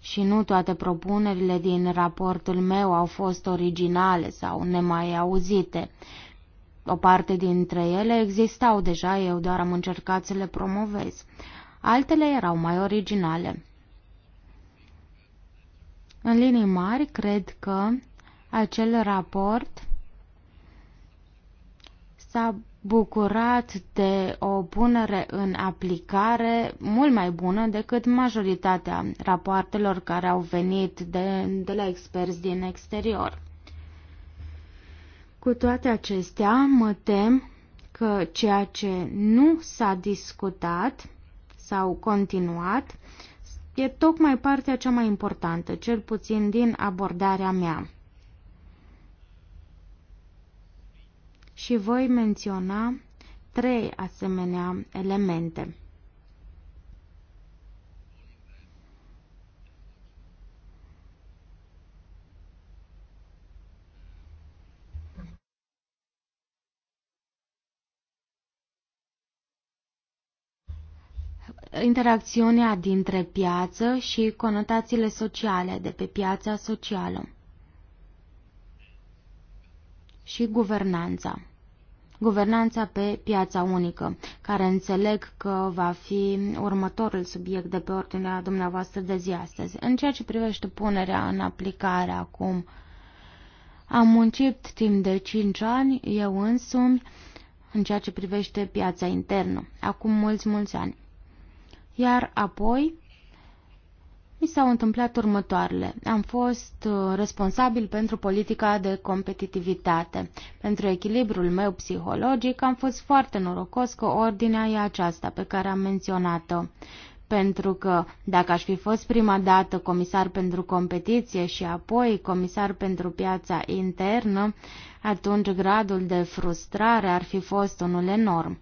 C: și nu toate propunerile din raportul meu au fost originale sau nemai auzite. O parte dintre ele existau deja, eu doar am încercat să le promovez. Altele erau mai originale. În linii mari, cred că acel raport s-a bucurat de o punere în aplicare mult mai bună decât majoritatea rapoartelor care au venit de, de la experți din exterior. Cu toate acestea, mă tem că ceea ce nu s-a discutat sau continuat e tocmai partea cea mai importantă, cel puțin din abordarea mea. și voi menționa trei asemenea elemente. interacțiunea dintre piață și conotațiile sociale de pe piața socială și guvernanța guvernanța pe piața unică, care înțeleg că va fi următorul subiect de pe ordinea dumneavoastră de zi astăzi. În ceea ce privește punerea în aplicare acum, am muncit timp de 5 ani, eu însumi, în ceea ce privește piața internă, acum mulți, mulți ani. Iar apoi, mi s-au întâmplat următoarele. Am fost uh, responsabil pentru politica de competitivitate. Pentru echilibrul meu psihologic am fost foarte norocos că ordinea e aceasta pe care am menționat-o. Pentru că dacă aș fi fost prima dată comisar pentru competiție și apoi comisar pentru piața internă, atunci gradul de frustrare ar fi fost unul enorm.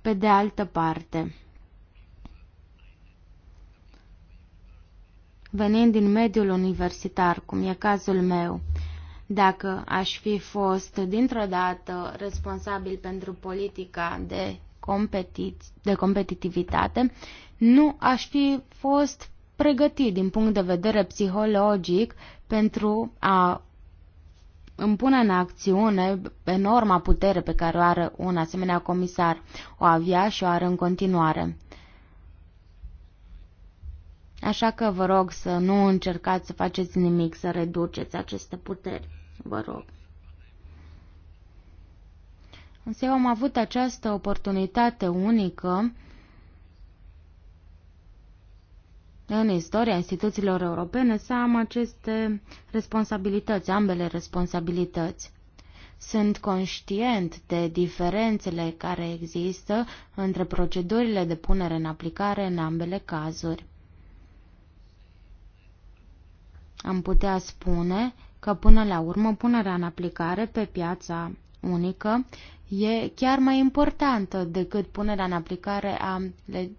C: Pe de altă parte, venind din mediul universitar, cum e cazul meu. Dacă aș fi fost dintr-o dată responsabil pentru politica de, competi- de competitivitate, nu aș fi fost pregătit din punct de vedere psihologic pentru a îmi pune în acțiune enorma putere pe care o are un asemenea comisar. O avea și o are în continuare. Așa că vă rog să nu încercați să faceți nimic, să reduceți aceste puteri. Vă rog. Însă eu am avut această oportunitate unică în istoria instituțiilor europene să am aceste responsabilități, ambele responsabilități. Sunt conștient de diferențele care există între procedurile de punere în aplicare în ambele cazuri. Am putea spune că până la urmă punerea în aplicare pe piața unică e chiar mai importantă decât punerea în aplicare a,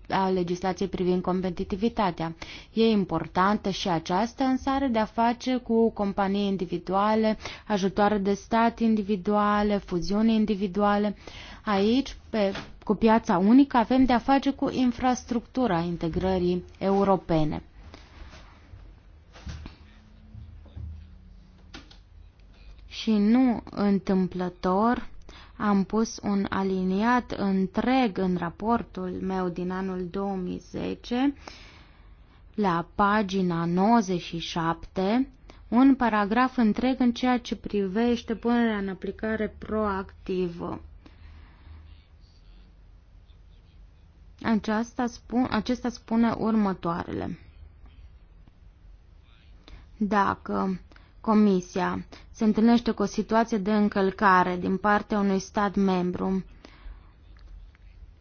C: a legislației privind competitivitatea. E importantă și aceasta, însă are de-a face cu companii individuale, ajutoare de stat individuale, fuziuni individuale. Aici, pe, cu piața unică, avem de-a face cu infrastructura integrării europene. Și nu întâmplător am pus un aliniat întreg în raportul meu din anul 2010, la pagina 97, un paragraf întreg în ceea ce privește punerea în aplicare proactivă. Aceasta spun, acesta spune următoarele. Dacă Comisia se întâlnește cu o situație de încălcare din partea unui stat membru.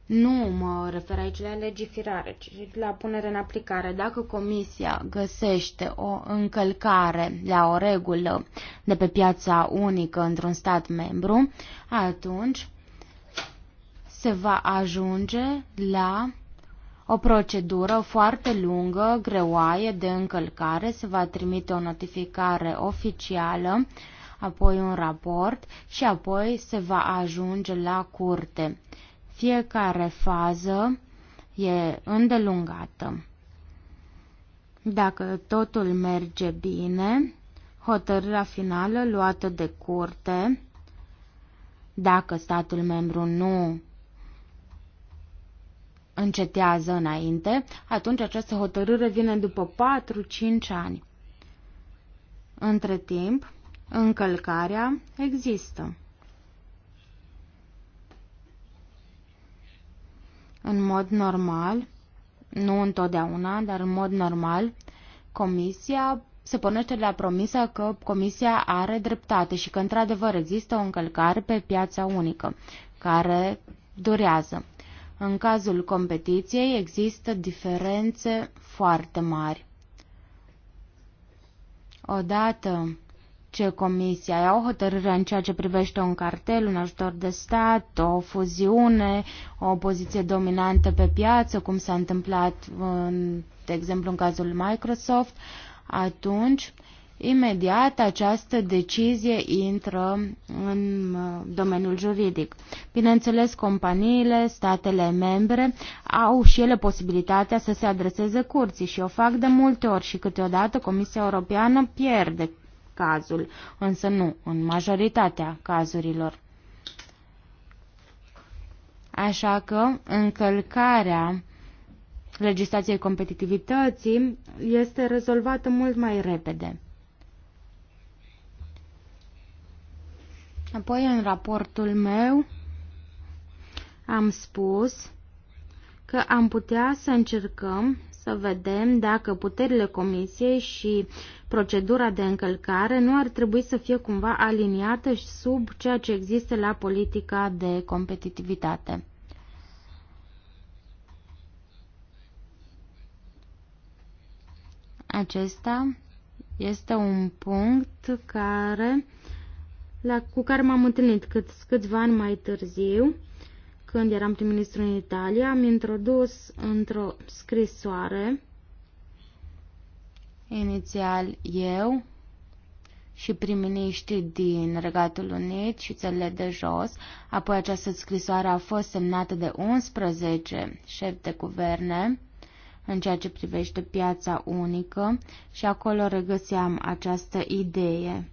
C: Nu mă refer aici la legiferare, ci la punere în aplicare. Dacă Comisia găsește o încălcare la o regulă de pe piața unică într-un stat membru, atunci se va ajunge la o procedură foarte lungă, greoaie de încălcare, se va trimite o notificare oficială, apoi un raport și apoi se va ajunge la curte. Fiecare fază e îndelungată. Dacă totul merge bine, hotărârea finală luată de curte, dacă statul membru nu încetează înainte, atunci această hotărâre vine după 4-5 ani. Între timp, încălcarea există. În mod normal, nu întotdeauna, dar în mod normal, comisia se pornește de la promisa că comisia are dreptate și că într-adevăr există o încălcare pe piața unică care durează. În cazul competiției există diferențe foarte mari. Odată ce comisia ia o hotărâre în ceea ce privește un cartel, un ajutor de stat, o fuziune, o poziție dominantă pe piață, cum s-a întâmplat, în, de exemplu, în cazul Microsoft, atunci uh, Imediat această decizie intră în uh, domeniul juridic. Bineînțeles, companiile, statele membre au și ele posibilitatea să se adreseze curții și o fac de multe ori și câteodată Comisia Europeană pierde cazul, însă nu în majoritatea cazurilor. Așa că încălcarea legislației competitivității este rezolvată mult mai repede. Apoi, în raportul meu, am spus că am putea să încercăm să vedem dacă puterile comisiei și procedura de încălcare nu ar trebui să fie cumva aliniată și sub ceea ce există la politica de competitivitate. Acesta este un punct care la, cu care m-am întâlnit cât, câțiva ani mai târziu, când eram prim-ministru în Italia, am introdus într-o scrisoare, inițial eu și prim-miniștrii din Regatul Unit și țările de jos, apoi această scrisoare a fost semnată de 11 șefi de guverne, în ceea ce privește piața unică și acolo regăseam această idee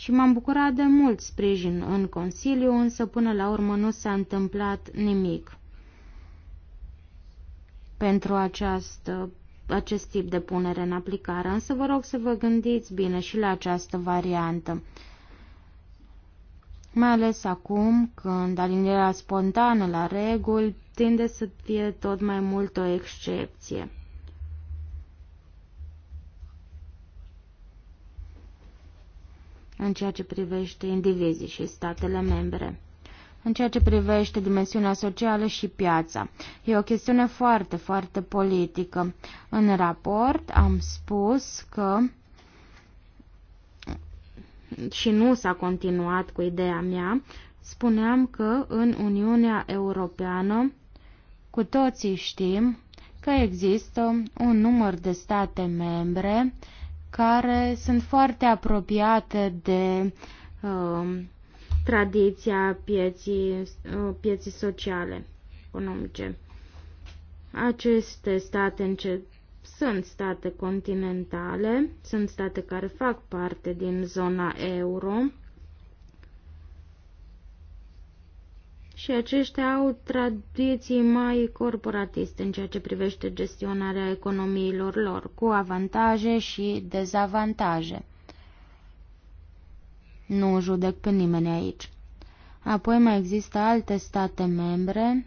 C: și m-am bucurat de mult sprijin în Consiliu, însă până la urmă nu s-a întâmplat nimic pentru această, acest tip de punere în aplicare, însă vă rog să vă gândiți bine și la această variantă. Mai ales acum, când alinierea spontană la reguli tinde să fie tot mai mult o excepție. în ceea ce privește indivizii și statele membre. În ceea ce privește dimensiunea socială și piața, e o chestiune foarte, foarte politică. În raport am spus că și nu s-a continuat cu ideea mea, spuneam că în Uniunea Europeană cu toții știm că există un număr de state membre care sunt foarte apropiate de uh, tradiția pieții, uh, pieții sociale, economice. Aceste state încet sunt state continentale, sunt state care fac parte din zona euro, și aceștia au tradiții mai corporatiste în ceea ce privește gestionarea economiilor lor, cu avantaje și dezavantaje. Nu judec pe nimeni aici. Apoi mai există alte state membre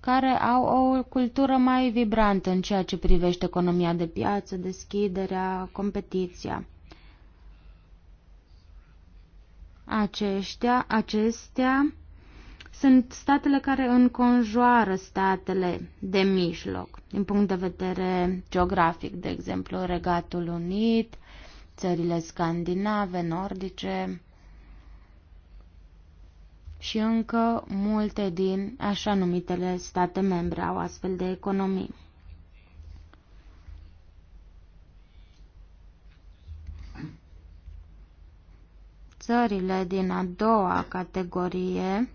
C: care au o cultură mai vibrantă în ceea ce privește economia de piață, deschiderea, competiția. aceștia, acestea sunt statele care înconjoară statele de mijloc, din punct de vedere geografic, de exemplu Regatul Unit, țările scandinave, nordice și încă multe din așa numitele state membre au astfel de economii. Țările din a doua categorie,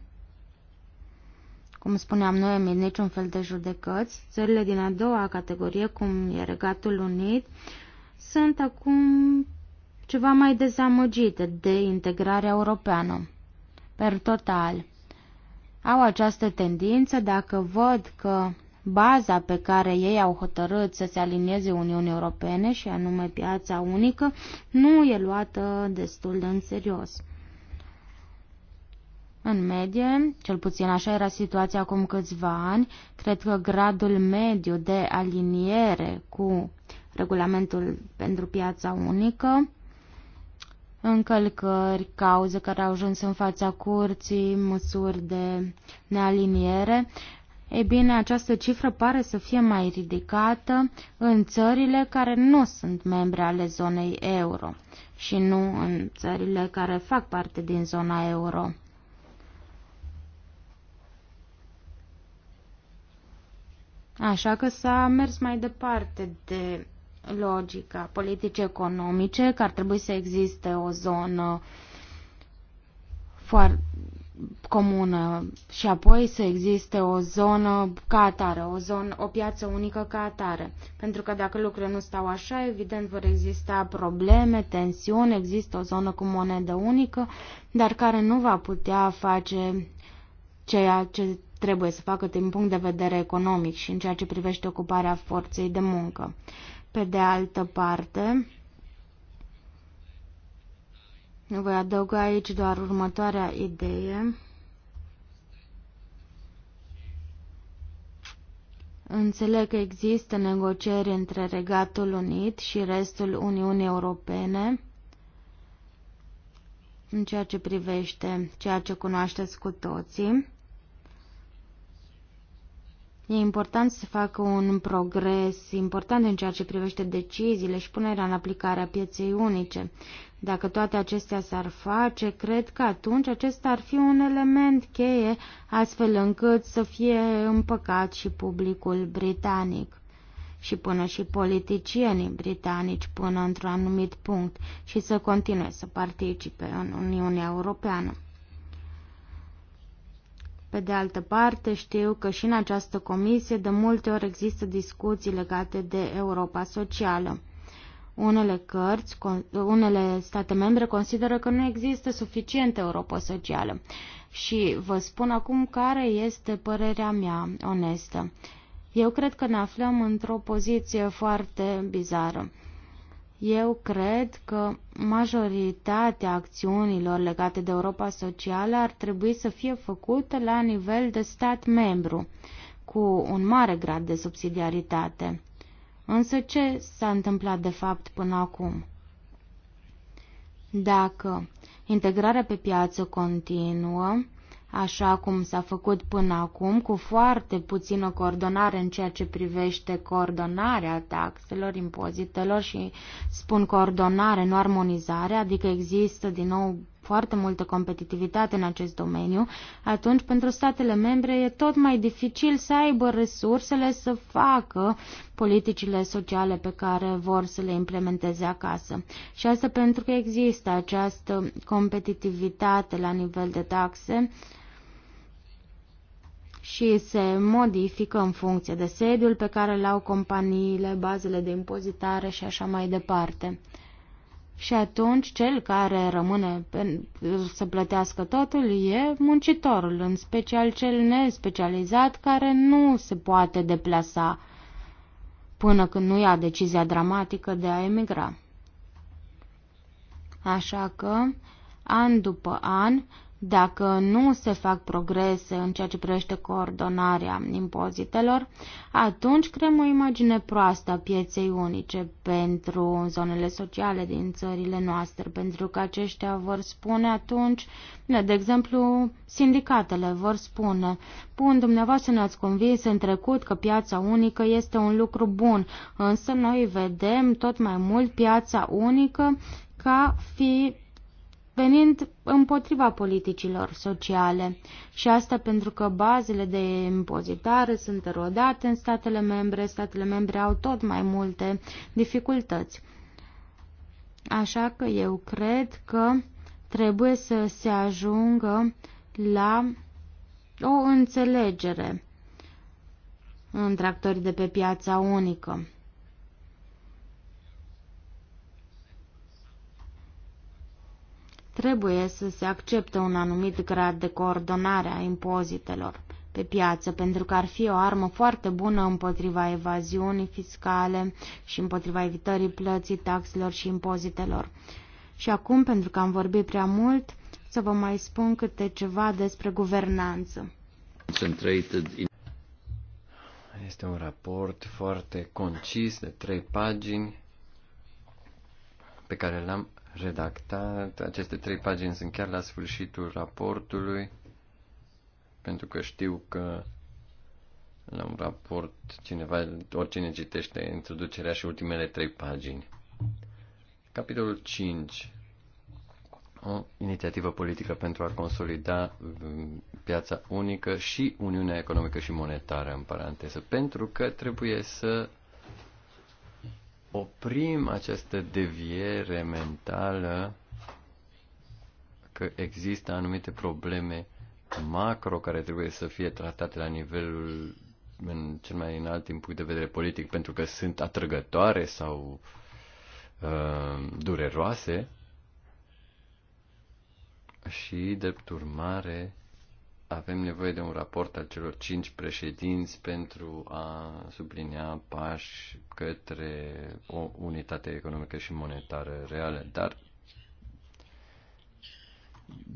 C: cum spuneam noi, emit niciun fel de judecăți, țările din a doua categorie, cum e Regatul Unit, sunt acum ceva mai dezamăgite de integrarea europeană. Per total, au această tendință dacă văd că baza pe care ei au hotărât să se alinieze Uniunii Europene și anume piața unică nu e luată destul de în serios. În medie, cel puțin așa era situația acum câțiva ani, cred că gradul mediu de aliniere cu regulamentul pentru piața unică, încălcări, cauze care au ajuns în fața curții, măsuri de nealiniere, ei bine, această cifră pare să fie mai ridicată în țările care nu sunt membre ale zonei euro și nu în țările care fac parte din zona euro. Așa că s-a mers mai departe de logica politice economice, că ar trebui să existe o zonă foarte comună și apoi să existe o zonă ca atare, o, zonă, o piață unică ca atare. Pentru că dacă lucrurile nu stau așa, evident vor exista probleme, tensiuni, există o zonă cu monedă unică, dar care nu va putea face ceea ce trebuie să facă din punct de vedere economic și în ceea ce privește ocuparea forței de muncă. Pe de altă parte, voi adăuga aici doar următoarea idee. Înțeleg că există negocieri între Regatul Unit și restul Uniunii Europene în ceea ce privește ceea ce cunoașteți cu toții. E important să se facă un progres important în ceea ce privește deciziile și punerea în aplicare a pieței unice. Dacă toate acestea s-ar face, cred că atunci acesta ar fi un element cheie, astfel încât să fie împăcat și publicul britanic și până și politicienii britanici până într-un anumit punct și să continue să participe în Uniunea Europeană. Pe de altă parte, știu că și în această comisie de multe ori există discuții legate de Europa socială. Unele cărți, unele state membre consideră că nu există suficientă Europa socială. Și vă spun acum care este părerea mea onestă. Eu cred că ne aflăm într-o poziție foarte bizară. Eu cred că majoritatea acțiunilor legate de Europa Socială ar trebui să fie făcute la nivel de stat membru, cu un mare grad de subsidiaritate. Însă ce s-a întâmplat de fapt până acum? Dacă integrarea pe piață continuă, așa cum s-a făcut până acum, cu foarte puțină coordonare în ceea ce privește coordonarea taxelor, impozitelor și spun coordonare, nu armonizare, adică există din nou foarte multă competitivitate în acest domeniu, atunci pentru statele membre e tot mai dificil să aibă resursele să facă politicile sociale pe care vor să le implementeze acasă. Și asta pentru că există această competitivitate la nivel de taxe, și se modifică în funcție de sediul pe care îl au companiile, bazele de impozitare și așa mai departe. Și atunci cel care rămâne să plătească totul e muncitorul, în special cel nespecializat care nu se poate deplasa până când nu ia decizia dramatică de a emigra. Așa că, an după an, dacă nu se fac progrese în ceea ce privește coordonarea impozitelor, atunci creăm o imagine proastă a pieței unice pentru zonele sociale din țările noastre, pentru că aceștia vor spune atunci, de exemplu, sindicatele vor spune, bun, dumneavoastră ne-ați convins în trecut că piața unică este un lucru bun, însă noi vedem tot mai mult piața unică ca fi venind împotriva politicilor sociale. Și asta pentru că bazele de impozitare sunt erodate în statele membre, statele membre au tot mai multe dificultăți. Așa că eu cred că trebuie să se ajungă la o înțelegere în actorii de pe piața unică. Trebuie să se accepte un anumit grad de coordonare a impozitelor pe piață, pentru că ar fi o armă foarte bună împotriva evaziunii fiscale și împotriva evitării plății taxelor și impozitelor. Și acum, pentru că am vorbit prea mult, să vă mai spun câte ceva despre guvernanță.
B: Este un raport foarte concis de trei pagini pe care l-am redactat. Aceste trei pagini sunt chiar la sfârșitul raportului, pentru că știu că la un raport cineva, oricine citește introducerea și ultimele trei pagini. Capitolul 5. O inițiativă politică pentru a consolida mm, piața unică și Uniunea Economică și Monetară, în paranteză, pentru că trebuie să oprim această deviere mentală că există anumite probleme macro care trebuie să fie tratate la nivelul în cel mai înalt din punct de vedere politic pentru că sunt atrăgătoare sau uh, dureroase și, drept urmare, avem nevoie de un raport al celor cinci președinți pentru a sublinia pași către o unitate economică și monetară reală. Dar,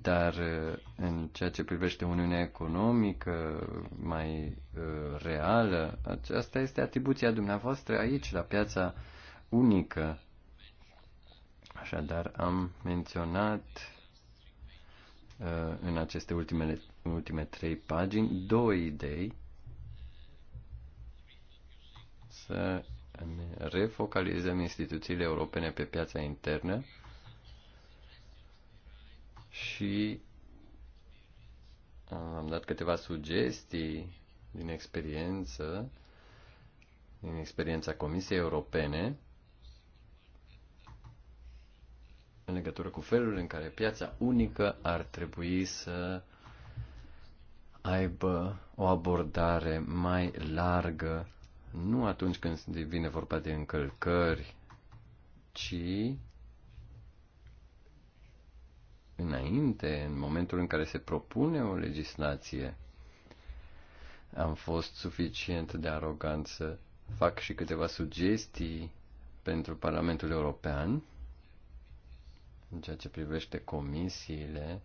B: dar eh, în ceea ce privește Uniunea Economică mai eh, reală, aceasta este atribuția dumneavoastră aici, la piața unică. Așadar, am menționat eh, în aceste ultimele ultime trei pagini, două idei să ne refocalizăm instituțiile europene pe piața internă și am dat câteva sugestii din experiență, din experiența Comisiei Europene, în legătură cu felul în care piața unică ar trebui să aibă o abordare mai largă, nu atunci când vine vorba de încălcări, ci înainte, în momentul în care se propune o legislație, am fost suficient de arogant să fac și câteva sugestii pentru Parlamentul European în ceea ce privește comisiile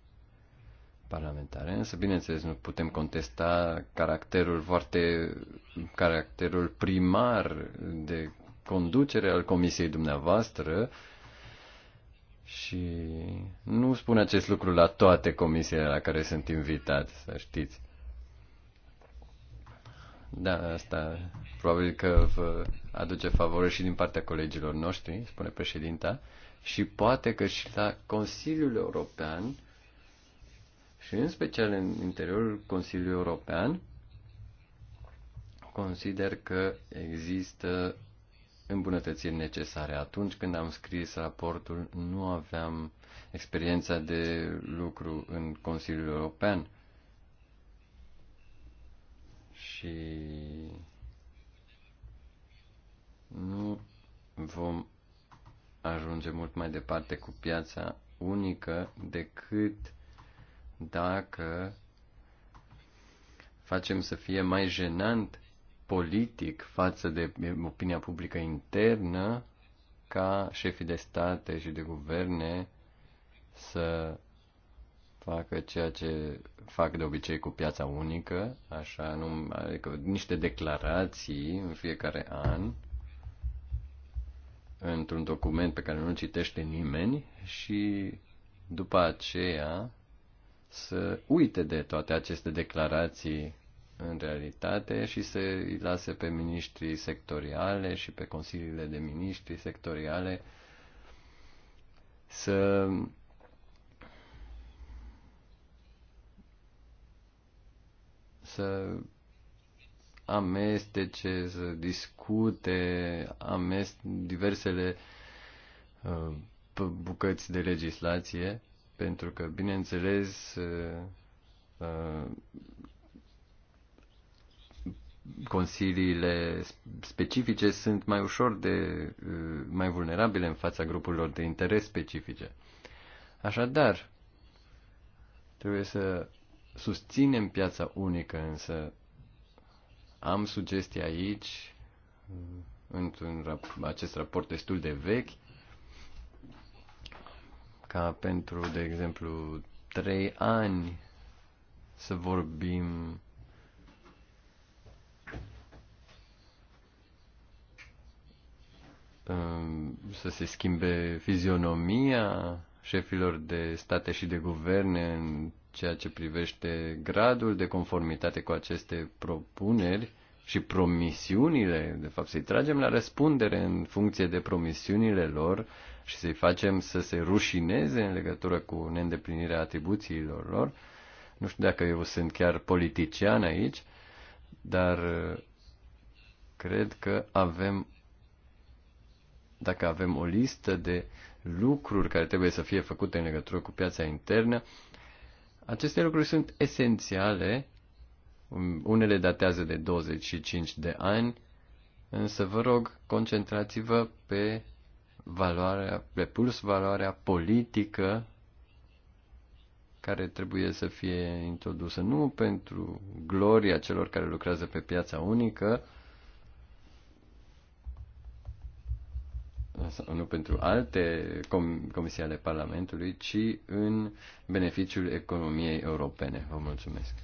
B: parlamentare, însă bineînțeles nu putem contesta caracterul foarte caracterul primar de conducere al comisiei dumneavoastră și nu spun acest lucru la toate comisiile la care sunt invitat, să știți. Da, asta probabil că vă aduce favoare și din partea colegilor noștri, spune președinta, și poate că și la Consiliul European și în special în interiorul Consiliului European, consider că există îmbunătățiri necesare. Atunci când am scris raportul, nu aveam experiența de lucru în Consiliul European. Și nu vom ajunge mult mai departe cu piața unică decât dacă facem să fie mai jenant politic față de opinia publică internă ca șefii de state și de guverne să facă ceea ce fac de obicei cu piața unică, așa, nu, adică niște declarații în fiecare an într-un document pe care nu-l citește nimeni și după aceea să uite de toate aceste declarații în realitate și să îi lase pe miniștrii sectoriale și pe consiliile de miniștri sectoriale să să amestece, să discute amest diversele uh, bucăți de legislație pentru că, bineînțeles, uh, uh, consiliile specifice sunt mai ușor de uh, mai vulnerabile în fața grupurilor de interes specifice. Așadar, trebuie să susținem piața unică, însă am sugestii aici, într-un acest raport destul de vechi, ca pentru, de exemplu, trei ani să vorbim um, să se schimbe fizionomia șefilor de state și de guverne în ceea ce privește gradul de conformitate cu aceste propuneri și promisiunile, de fapt să-i tragem la răspundere în funcție de promisiunile lor și să-i facem să se rușineze în legătură cu neîndeplinirea atribuțiilor lor. Nu știu dacă eu sunt chiar politician aici, dar uh, cred că avem, dacă avem o listă de lucruri care trebuie să fie făcute în legătură cu piața internă, aceste lucruri sunt esențiale, um, unele datează de 25 de ani, însă vă rog, concentrați-vă pe valoarea, pe plus valoarea politică care trebuie să fie introdusă nu pentru gloria celor care lucrează pe piața unică, sau nu pentru alte com- comisii ale Parlamentului, ci în beneficiul economiei europene. Vă mulțumesc!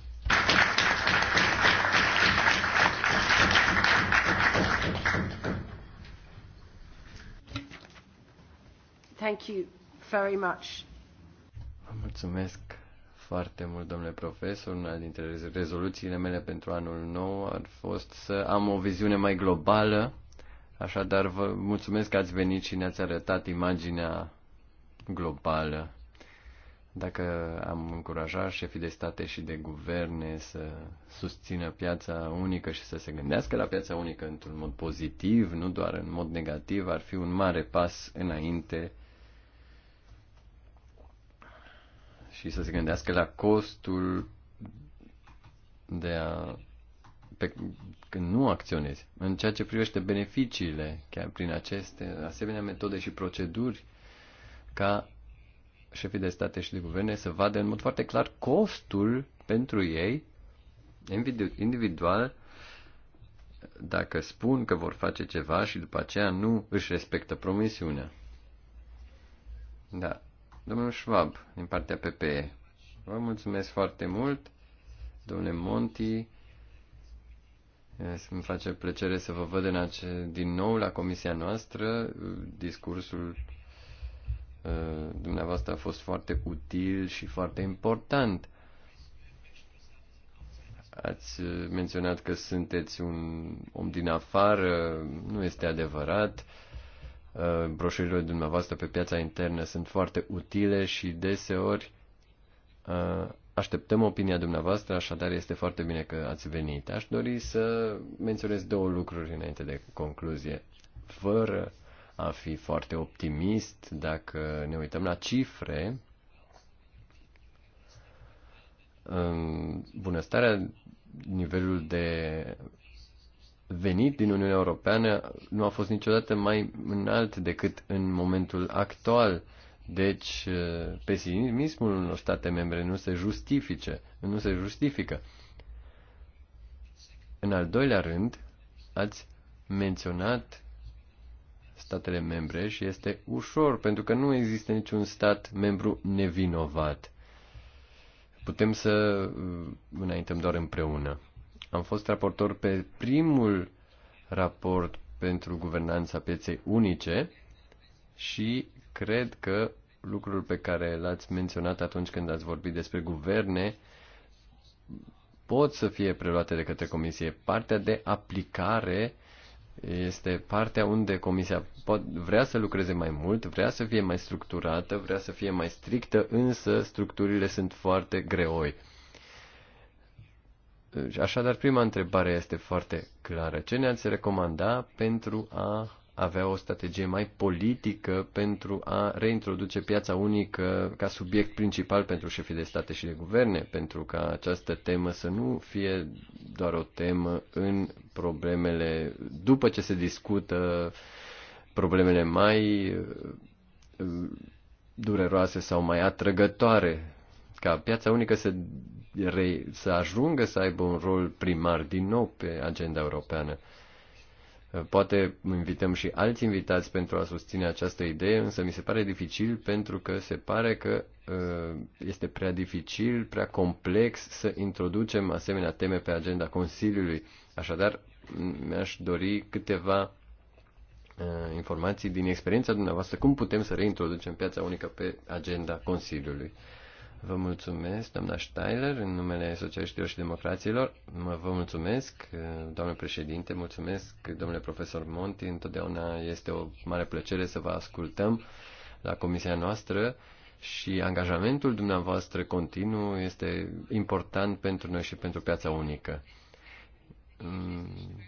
A: Thank you very much.
B: mulțumesc foarte mult, domnule profesor. Una dintre rezoluțiile mele pentru anul nou ar fost să am o viziune mai globală. Așadar, vă mulțumesc că ați venit și ne-ați arătat imaginea globală. Dacă am încurajat șefii de state și de guverne să susțină piața unică și să se gândească la piața unică într-un mod pozitiv, nu doar în mod negativ, ar fi un mare pas înainte și să se gândească la costul de a pe, când nu acționezi. În ceea ce privește beneficiile, chiar prin aceste asemenea metode și proceduri, ca șefii de state și de guverne să vadă în mod foarte clar costul pentru ei individual dacă spun că vor face ceva și după aceea nu își respectă promisiunea. Da, Domnul Schwab, din partea PPE. Vă mulțumesc foarte mult, domnule Monti. Îmi face plăcere să vă văd în ace- din nou la comisia noastră. Discursul uh, dumneavoastră a fost foarte util și foarte important. Ați uh, menționat că sunteți un om din afară, nu este adevărat. Uh, Uh, broșurile dumneavoastră pe piața internă sunt foarte utile și deseori uh, așteptăm opinia dumneavoastră, așadar este foarte bine că ați venit. Aș dori să menționez două lucruri înainte de concluzie. Fără a fi foarte optimist, dacă ne uităm la cifre, um, bunăstarea, nivelul de venit din Uniunea Europeană nu a fost niciodată mai înalt decât în momentul actual. Deci, eh, pesimismul unor state membre nu se justifice, nu se justifică. În al doilea rând, ați menționat statele membre și este ușor, pentru că nu există niciun stat membru nevinovat. Putem să eh, înaintăm doar împreună. Am fost raportor pe primul raport pentru guvernanța pieței unice și cred că lucrul pe care l-ați menționat atunci când ați vorbit despre guverne pot să fie preluate de către comisie. Partea de aplicare este partea unde comisia pot, vrea să lucreze mai mult, vrea să fie mai structurată, vrea să fie mai strictă, însă structurile sunt foarte greoi. Deci, așadar, prima întrebare este foarte clară. Ce ne-ați recomanda pentru a avea o strategie mai politică pentru a reintroduce piața unică ca subiect principal pentru șefii de state și de guverne, pentru ca această temă să nu fie doar o temă în problemele, după ce se discută problemele mai uh, dureroase sau mai atrăgătoare ca piața unică să, re, să ajungă să aibă un rol primar din nou pe agenda europeană. Poate invităm și alți invitați pentru a susține această idee, însă mi se pare dificil pentru că se pare că ă, este prea dificil, prea complex să introducem asemenea teme pe agenda Consiliului. Așadar, mi-aș dori câteva ă, informații din experiența dumneavoastră, cum putem să reintroducem piața unică pe agenda Consiliului. Vă mulțumesc, doamna Steiler, în numele Socialiștilor și Democraților. vă mulțumesc, doamnă președinte, mulțumesc, domnule profesor Monti. Întotdeauna este o mare plăcere să vă ascultăm la comisia noastră și angajamentul dumneavoastră continuu este important pentru noi și pentru piața unică mm,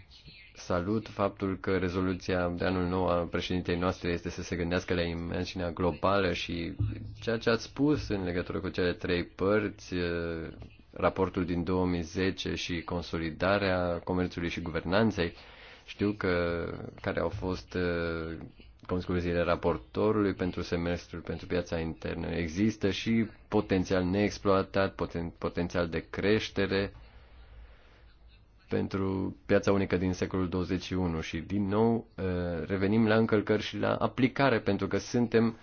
B: salut faptul că rezoluția de anul nou a președintei noastre este să se gândească la imensiunea globală și ceea ce ați spus în legătură cu cele trei părți, eh, raportul din 2010 și consolidarea comerțului și guvernanței. Știu că care au fost eh, concluziile raportorului pentru semestrul pentru piața internă. Există și potențial neexploatat, poten, potențial de creștere pentru piața unică din secolul 21 și din nou uh, revenim la încălcări și la aplicare pentru că suntem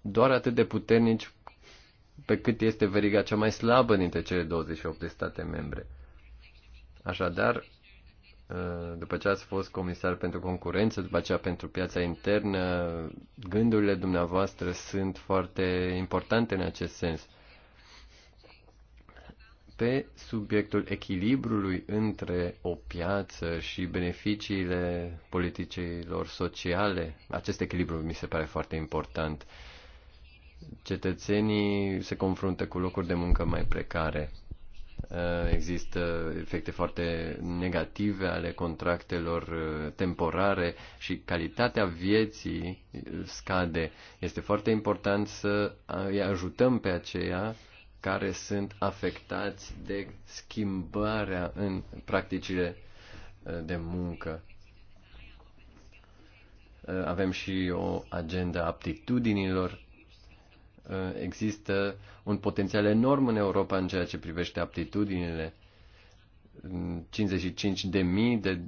B: doar atât de puternici pe cât este veriga cea mai slabă dintre cele 28 de state membre. Așadar, uh, după ce ați fost comisar pentru concurență, după aceea pentru piața internă, gândurile dumneavoastră sunt foarte importante în acest sens pe subiectul echilibrului între o piață și beneficiile politicilor sociale. Acest echilibru mi se pare foarte important. Cetățenii se confruntă cu locuri de muncă mai precare. Uh, există efecte foarte negative ale contractelor uh, temporare și calitatea vieții uh, scade. Este foarte important să îi ajutăm pe aceea care sunt afectați de schimbarea în practicile uh, de muncă. Uh, avem și o agenda aptitudinilor. Uh, există un potențial enorm în Europa în ceea ce privește aptitudinile. 55 de mii de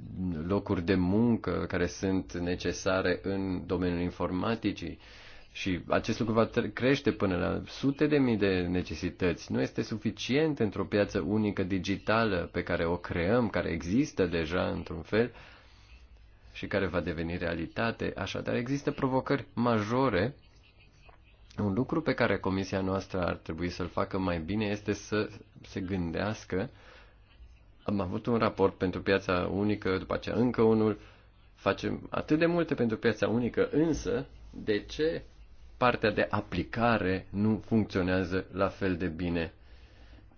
B: locuri de muncă care sunt necesare în domeniul informaticii și acest lucru va crește până la sute de mii de necesități. Nu este suficient într-o piață unică digitală pe care o creăm, care există deja într-un fel și care va deveni realitate. Așadar, există provocări majore. Un lucru pe care comisia noastră ar trebui să-l facă mai bine este să se gândească. Am avut un raport pentru piața unică, după aceea încă unul. Facem atât de multe pentru piața unică, însă de ce partea de aplicare nu funcționează la fel de bine.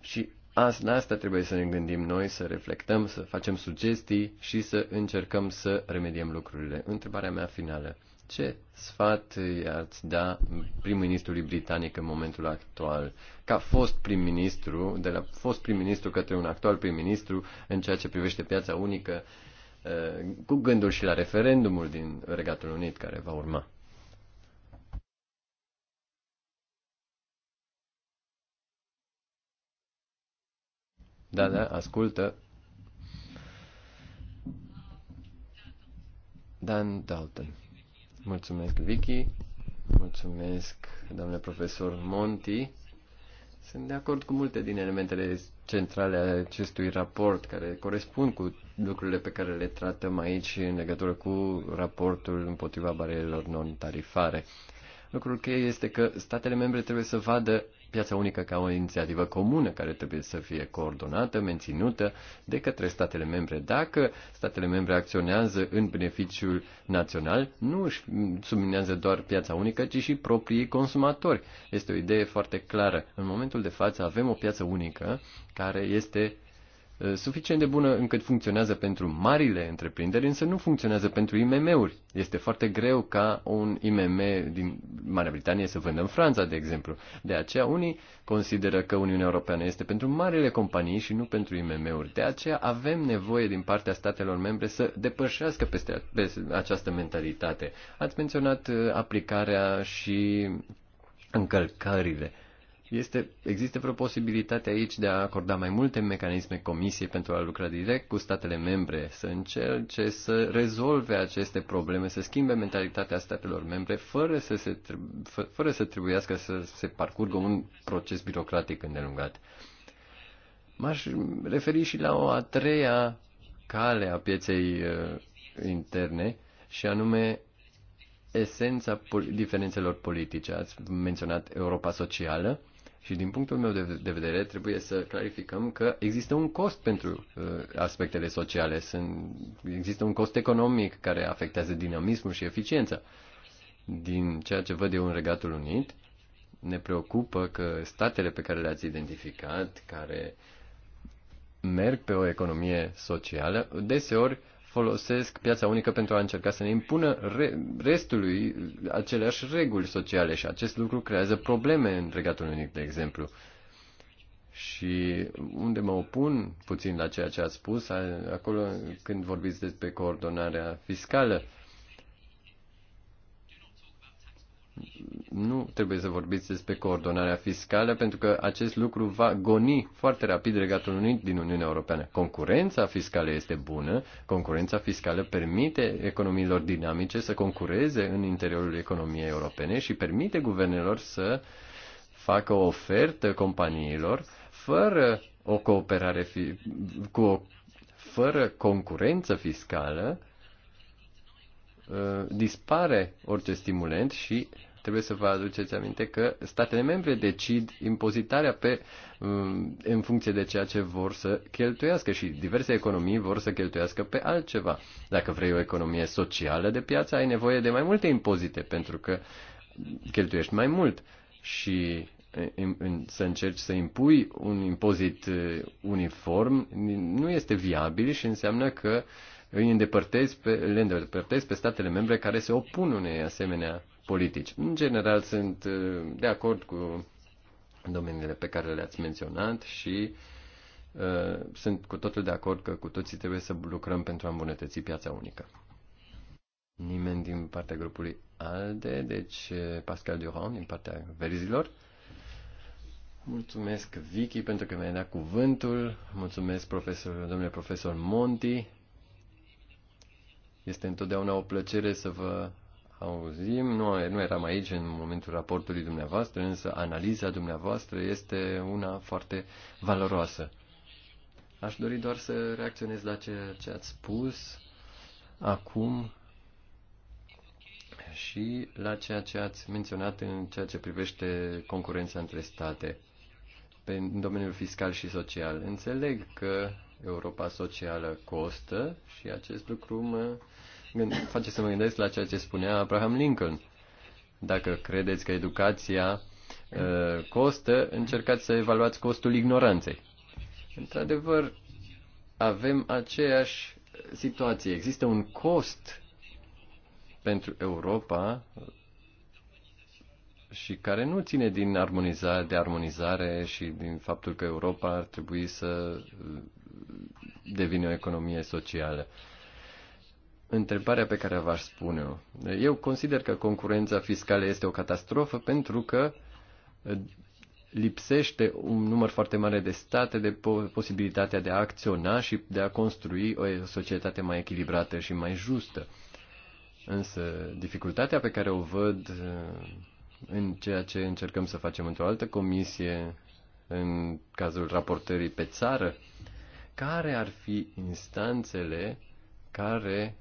B: Și asta, asta trebuie să ne gândim noi, să reflectăm, să facem sugestii și să încercăm să remediem lucrurile. Întrebarea mea finală. Ce sfat i-ați da prim-ministrului britanic în momentul actual? Ca fost prim-ministru, de la fost prim-ministru către un actual prim-ministru în ceea ce privește piața unică, eh, cu gândul și la referendumul din Regatul Unit care va urma. Da, da, ascultă. Dan Dalton. Mulțumesc, Vicky. Mulțumesc, domnule profesor Monti. Sunt de acord cu multe din elementele centrale ale acestui raport, care corespund cu lucrurile pe care le tratăm aici în legătură cu raportul împotriva barierelor non-tarifare. Lucrul cheie este că statele membre trebuie să vadă piața unică ca o inițiativă comună care trebuie să fie coordonată, menținută de către statele membre. Dacă statele membre acționează în beneficiul național, nu își subminează doar piața unică, ci și proprii consumatori. Este o idee foarte clară. În momentul de față avem o piață unică care este Uh, suficient de bună încât funcționează pentru marile întreprinderi, însă nu funcționează pentru IMM-uri. Este foarte greu ca un IMM din Marea Britanie să vândă în Franța, de exemplu. De aceea unii consideră că Uniunea Europeană este pentru marile companii și nu pentru IMM-uri. De aceea avem nevoie din partea statelor membre să depășească peste, peste această mentalitate. Ați menționat uh, aplicarea și încălcările. Este, există vreo posibilitate aici de a acorda mai multe mecanisme comisiei pentru a lucra direct cu statele membre, să încerce să rezolve aceste probleme, să schimbe mentalitatea statelor membre, fără să, se, fără să trebuiască să se parcurgă un proces birocratic îndelungat. M-aș referi și la o a treia cale a pieței uh, interne, și anume esența diferențelor politice. Ați menționat Europa Socială. Și din punctul meu de vedere trebuie să clarificăm că există un cost pentru uh, aspectele sociale, sunt, există un cost economic care afectează dinamismul și eficiența. Din ceea ce văd eu în Regatul Unit, ne preocupă că statele pe care le-ați identificat, care merg pe o economie socială, deseori uh, folosesc piața unică pentru a încerca să ne impună re- restului aceleași reguli sociale și acest lucru creează probleme în Regatul Unic, de exemplu. Și unde mă opun puțin la ceea ce ați spus, acolo când vorbiți despre coordonarea fiscală, uh, nu trebuie să vorbiți despre coordonarea fiscală, pentru că acest lucru va goni foarte rapid Regatul Unit din Uniunea Europeană. Concurența fiscală este bună, concurența fiscală permite economiilor dinamice să concureze în interiorul economiei europene și permite guvernelor să facă o ofertă companiilor fără o cooperare fi, cu o, fără concurență fiscală ă, dispare orice stimulent și trebuie să vă aduceți aminte că statele membre decid impozitarea pe, um, în funcție de ceea ce vor să cheltuiască și diverse economii vor să cheltuiască pe altceva. Dacă vrei o economie socială de piață, ai nevoie de mai multe impozite pentru că cheltuiești mai mult și să încerci să impui un impozit uniform nu este viabil și înseamnă că îi îndepărtezi pe, le îndepărtezi pe statele membre care se opun unei asemenea politici. În general sunt uh, de acord cu domeniile pe care le-ați menționat și uh, sunt cu totul de acord că cu toții trebuie să lucrăm pentru a îmbunătăți piața unică. Nimeni din partea grupului ALDE, deci uh, Pascal Durand din partea verzilor. Mulțumesc, Vicky, pentru că mi-ai dat cuvântul. Mulțumesc, profesor, domnule profesor Monti. Este întotdeauna o plăcere să vă auzim, nu, nu eram aici în momentul raportului dumneavoastră, însă analiza dumneavoastră este una foarte valoroasă. Aș dori doar să reacționez la ceea ce ați spus acum și la ceea ce ați menționat în ceea ce privește concurența între state în domeniul fiscal și social. Înțeleg că Europa socială costă și acest lucru mă face să mă gândesc la ceea ce spunea Abraham Lincoln. Dacă credeți că educația uh, costă, încercați să evaluați costul ignoranței. Într-adevăr, avem aceeași situație. Există un cost pentru Europa și care nu ține din armonizare, de armonizare și din faptul că Europa ar trebui să uh, devină o economie socială. Uh, întrebarea pe care v-aș spune-o. Eu consider că concurența fiscală este o catastrofă pentru că uh, lipsește un număr foarte mare de state de posibilitatea de a acționa și de a construi o societate mai echilibrată și mai justă. Însă dificultatea pe care o văd uh, în ceea ce încercăm să facem într-o altă comisie, în cazul raportării pe țară, care ar fi instanțele care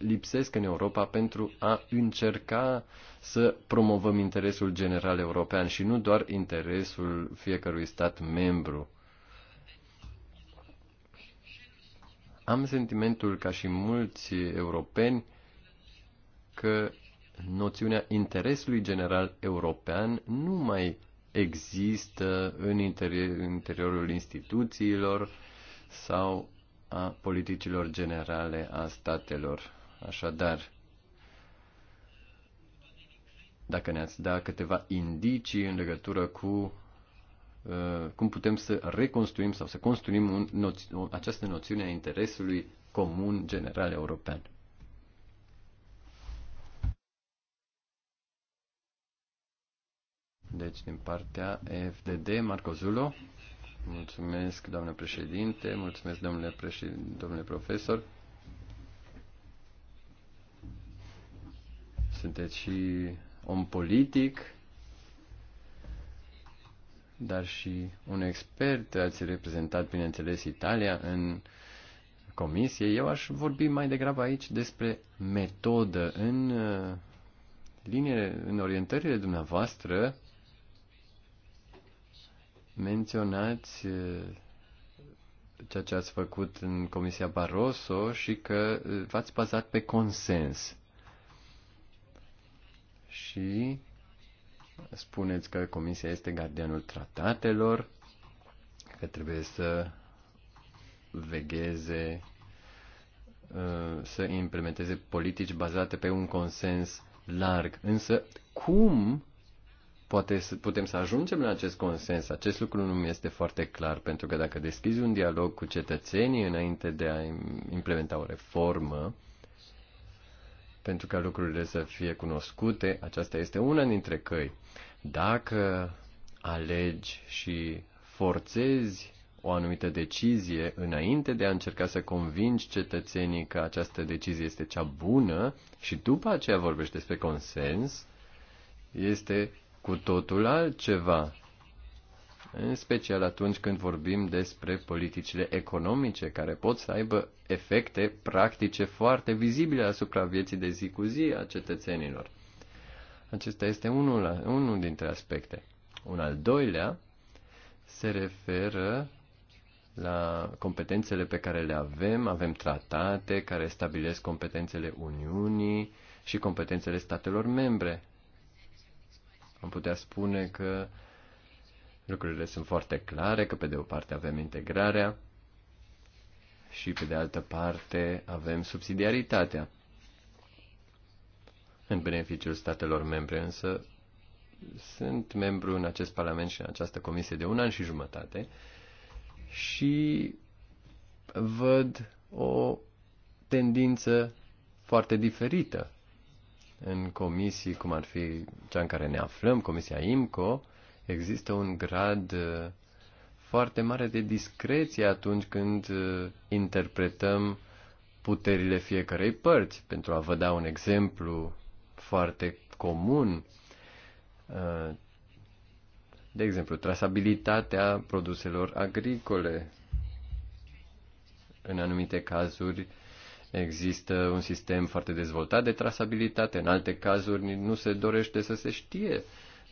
B: lipsesc în Europa pentru a încerca să promovăm interesul general european și nu doar interesul fiecărui stat membru. Am sentimentul, ca și mulți europeni, că noțiunea interesului general european nu mai există în interiorul instituțiilor sau a politicilor generale a statelor Așadar, dacă ne-ați da câteva indicii în legătură cu uh, cum putem să reconstruim sau să construim un noți- această noțiune a interesului comun general european. Deci, din partea FDD, Marco Zulo. Mulțumesc, doamnă președinte, mulțumesc, domnule, președ... domnule profesor. sunteți și om politic, dar și un expert. Ați reprezentat, bineînțeles, Italia în comisie. Eu aș vorbi mai degrabă aici despre metodă. În uh, linie, în orientările dumneavoastră, menționați uh, ceea ce ați făcut în Comisia Barroso și că uh, v-ați bazat pe consens și spuneți că Comisia este gardianul tratatelor, că trebuie să vegheze, uh, să implementeze politici bazate pe un consens larg. Însă, cum poate să, putem să ajungem la acest consens? Acest lucru nu mi este foarte clar, pentru că dacă deschizi un dialog cu cetățenii înainte de a implementa o reformă, pentru ca lucrurile să fie cunoscute, aceasta este una dintre căi. Dacă alegi și forțezi o anumită decizie înainte de a încerca să convingi cetățenii că această decizie este cea bună și după aceea vorbești despre consens, este cu totul altceva în special atunci când vorbim despre politicile economice care pot să aibă efecte practice foarte vizibile asupra vieții de zi cu zi a cetățenilor. Acesta este unul, unul dintre aspecte. Un al doilea se referă la competențele pe care le avem. Avem tratate care stabilesc competențele Uniunii și competențele statelor membre. Am putea spune că uh, Lucrurile sunt foarte clare că pe de o parte avem integrarea și pe de altă parte avem subsidiaritatea. În beneficiul statelor membre însă sunt membru în acest parlament și în această comisie de un an și jumătate și văd o tendință foarte diferită în comisii, cum ar fi cea în care ne aflăm, Comisia IMCO, Există un grad uh, foarte mare de discreție atunci când uh, interpretăm puterile fiecarei părți. Pentru a vă da un exemplu foarte comun, uh, de exemplu, trasabilitatea produselor agricole. În anumite cazuri există un sistem foarte dezvoltat de trasabilitate, în alte cazuri nu se dorește să se știe uh,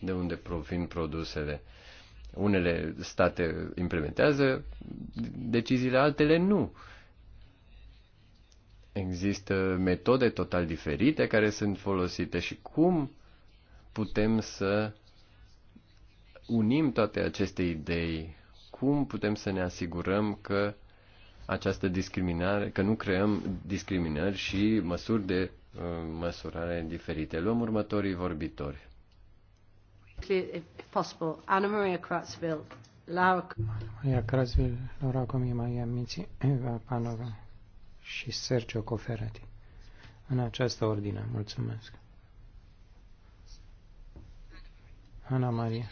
B: de unde provin produsele. Unele state implementează deciziile, altele nu. Există metode total diferite care sunt folosite și cum putem să unim toate aceste idei, cum putem să ne asigurăm că această discriminare, că nu creăm discriminări și măsuri de uh, măsurare diferite. Luăm următorii vorbitori
A: possible, Anna Maria Kratzville, Laura...
D: Maria Kratzville, Laura Comima, Mici, Eva Panova și Sergio Coferati. În această ordine, mulțumesc. Ana Maria.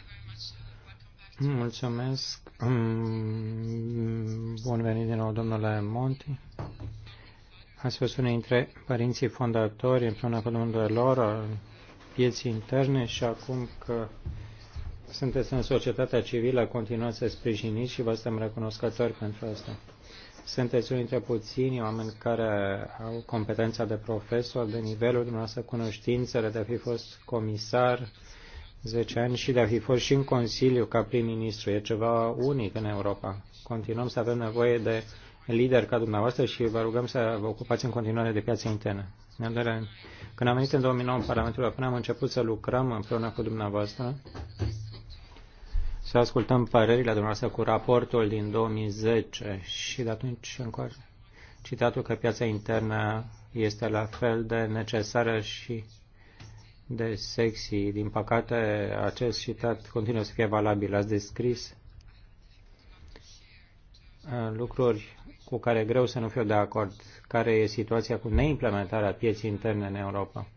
D: Mulțumesc. Mm, bun venit din nou, domnule Monti. Ați fost unul dintre părinții fondatori împreună cu domnul lor pieții interne și acum că sunteți în societatea civilă, continuați să sprijiniți și vă suntem recunoscători pentru asta. Sunteți unii dintre puțini oameni care au competența de profesor, de nivelul dumneavoastră cunoștințele, de a fi fost comisar 10 ani și de a fi fost și în Consiliu ca prim-ministru. E ceva unic în Europa. Continuăm să avem nevoie de lideri ca dumneavoastră și vă rugăm să vă ocupați în continuare de piața internă. În când am venit în 2009 în Parlamentul European, am început să lucrăm împreună cu dumneavoastră, să ascultăm părerile dumneavoastră cu raportul din 2010 și de atunci încoace citatul că piața internă este la fel de necesară și de sexy. Din păcate, acest citat continuă să fie valabil. Ați descris uh, lucruri cu care greu să nu fiu de acord, care e situația cu neimplementarea pieții interne în Europa.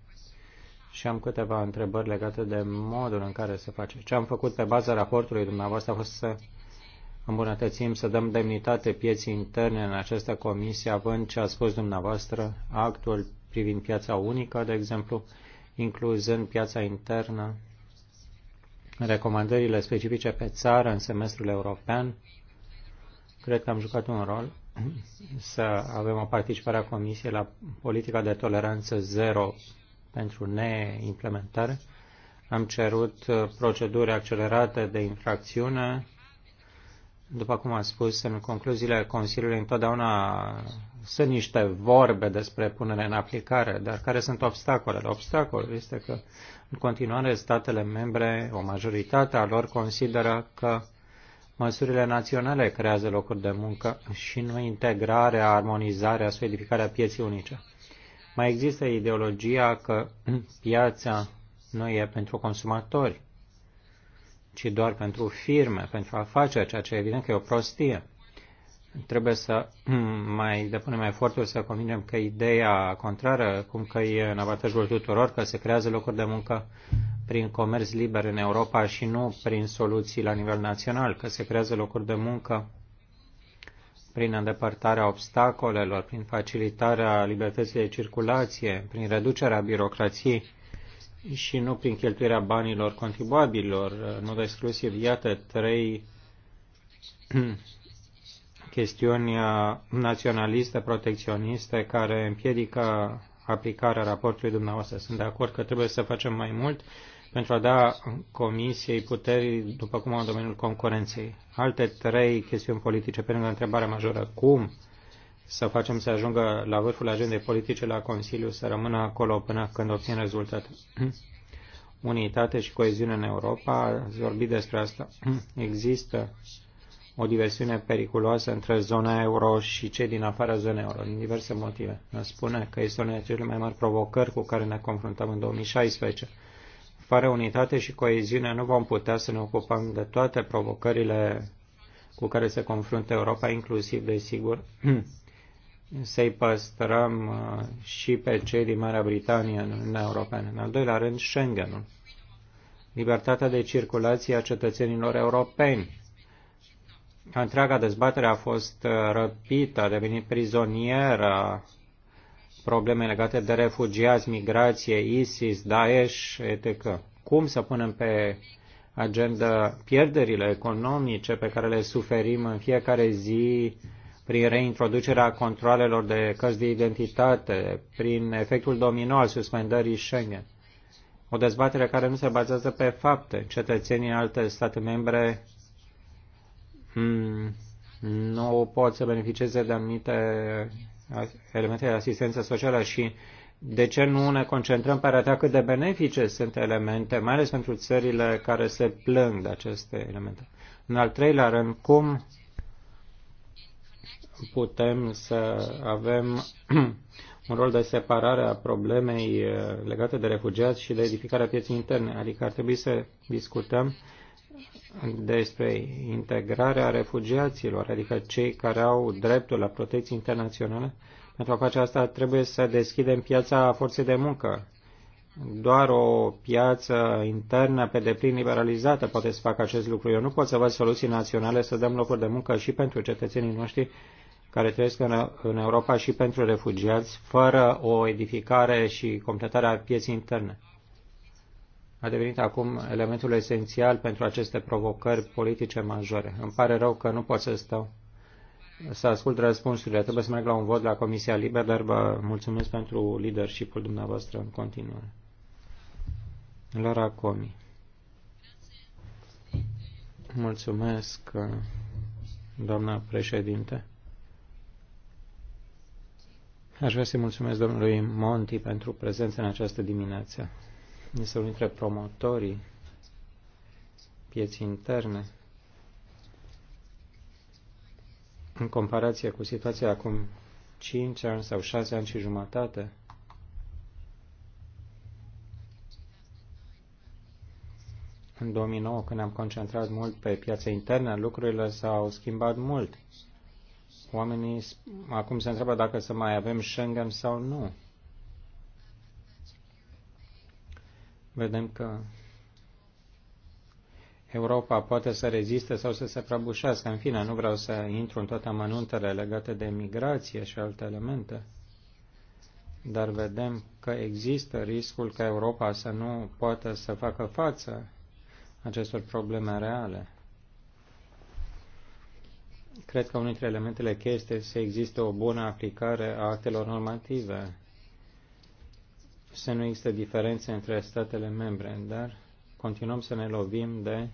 D: Și am câteva întrebări legate de modul în care se face. Ce am făcut pe baza raportului dumneavoastră a fost să îmbunătățim, să dăm demnitate pieții interne în această comisie, având ce a spus dumneavoastră, actul privind piața unică, de exemplu, incluzând piața internă, recomandările specifice pe țară în semestrul european. Cred că am jucat un rol să avem o participare a Comisiei la politica de toleranță zero pentru neimplementare. Am cerut uh, proceduri accelerate de infracțiune. După cum am spus, în concluziile Consiliului întotdeauna sunt niște vorbe despre punere în aplicare, dar care sunt obstacolele? Obstacolul este că, în continuare, statele membre, o majoritate a lor consideră că Măsurile naționale creează locuri de muncă și nu integrarea, armonizarea, solidificarea pieții unice. Mai există ideologia că piața nu e pentru consumatori, ci doar pentru firme, pentru afaceri, ceea ce evident că e o prostie. Trebuie să mai depunem efortul să convingem că ideea contrară, cum că e în avantajul tuturor, că se creează locuri de muncă, prin comerț liber în Europa și nu prin soluții la nivel național, că se creează locuri de muncă prin îndepărtarea obstacolelor, prin facilitarea libertății de circulație, prin reducerea birocrației și nu prin cheltuirea banilor contribuabililor, nu exclusiv. Iată trei chestiuni naționaliste, protecționiste, care împiedică aplicarea raportului dumneavoastră. Sunt de acord că trebuie să facem mai mult pentru a da Comisiei puteri, după cum au în domeniul concurenței. Alte trei chestiuni politice, pe lângă întrebarea majoră, cum să facem să ajungă la vârful agendei politice la Consiliu, să rămână acolo până când obțin rezultate. Unitate și coeziune în Europa, ați vorbit despre asta. Există o diversiune periculoasă între zona euro și cei din afara zonei euro, din diverse motive. Ne spune că este una dintre cele mai mari provocări cu care ne confruntăm în 2016 fără unitate și coeziune nu vom putea să ne ocupăm de toate provocările cu care se confruntă Europa, inclusiv, desigur, să-i păstrăm uh, și pe cei din Marea Britanie în Uniunea Europeană. În al doilea rând, Schengenul. Libertatea de circulație a cetățenilor europeni. Întreaga dezbatere a fost uh, răpită, a devenit prizonieră probleme legate de refugiați, migrație, ISIS, Daesh, etc. Cum să punem pe agenda pierderile economice pe care le suferim în fiecare zi prin reintroducerea controlelor de cărți de identitate, prin efectul domino al suspendării Schengen. O dezbatere care nu se bazează pe fapte. Cetățenii în alte state membre hmm, nu pot să beneficieze de anumite elemente de asistență socială și de ce nu ne concentrăm pe arăta cât de benefice sunt elemente, mai ales pentru țările care se plâng de aceste elemente. În al treilea rând, cum putem să avem un rol de separare a problemei eh, legate de refugiați și de edificarea pieței interne. Adică ar trebui să discutăm despre integrarea refugiaților, adică cei care au dreptul la protecție internațională. Pentru a face asta trebuie să deschidem piața forței de muncă. Doar o piață internă pe deplin liberalizată poate să facă acest lucru. Eu nu pot să văd soluții naționale să dăm locuri de muncă și pentru cetățenii noștri care trăiesc în Europa și pentru refugiați, fără o edificare și completare a pieții interne a devenit acum elementul esențial pentru aceste provocări politice majore. Îmi pare rău că nu pot să stau să ascult răspunsurile. Trebuie să merg la un vot la Comisia Liber, dar vă mulțumesc pentru leadership-ul dumneavoastră în continuare. Lara Comi. Mulțumesc, doamna președinte. Aș vrea să-i mulțumesc domnului Monti pentru prezența în această dimineață este unul dintre promotorii pieții interne în comparație cu situația acum 5 ani sau 6 ani și jumătate. În 2009, când am concentrat mult pe piața internă, lucrurile s-au schimbat mult. Oamenii acum se întreabă dacă să mai avem Schengen sau nu. vedem că Europa poate să reziste sau să se prăbușească. În fine, nu vreau să intru în toate amănuntele legate de migrație și alte elemente, dar vedem că există riscul ca Europa să nu poată să facă față acestor probleme reale. Cred că unul dintre elementele cheie este să existe o bună aplicare a actelor normative să nu există diferențe între statele membre, dar continuăm să ne lovim de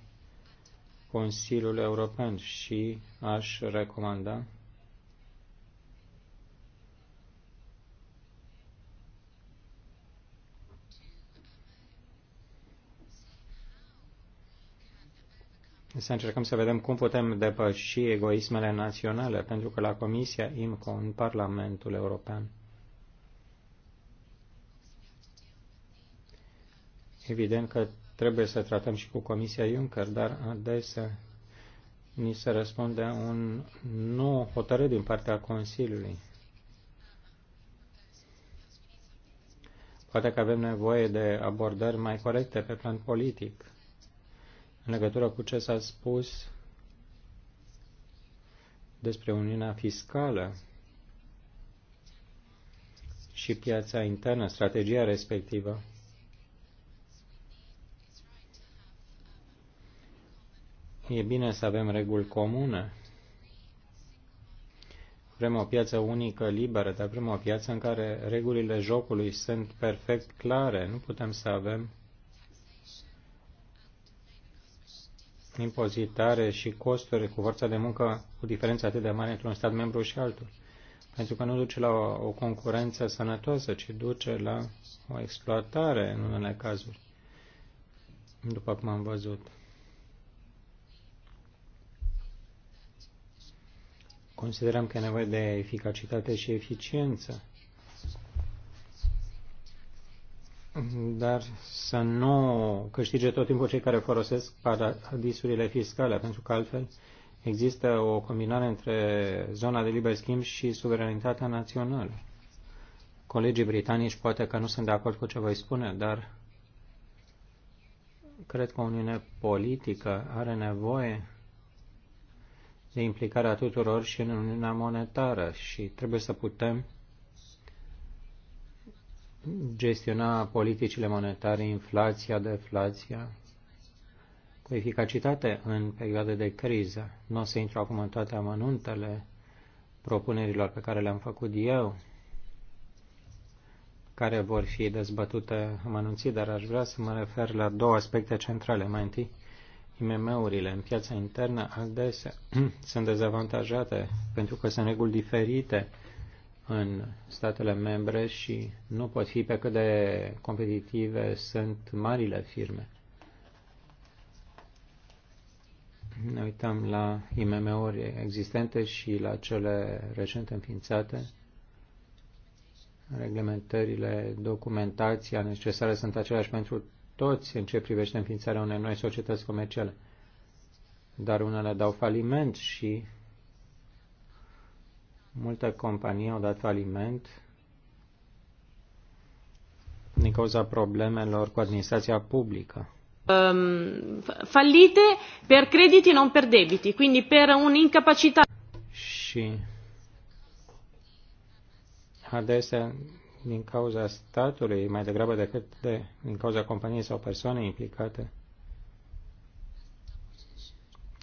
D: Consiliul European și aș recomanda să încercăm să vedem cum putem depăși egoismele naționale, pentru că la Comisia IMCO în Parlamentul European Evident că trebuie să tratăm și cu Comisia Juncker, dar adesea ni se răspunde un nu hotărât din partea Consiliului. Poate că avem nevoie de abordări mai corecte pe plan politic. În legătură cu ce s-a spus despre Uniunea Fiscală și piața internă, strategia respectivă, E bine să avem reguli comune. Vrem o piață unică, liberă, dar vrem o piață în care regulile jocului sunt perfect clare. Nu putem să avem impozitare și costuri cu forța de muncă cu diferență atât de mare între un stat membru și altul. Pentru că nu duce la o, o concurență sănătoasă, ci duce la o exploatare în unele cazuri, după cum am văzut. considerăm că e nevoie de eficacitate și eficiență, dar să nu câștige tot timpul cei care folosesc paradisurile fiscale, pentru că altfel există o combinare între zona de liber schimb și suveranitatea națională. Colegii britanici poate că nu sunt de acord cu ce voi spune, dar cred că o Uniune politică are nevoie de implicarea tuturor și în Uniunea Monetară și trebuie să putem gestiona politicile monetare, inflația, deflația, cu eficacitate în perioade de criză. Nu o să intru acum în toate amănuntele propunerilor pe care le-am făcut eu, care vor fi dezbătute amănunții, dar aș vrea să mă refer la două aspecte centrale. Mai întâi, IMM-urile în piața internă adesea sunt dezavantajate pentru că sunt reguli diferite în statele membre și nu pot fi pe cât de competitive sunt marile firme. Ne uităm la IMM-uri existente și la cele recent înființate. Reglementările, documentația necesară sunt aceleași pentru toți în ce privește înființarea unei noi societăți comerciale. Dar unele dau faliment și multe companii au dat faliment din cauza problemelor cu administrația publică. Um,
A: fallite per crediti non per debiti, quindi per un'incapacità.
D: Și adesea din cauza statului mai degrabă decât de, din cauza companiei sau persoanei implicate.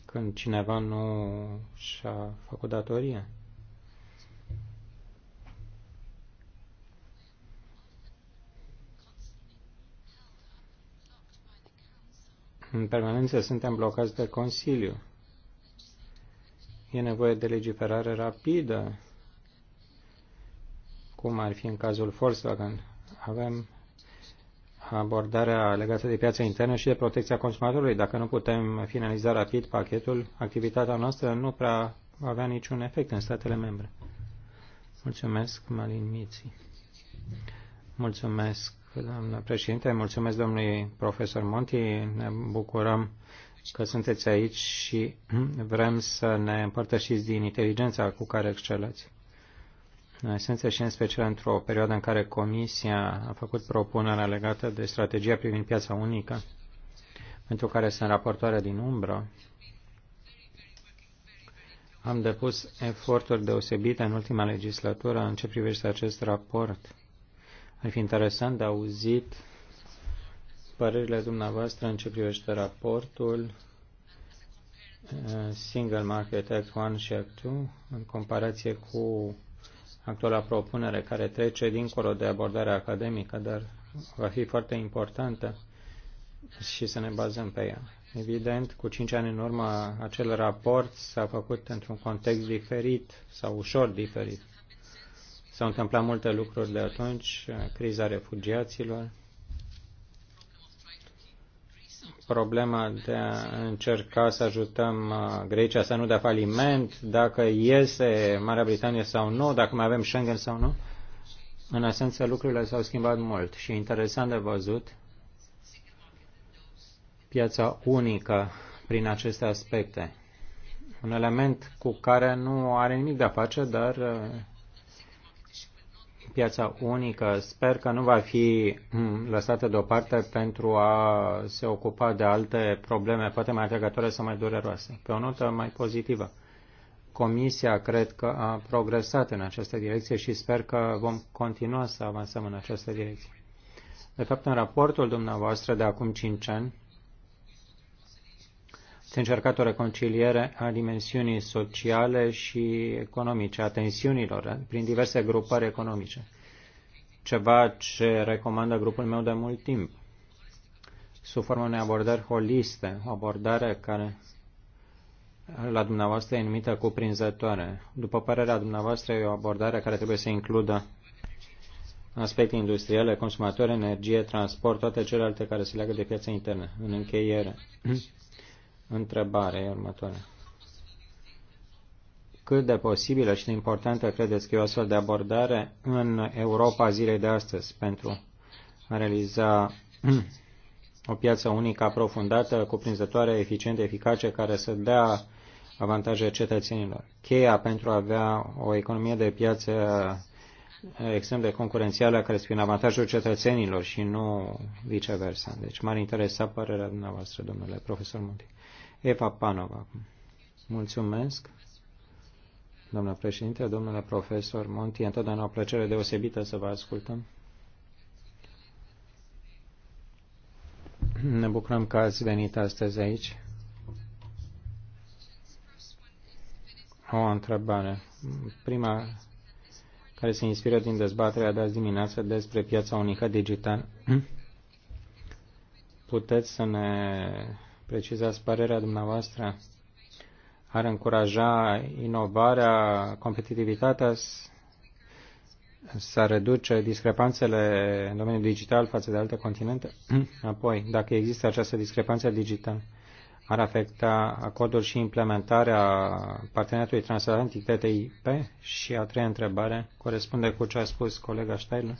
D: Când cineva nu și-a făcut datoria. În permanență suntem blocați de Consiliu. E nevoie de legiferare rapidă cum ar fi în cazul Volkswagen. Avem abordarea legată de piața internă și de protecția consumatorului. Dacă nu putem finaliza rapid pachetul, activitatea noastră nu prea va avea niciun efect în statele membre. Mulțumesc, Malin Miții. Mulțumesc, doamnă președinte, mulțumesc domnului profesor Monti. Ne bucurăm că sunteți aici și vrem să ne împărtășiți din inteligența cu care excelați în esență și în special într-o perioadă în care Comisia a făcut propunerea legată de strategia privind piața unică, pentru care sunt raportoare din umbră, am depus eforturi deosebite în ultima legislatură în ce privește acest raport. Ar fi interesant de auzit părerile dumneavoastră în ce privește raportul eh, Single Market Act 1 și Act 2 în comparație cu actuala propunere care trece dincolo de abordarea academică, dar va fi foarte importantă și să ne bazăm pe ea. Evident, cu cinci ani în urmă, acel raport s-a făcut într-un context diferit sau ușor diferit. S-au întâmplat multe lucruri de atunci, criza refugiaților, problema de a încerca să ajutăm uh, Grecia să nu dea faliment, dacă iese Marea Britanie sau nu, dacă mai avem Schengen sau nu. În esență, lucrurile s-au schimbat mult și interesant de văzut piața unică prin aceste aspecte. Un element cu care nu are nimic de a face, dar uh, piața unică sper că nu va fi hmm, lăsată deoparte pentru a se ocupa de alte probleme, poate mai atrăgătoare sau mai dureroase. Pe o notă mai pozitivă, Comisia cred că a progresat în această direcție și sper că vom continua să avansăm în această direcție. De fapt, în raportul dumneavoastră de acum 5 ani, S-a încercat o reconciliere a dimensiunii sociale și economice, a tensiunilor prin diverse grupări economice, ceva ce recomandă grupul meu de mult timp, sub formă unei abordări holiste, o abordare care la dumneavoastră e numită cuprinzătoare. După părerea dumneavoastră, e o abordare care trebuie să includă aspecte industriale, consumatori, energie, transport, toate celelalte care se leagă de piața internă. În încheiere, Întrebare e Cât de posibilă și de importantă credeți că e o astfel de abordare în Europa zilei de astăzi pentru a realiza o piață unică aprofundată, cuprinzătoare, eficientă, eficace, care să dea avantaje cetățenilor. Cheia pentru a avea o economie de piață extrem de concurențială care să fie în avantajul cetățenilor și nu viceversa. Deci m-ar interesa părerea dumneavoastră, domnule profesor Monti. Eva Panova Mulțumesc, domnule președinte, domnule profesor Monti, întotdeauna o plăcere deosebită să vă ascultăm. Ne bucurăm că ați venit astăzi aici. O întrebare. Prima care se inspiră din dezbaterea de azi dimineață despre piața unică digitală. Puteți să ne precizați părerea dumneavoastră, ar încuraja inovarea, competitivitatea, să reduce discrepanțele în domeniul digital față de alte continente? Apoi, dacă există această discrepanță digitală, ar afecta acordul și implementarea parteneriatului transatlantic TTIP? Și a treia întrebare corespunde cu ce a spus colega Steiner.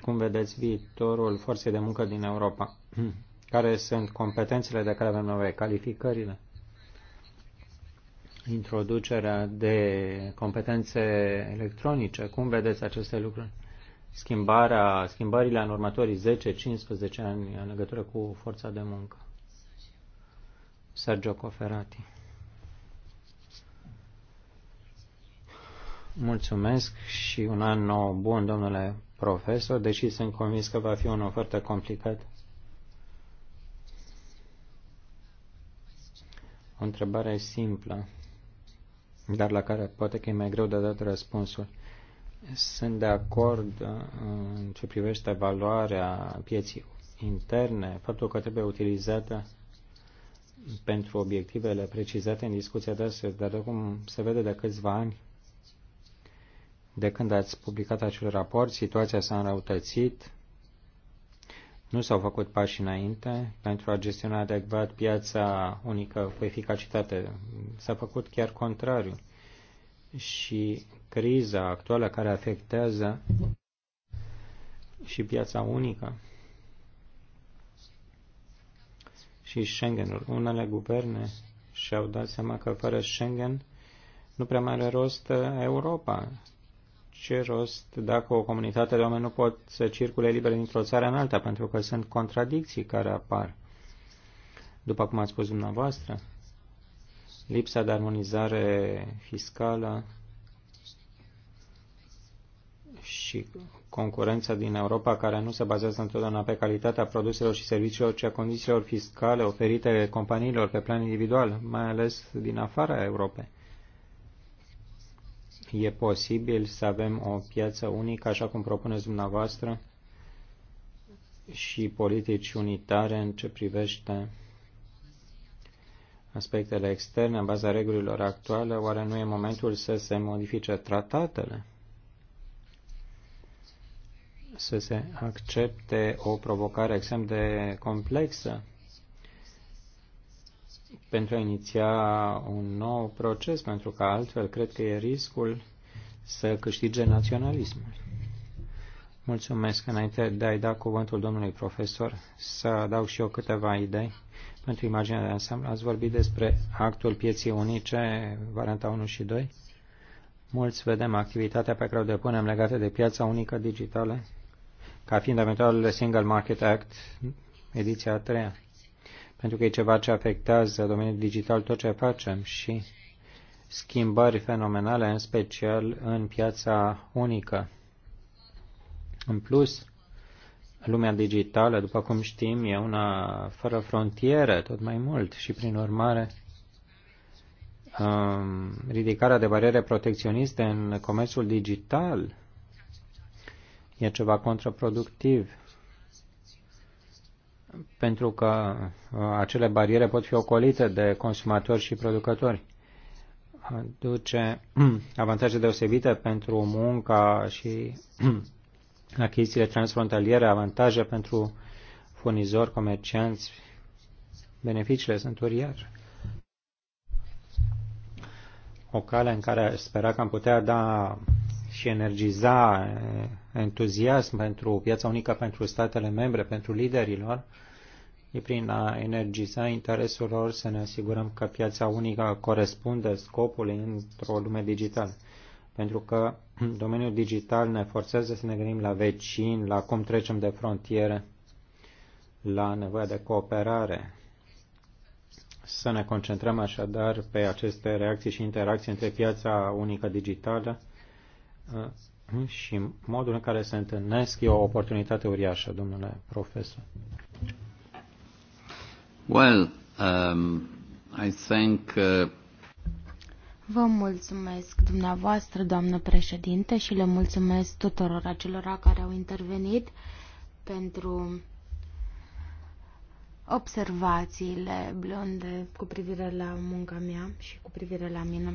D: Cum vedeți viitorul forței de muncă din Europa? care sunt competențele de care avem nevoie, calificările, introducerea de competențe electronice, cum vedeți aceste lucruri? Schimbarea, schimbările în următorii 10-15 ani în legătură cu forța de muncă. Sergio Coferati. Mulțumesc și un an nou bun, domnule profesor, deși sunt convins că va fi unul foarte complicat O întrebare simplă, dar la care poate că e mai greu de dat răspunsul. Sunt de acord uh, în ce privește valoarea pieții interne, faptul că trebuie utilizată pentru obiectivele precizate în discuția de astăzi, dar acum se vede de câțiva ani, de când ați publicat acel raport, situația s-a înrăutățit, nu s-au făcut pași înainte pentru a gestiona adecvat piața unică cu eficacitate. S-a făcut chiar contrariu. Și criza actuală care afectează și piața unică și Schengenul. Unele guverne și-au dat seama că fără Schengen nu prea mai are rost uh, Europa ce rost dacă o comunitate de oameni nu pot să circule liber dintr-o țară în alta, pentru că sunt contradicții care apar. După cum ați spus dumneavoastră, lipsa de armonizare fiscală și concurența din Europa care nu se bazează întotdeauna pe calitatea produselor și serviciilor, ci a condițiilor fiscale oferite companiilor pe plan individual, mai ales din afara Europei. E posibil să avem o piață unică, așa cum propuneți dumneavoastră, și politici unitare în ce privește aspectele externe în baza regulilor actuale, oare nu e momentul să se modifice tratatele? Să se accepte o provocare extrem de complexă pentru a iniția un nou proces, pentru că altfel cred că e riscul să câștige naționalismul. Mulțumesc. Înainte de a-i da cuvântul domnului profesor, să dau și eu câteva idei pentru imaginea de ansamblu. Ați vorbit despre actul pieții unice, varianta 1 și 2. Mulți vedem activitatea pe care o depunem legată de piața unică digitală, ca fiind eventualul Single Market Act, ediția a treia pentru că e ceva ce afectează domeniul digital tot ce facem și schimbări fenomenale, în special în piața unică. În plus, lumea digitală, după cum știm, e una fără frontiere tot mai mult și, prin urmare, um, ridicarea de bariere protecționiste în comerțul digital e ceva contraproductiv pentru că uh, acele bariere pot fi ocolite de consumatori și producători. duce avantaje deosebite pentru munca și achizițiile transfrontaliere, avantaje pentru furnizori, comercianți. Beneficiile sunt uriașe. O cale în care spera că am putea da și energiza eh, entuziasm pentru piața unică pentru statele membre, pentru liderilor, și prin a energiza interesul lor să ne asigurăm că piața unică corespunde scopului într-o lume digitală. Pentru că domeniul digital ne forțează să ne gândim la vecini, la cum trecem de frontiere, la nevoia de cooperare. Să ne concentrăm așadar pe aceste reacții și interacții între piața unică digitală uh, și modul în care se întâlnesc e o oportunitate uriașă, domnule profesor.
B: Well, um, I think, uh...
C: Vă mulțumesc dumneavoastră, doamnă președinte, și le mulțumesc tuturor acelora care au intervenit pentru observațiile blonde cu privire la munca mea și cu privire la mine.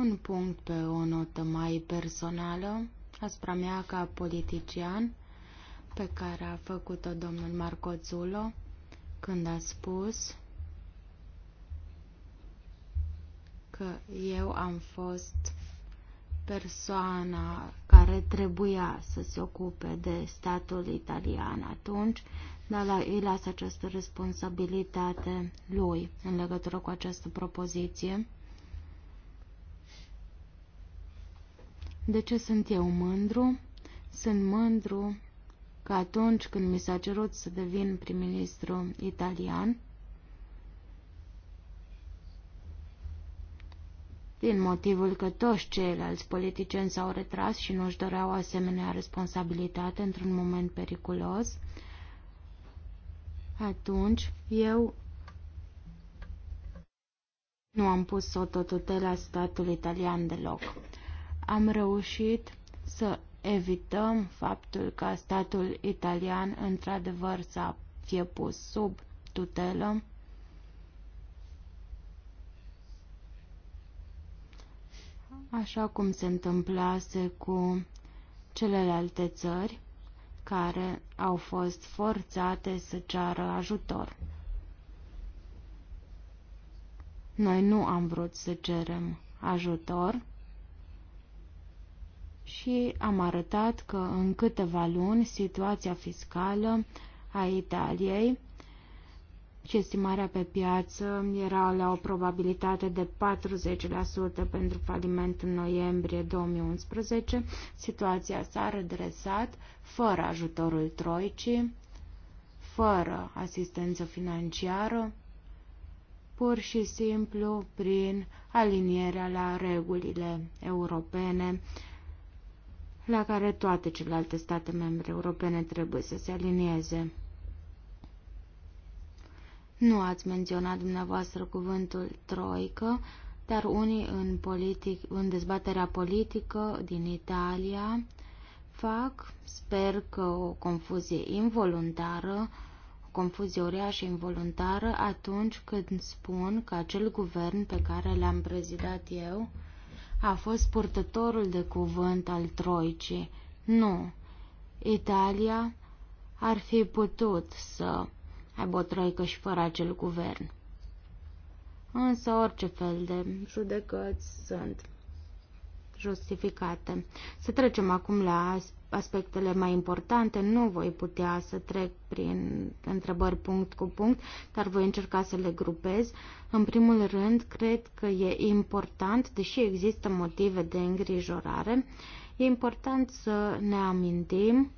C: Un punct pe o notă mai personală asupra mea ca politician pe care a făcut-o domnul Marco Zulo când a spus că eu am fost persoana care trebuia să se ocupe de statul italian atunci, dar la, îi las această responsabilitate lui în legătură cu această propoziție. De ce sunt eu mândru? Sunt mândru că atunci când mi s-a cerut să devin prim-ministru italian, din motivul că toți ceilalți politicieni s-au retras și nu-și doreau asemenea responsabilitate într-un moment periculos, atunci eu nu am pus sototutela statul italian deloc am reușit să evităm faptul ca statul italian într-adevăr să fie pus sub tutelă. Așa cum se întâmplase cu celelalte țări care au fost forțate să ceară ajutor. Noi nu am vrut să cerem ajutor, și am arătat că în câteva luni situația fiscală a Italiei și estimarea pe piață era la o probabilitate de 40% pentru faliment în noiembrie 2011. Situația s-a redresat fără ajutorul Troicii, fără asistență financiară, pur și simplu prin alinierea la regulile europene la care toate celelalte state membre europene trebuie să se alinieze. Nu ați menționat dumneavoastră cuvântul troică, dar unii în, politic, în dezbaterea politică din Italia fac, sper că o confuzie involuntară, o confuzie uriașă involuntară atunci când spun că acel guvern pe care l-am prezidat eu a fost purtătorul de cuvânt al Troicii. Nu, Italia ar fi putut să aibă o troică și fără acel guvern. Însă orice fel de judecăți sunt justificate. Să trecem acum la aspectele mai importante. Nu voi putea să trec prin întrebări punct cu punct, dar voi încerca să le grupez. În primul rând, cred că e important, deși există motive de îngrijorare, e important să ne amintim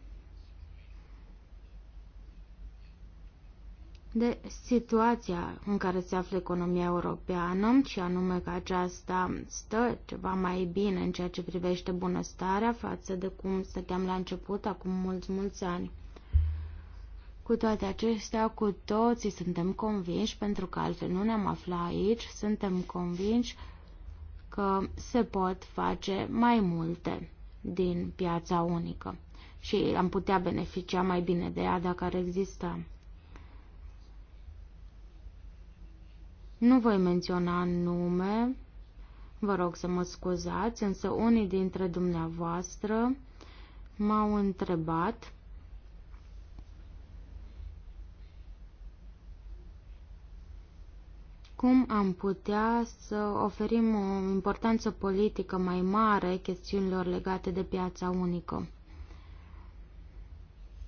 C: de situația în care se află economia europeană și anume că aceasta stă ceva mai bine în ceea ce privește bunăstarea față de cum stăteam la început acum mulți, mulți ani. Cu toate acestea, cu toții suntem convinși, pentru că altfel nu ne-am aflat aici, suntem convinși că se pot face mai multe din piața unică și am putea beneficia mai bine de ea dacă ar exista. Nu voi menționa nume, vă rog să mă scuzați, însă unii dintre dumneavoastră m-au întrebat cum am putea să oferim o importanță politică mai mare chestiunilor legate de piața unică.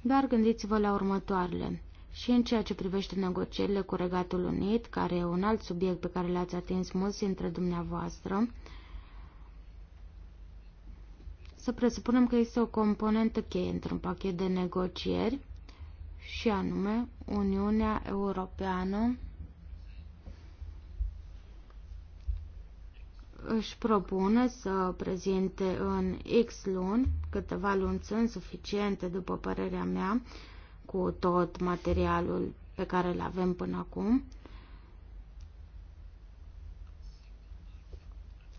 C: Dar gândiți-vă la următoarele. Și în ceea ce privește negocierile cu Regatul Unit, care e un alt subiect pe care l-ați atins mulți dintre dumneavoastră, să presupunem că este o componentă cheie într-un pachet de negocieri, și anume Uniunea Europeană își propune să prezinte în X luni, câteva luni sunt suficiente după părerea mea, cu tot materialul pe care îl avem până acum.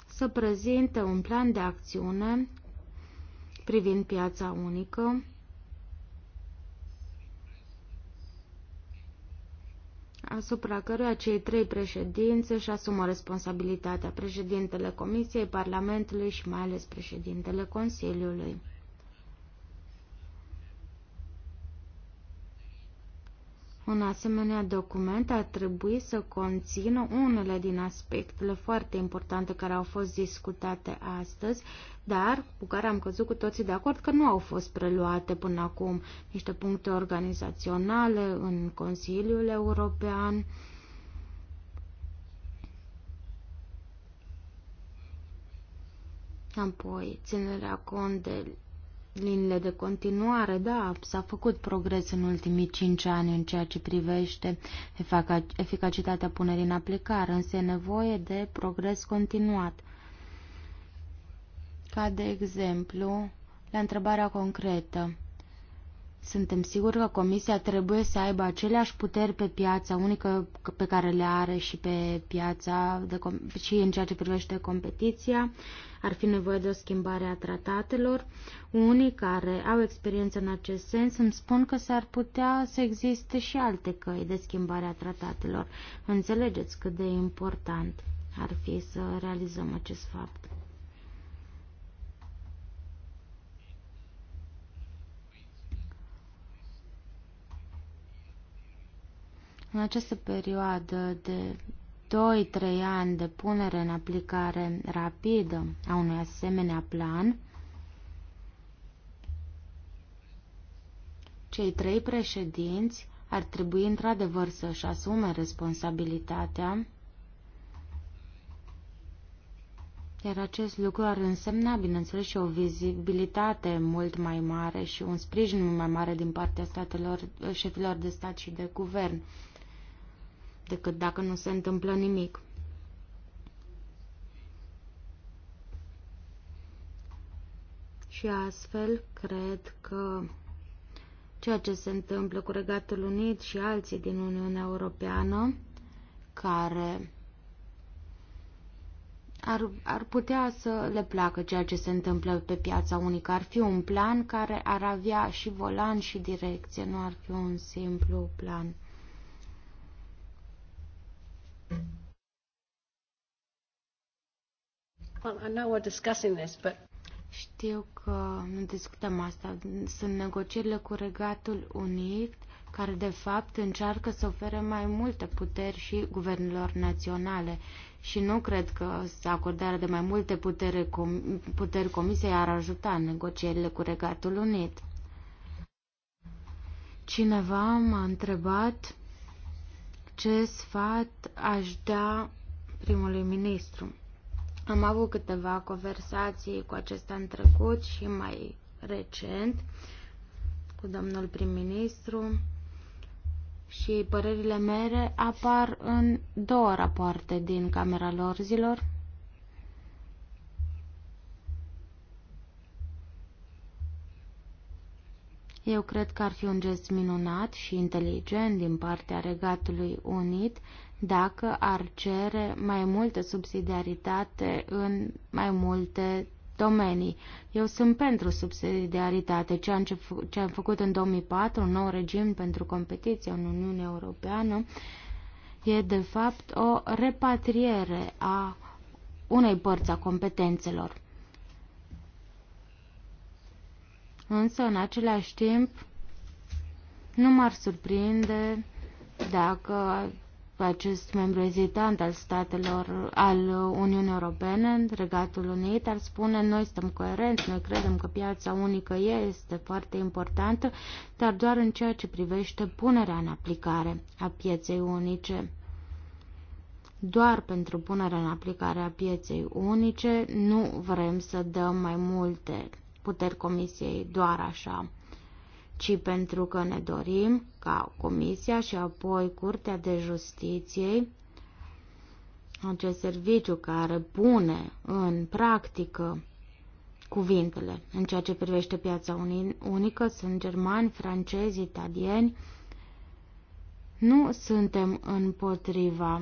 C: Să prezinte un plan de acțiune privind piața unică, asupra căruia cei trei președințe își asumă responsabilitatea, președintele Comisiei, Parlamentului și mai ales președintele Consiliului. Un asemenea document ar trebui să conțină unele din aspectele foarte importante care au fost discutate astăzi, dar cu care am căzut cu toții de acord că nu au fost preluate până acum niște puncte organizaționale în Consiliul European. Apoi, ținerea cont de liniile de continuare, da, s-a făcut progres în ultimii cinci ani în ceea ce privește eficacitatea punerii în aplicare, însă e nevoie de progres continuat. Ca de exemplu, la întrebarea concretă, suntem siguri că Comisia trebuie să aibă aceleași puteri pe piața unică pe care le are și pe piața de, și în ceea ce privește competiția. Ar fi nevoie de o schimbare a tratatelor. Unii care au experiență în acest sens îmi spun că s-ar putea să existe și alte căi de schimbare a tratatelor. Înțelegeți cât de important ar fi să realizăm acest fapt. În această perioadă de 2-3 ani de punere în aplicare rapidă a unui asemenea plan, cei trei președinți ar trebui într-adevăr să-și asume responsabilitatea, iar acest lucru ar însemna, bineînțeles, și o vizibilitate mult mai mare și un sprijin mult mai mare din partea statelor, șefilor de stat și de guvern decât dacă nu se întâmplă nimic. Și astfel cred că ceea ce se întâmplă cu Regatul Unit și alții din Uniunea Europeană care ar, ar putea să le placă ceea ce se întâmplă pe piața unică. Ar fi un plan care ar avea și volan și direcție, nu ar fi un simplu plan.
A: Știu că nu
C: discutăm asta. Sunt negocierile cu Regatul Unit, care de fapt încearcă să ofere mai multe puteri și guvernelor naționale. Și nu cred că acordarea de mai multe putere, com puteri comisiei ar ajuta în negocierile cu Regatul Unit. Cineva m-a întrebat ce sfat aș da primului ministru? Am avut câteva conversații cu acesta în trecut și mai recent cu domnul prim-ministru și părerile mele apar în două rapoarte din Camera Lorzilor. Eu cred că ar fi un gest minunat și inteligent din partea Regatului Unit dacă ar cere mai multă subsidiaritate în mai multe domenii. Eu sunt pentru subsidiaritate. Ce am, ce am făcut în 2004, un nou regim pentru competiție în Uniunea Europeană, e de fapt o repatriere a unei părți a competențelor. Însă, în același timp, nu m-ar surprinde dacă acest membru ezitant al statelor, al Uniunii Europene, Regatul Unit, ar spune noi suntem coerenți, noi credem că piața unică este foarte importantă, dar doar în ceea ce privește punerea în aplicare a pieței unice. Doar pentru punerea în aplicare a pieței unice nu vrem să dăm mai multe puteri comisiei doar așa, ci pentru că ne dorim ca comisia și apoi Curtea de justiție, acest serviciu care pune în practică cuvintele în ceea ce privește piața unică, sunt germani, francezi, italieni, nu suntem împotriva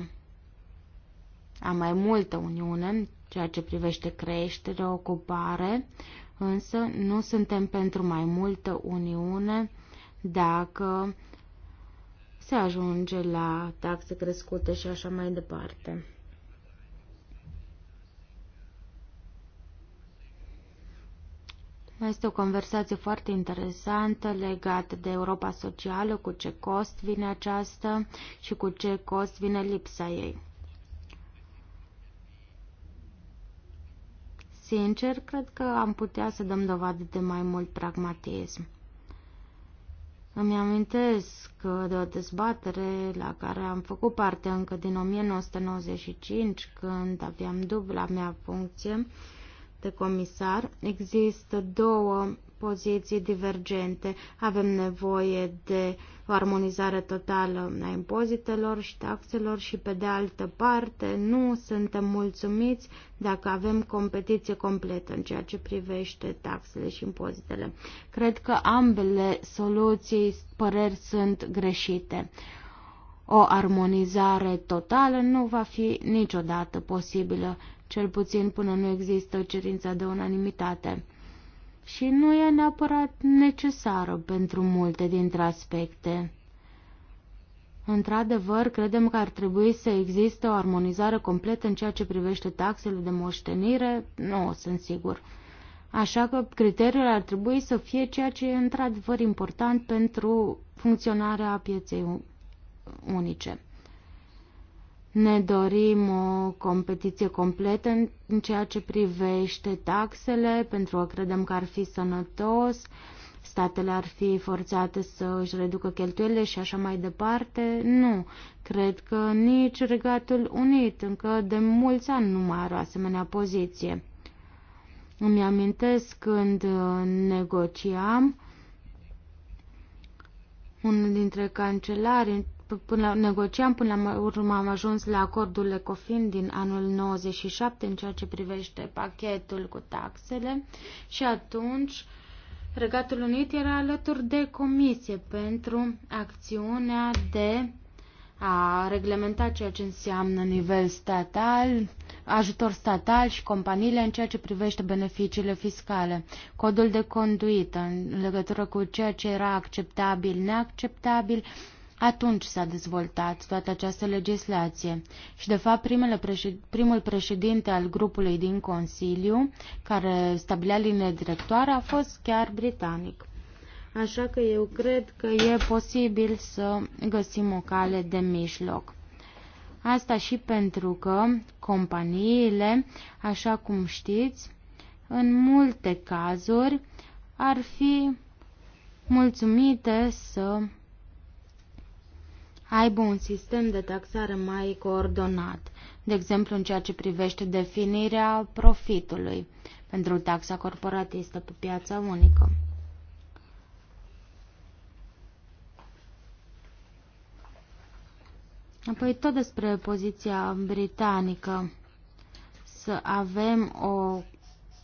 C: a mai multă uniune, ceea ce privește creștere, ocupare, Însă nu suntem pentru mai multă uniune dacă se ajunge la taxe crescute și așa mai departe. Este o conversație foarte interesantă legată de Europa socială, cu ce cost vine aceasta și cu ce cost vine lipsa ei. Sincer, cred că am putea să dăm dovadă de mai mult pragmatism. Îmi amintesc de o dezbatere la care am făcut parte încă din 1995, când aveam dubla mea funcție de comisar. Există două poziții divergente. Avem nevoie de o armonizare totală a impozitelor și taxelor și, pe de altă parte, nu suntem mulțumiți dacă avem competiție completă în ceea ce privește taxele și impozitele. Cred că ambele soluții, păreri, sunt greșite. O armonizare totală nu va fi niciodată posibilă, cel puțin până nu există cerința de unanimitate și nu e neapărat necesară pentru multe dintre aspecte. Într-adevăr, credem că ar trebui să existe o armonizare completă în ceea ce privește taxele de moștenire? Nu, sunt sigur. Așa că criteriul ar trebui să fie ceea ce e într-adevăr important pentru funcționarea pieței unice. Ne dorim o competiție completă în ceea ce privește taxele, pentru că credem că ar fi sănătos, statele ar fi forțate să își reducă cheltuielile și așa mai departe. Nu, cred că nici Regatul Unit încă de mulți ani nu mai are o asemenea poziție. Îmi amintesc când uh, negociam, unul dintre cancelari până la, negociam, până la urmă am ajuns la acordul ECOFIN din anul 97 în ceea ce privește pachetul cu taxele și atunci Regatul Unit era alături de comisie pentru acțiunea de a reglementa ceea ce înseamnă nivel statal, ajutor statal și companiile în ceea ce privește beneficiile fiscale, codul de conduită în legătură cu ceea ce era acceptabil, neacceptabil, atunci s-a dezvoltat toată această legislație și, de fapt, primele președ... primul președinte al grupului din Consiliu, care stabilea linie directoare, a fost chiar britanic. Așa că eu cred că e posibil să găsim o cale de mijloc. Asta și pentru că companiile, așa cum știți, în multe cazuri ar fi mulțumite să aibă un sistem de taxare mai coordonat, de exemplu în ceea ce privește definirea profitului pentru taxa corporatistă pe piața unică. Apoi tot despre poziția britanică, să avem o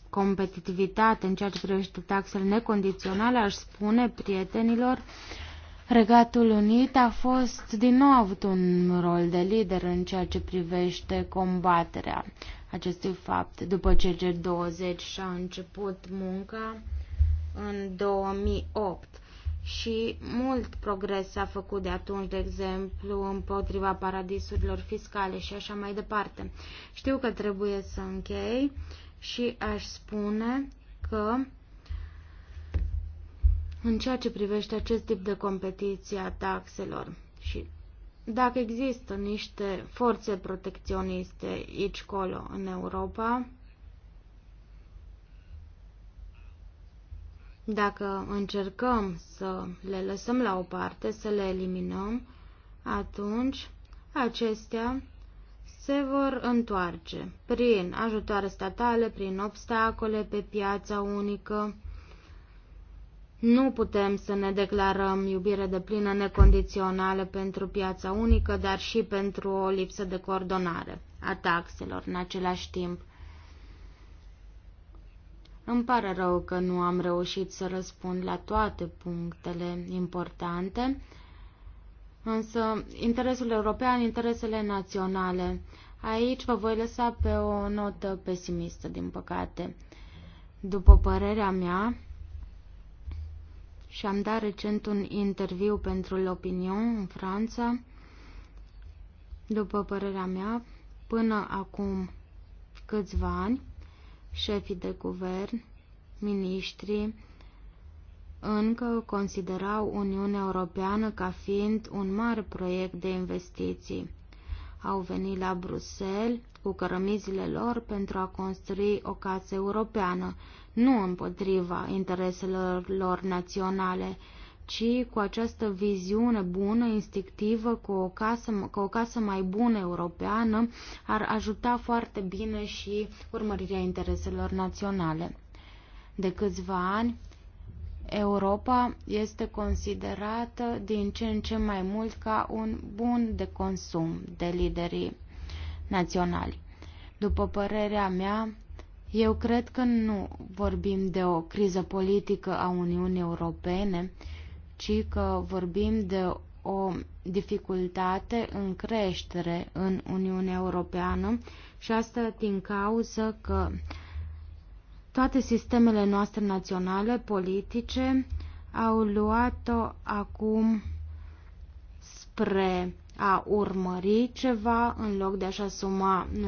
C: competitivitate în ceea ce privește taxele necondiționale, aș spune prietenilor, uh, Regatul Unit a fost din nou avut un rol de lider în ceea ce privește combaterea acestui fapt. După ce G20 și-a început munca în 2008 și mult progres s-a făcut de atunci, de exemplu, împotriva paradisurilor fiscale și așa mai departe. Știu că trebuie să închei și aș spune că în ceea ce privește acest tip de competiție a taxelor și dacă există niște forțe protecționiste aici colo în Europa, dacă încercăm să le lăsăm la o parte, să le eliminăm, atunci acestea se vor întoarce prin ajutoare statale, prin obstacole pe piața unică, nu putem să ne declarăm iubire de plină necondițională pentru piața unică, dar și pentru o lipsă de coordonare a taxelor în același timp. Îmi pare rău că nu am reușit să răspund la toate punctele importante, însă interesul european, interesele naționale. Aici vă voi lăsa pe o notă pesimistă, din păcate. După părerea mea, și am dat recent un interviu pentru L'Opinion în Franța. După părerea mea, până acum câțiva ani, șefii de guvern, miniștri, încă considerau Uniunea Europeană ca fiind un mare proiect de investiții au venit la Bruxelles cu cărămizile lor pentru a construi o casă europeană, nu împotriva intereselor lor naționale, ci cu această viziune bună, instinctivă, cu o casă, că o casă mai bună europeană ar ajuta foarte bine și urmărirea intereselor naționale. De câțiva ani, Europa este considerată din ce în ce mai mult ca un bun de consum de liderii naționali. După părerea mea, eu cred că nu vorbim de o criză politică a Uniunii Europene, ci că vorbim de o dificultate în creștere în Uniunea Europeană și asta din cauza că uh, toate sistemele noastre naționale, politice, au luat-o acum spre a urmări ceva în loc de a-și asuma nu,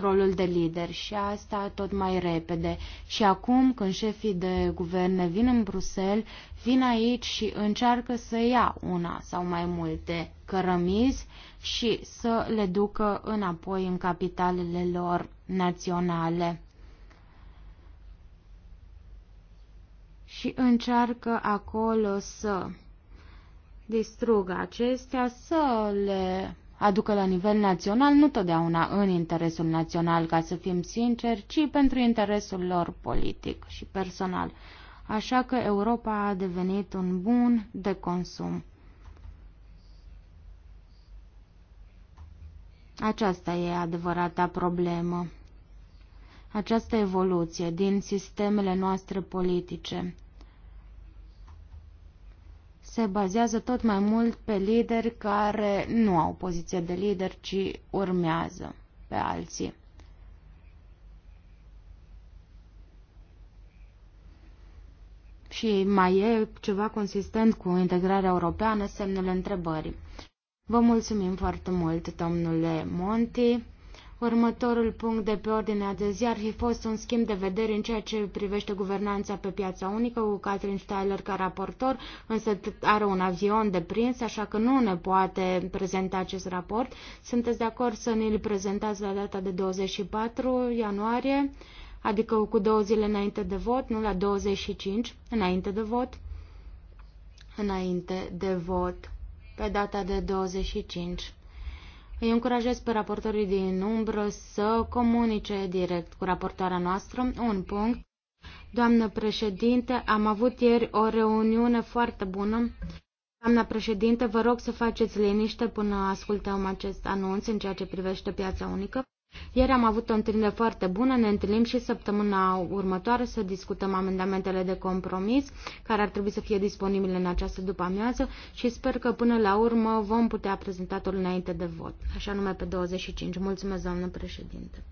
C: rolul de lider și asta tot mai repede. Și acum când șefii de guverne vin în Bruxelles, vin aici și încearcă să ia una sau mai multe cărămizi și să le ducă înapoi în capitalele lor naționale. și încearcă acolo să distrugă acestea, să le aducă la nivel național, nu totdeauna în interesul național, ca să fim sinceri, ci pentru interesul lor politic și personal. Așa că Europa a devenit un bun de consum. Aceasta e adevărata problemă. Această evoluție din sistemele noastre politice se bazează tot mai mult pe lideri care nu au poziție de lider, ci urmează pe alții. Și mai e ceva consistent cu integrarea europeană, semnele întrebării. Vă mulțumim foarte mult, domnule Monti. Următorul punct de pe ordinea de zi ar fi fost un schimb de vedere în ceea ce privește guvernanța pe piața unică cu Catherine Styler ca raportor, însă are un avion de prins, așa că nu ne poate prezenta acest raport. Sunteți de acord să ne-l prezentați la data de 24 ianuarie, adică cu două zile înainte de vot, nu la 25, înainte de vot? Înainte de vot, pe data de 25. Îi încurajez pe raportorii din umbră să comunice direct cu raportoarea noastră un punct. Doamnă președinte, am avut ieri o reuniune foarte bună. Doamna președinte, vă rog să faceți liniște până ascultăm acest anunț în ceea ce privește piața unică. Ieri am avut o întâlnire foarte bună, ne întâlnim și săptămâna următoare să discutăm amendamentele de compromis care ar trebui să fie disponibile în această după-amiază și sper că până la urmă vom putea prezenta totul înainte de vot, așa nume pe 25. Mulțumesc, doamnă președinte!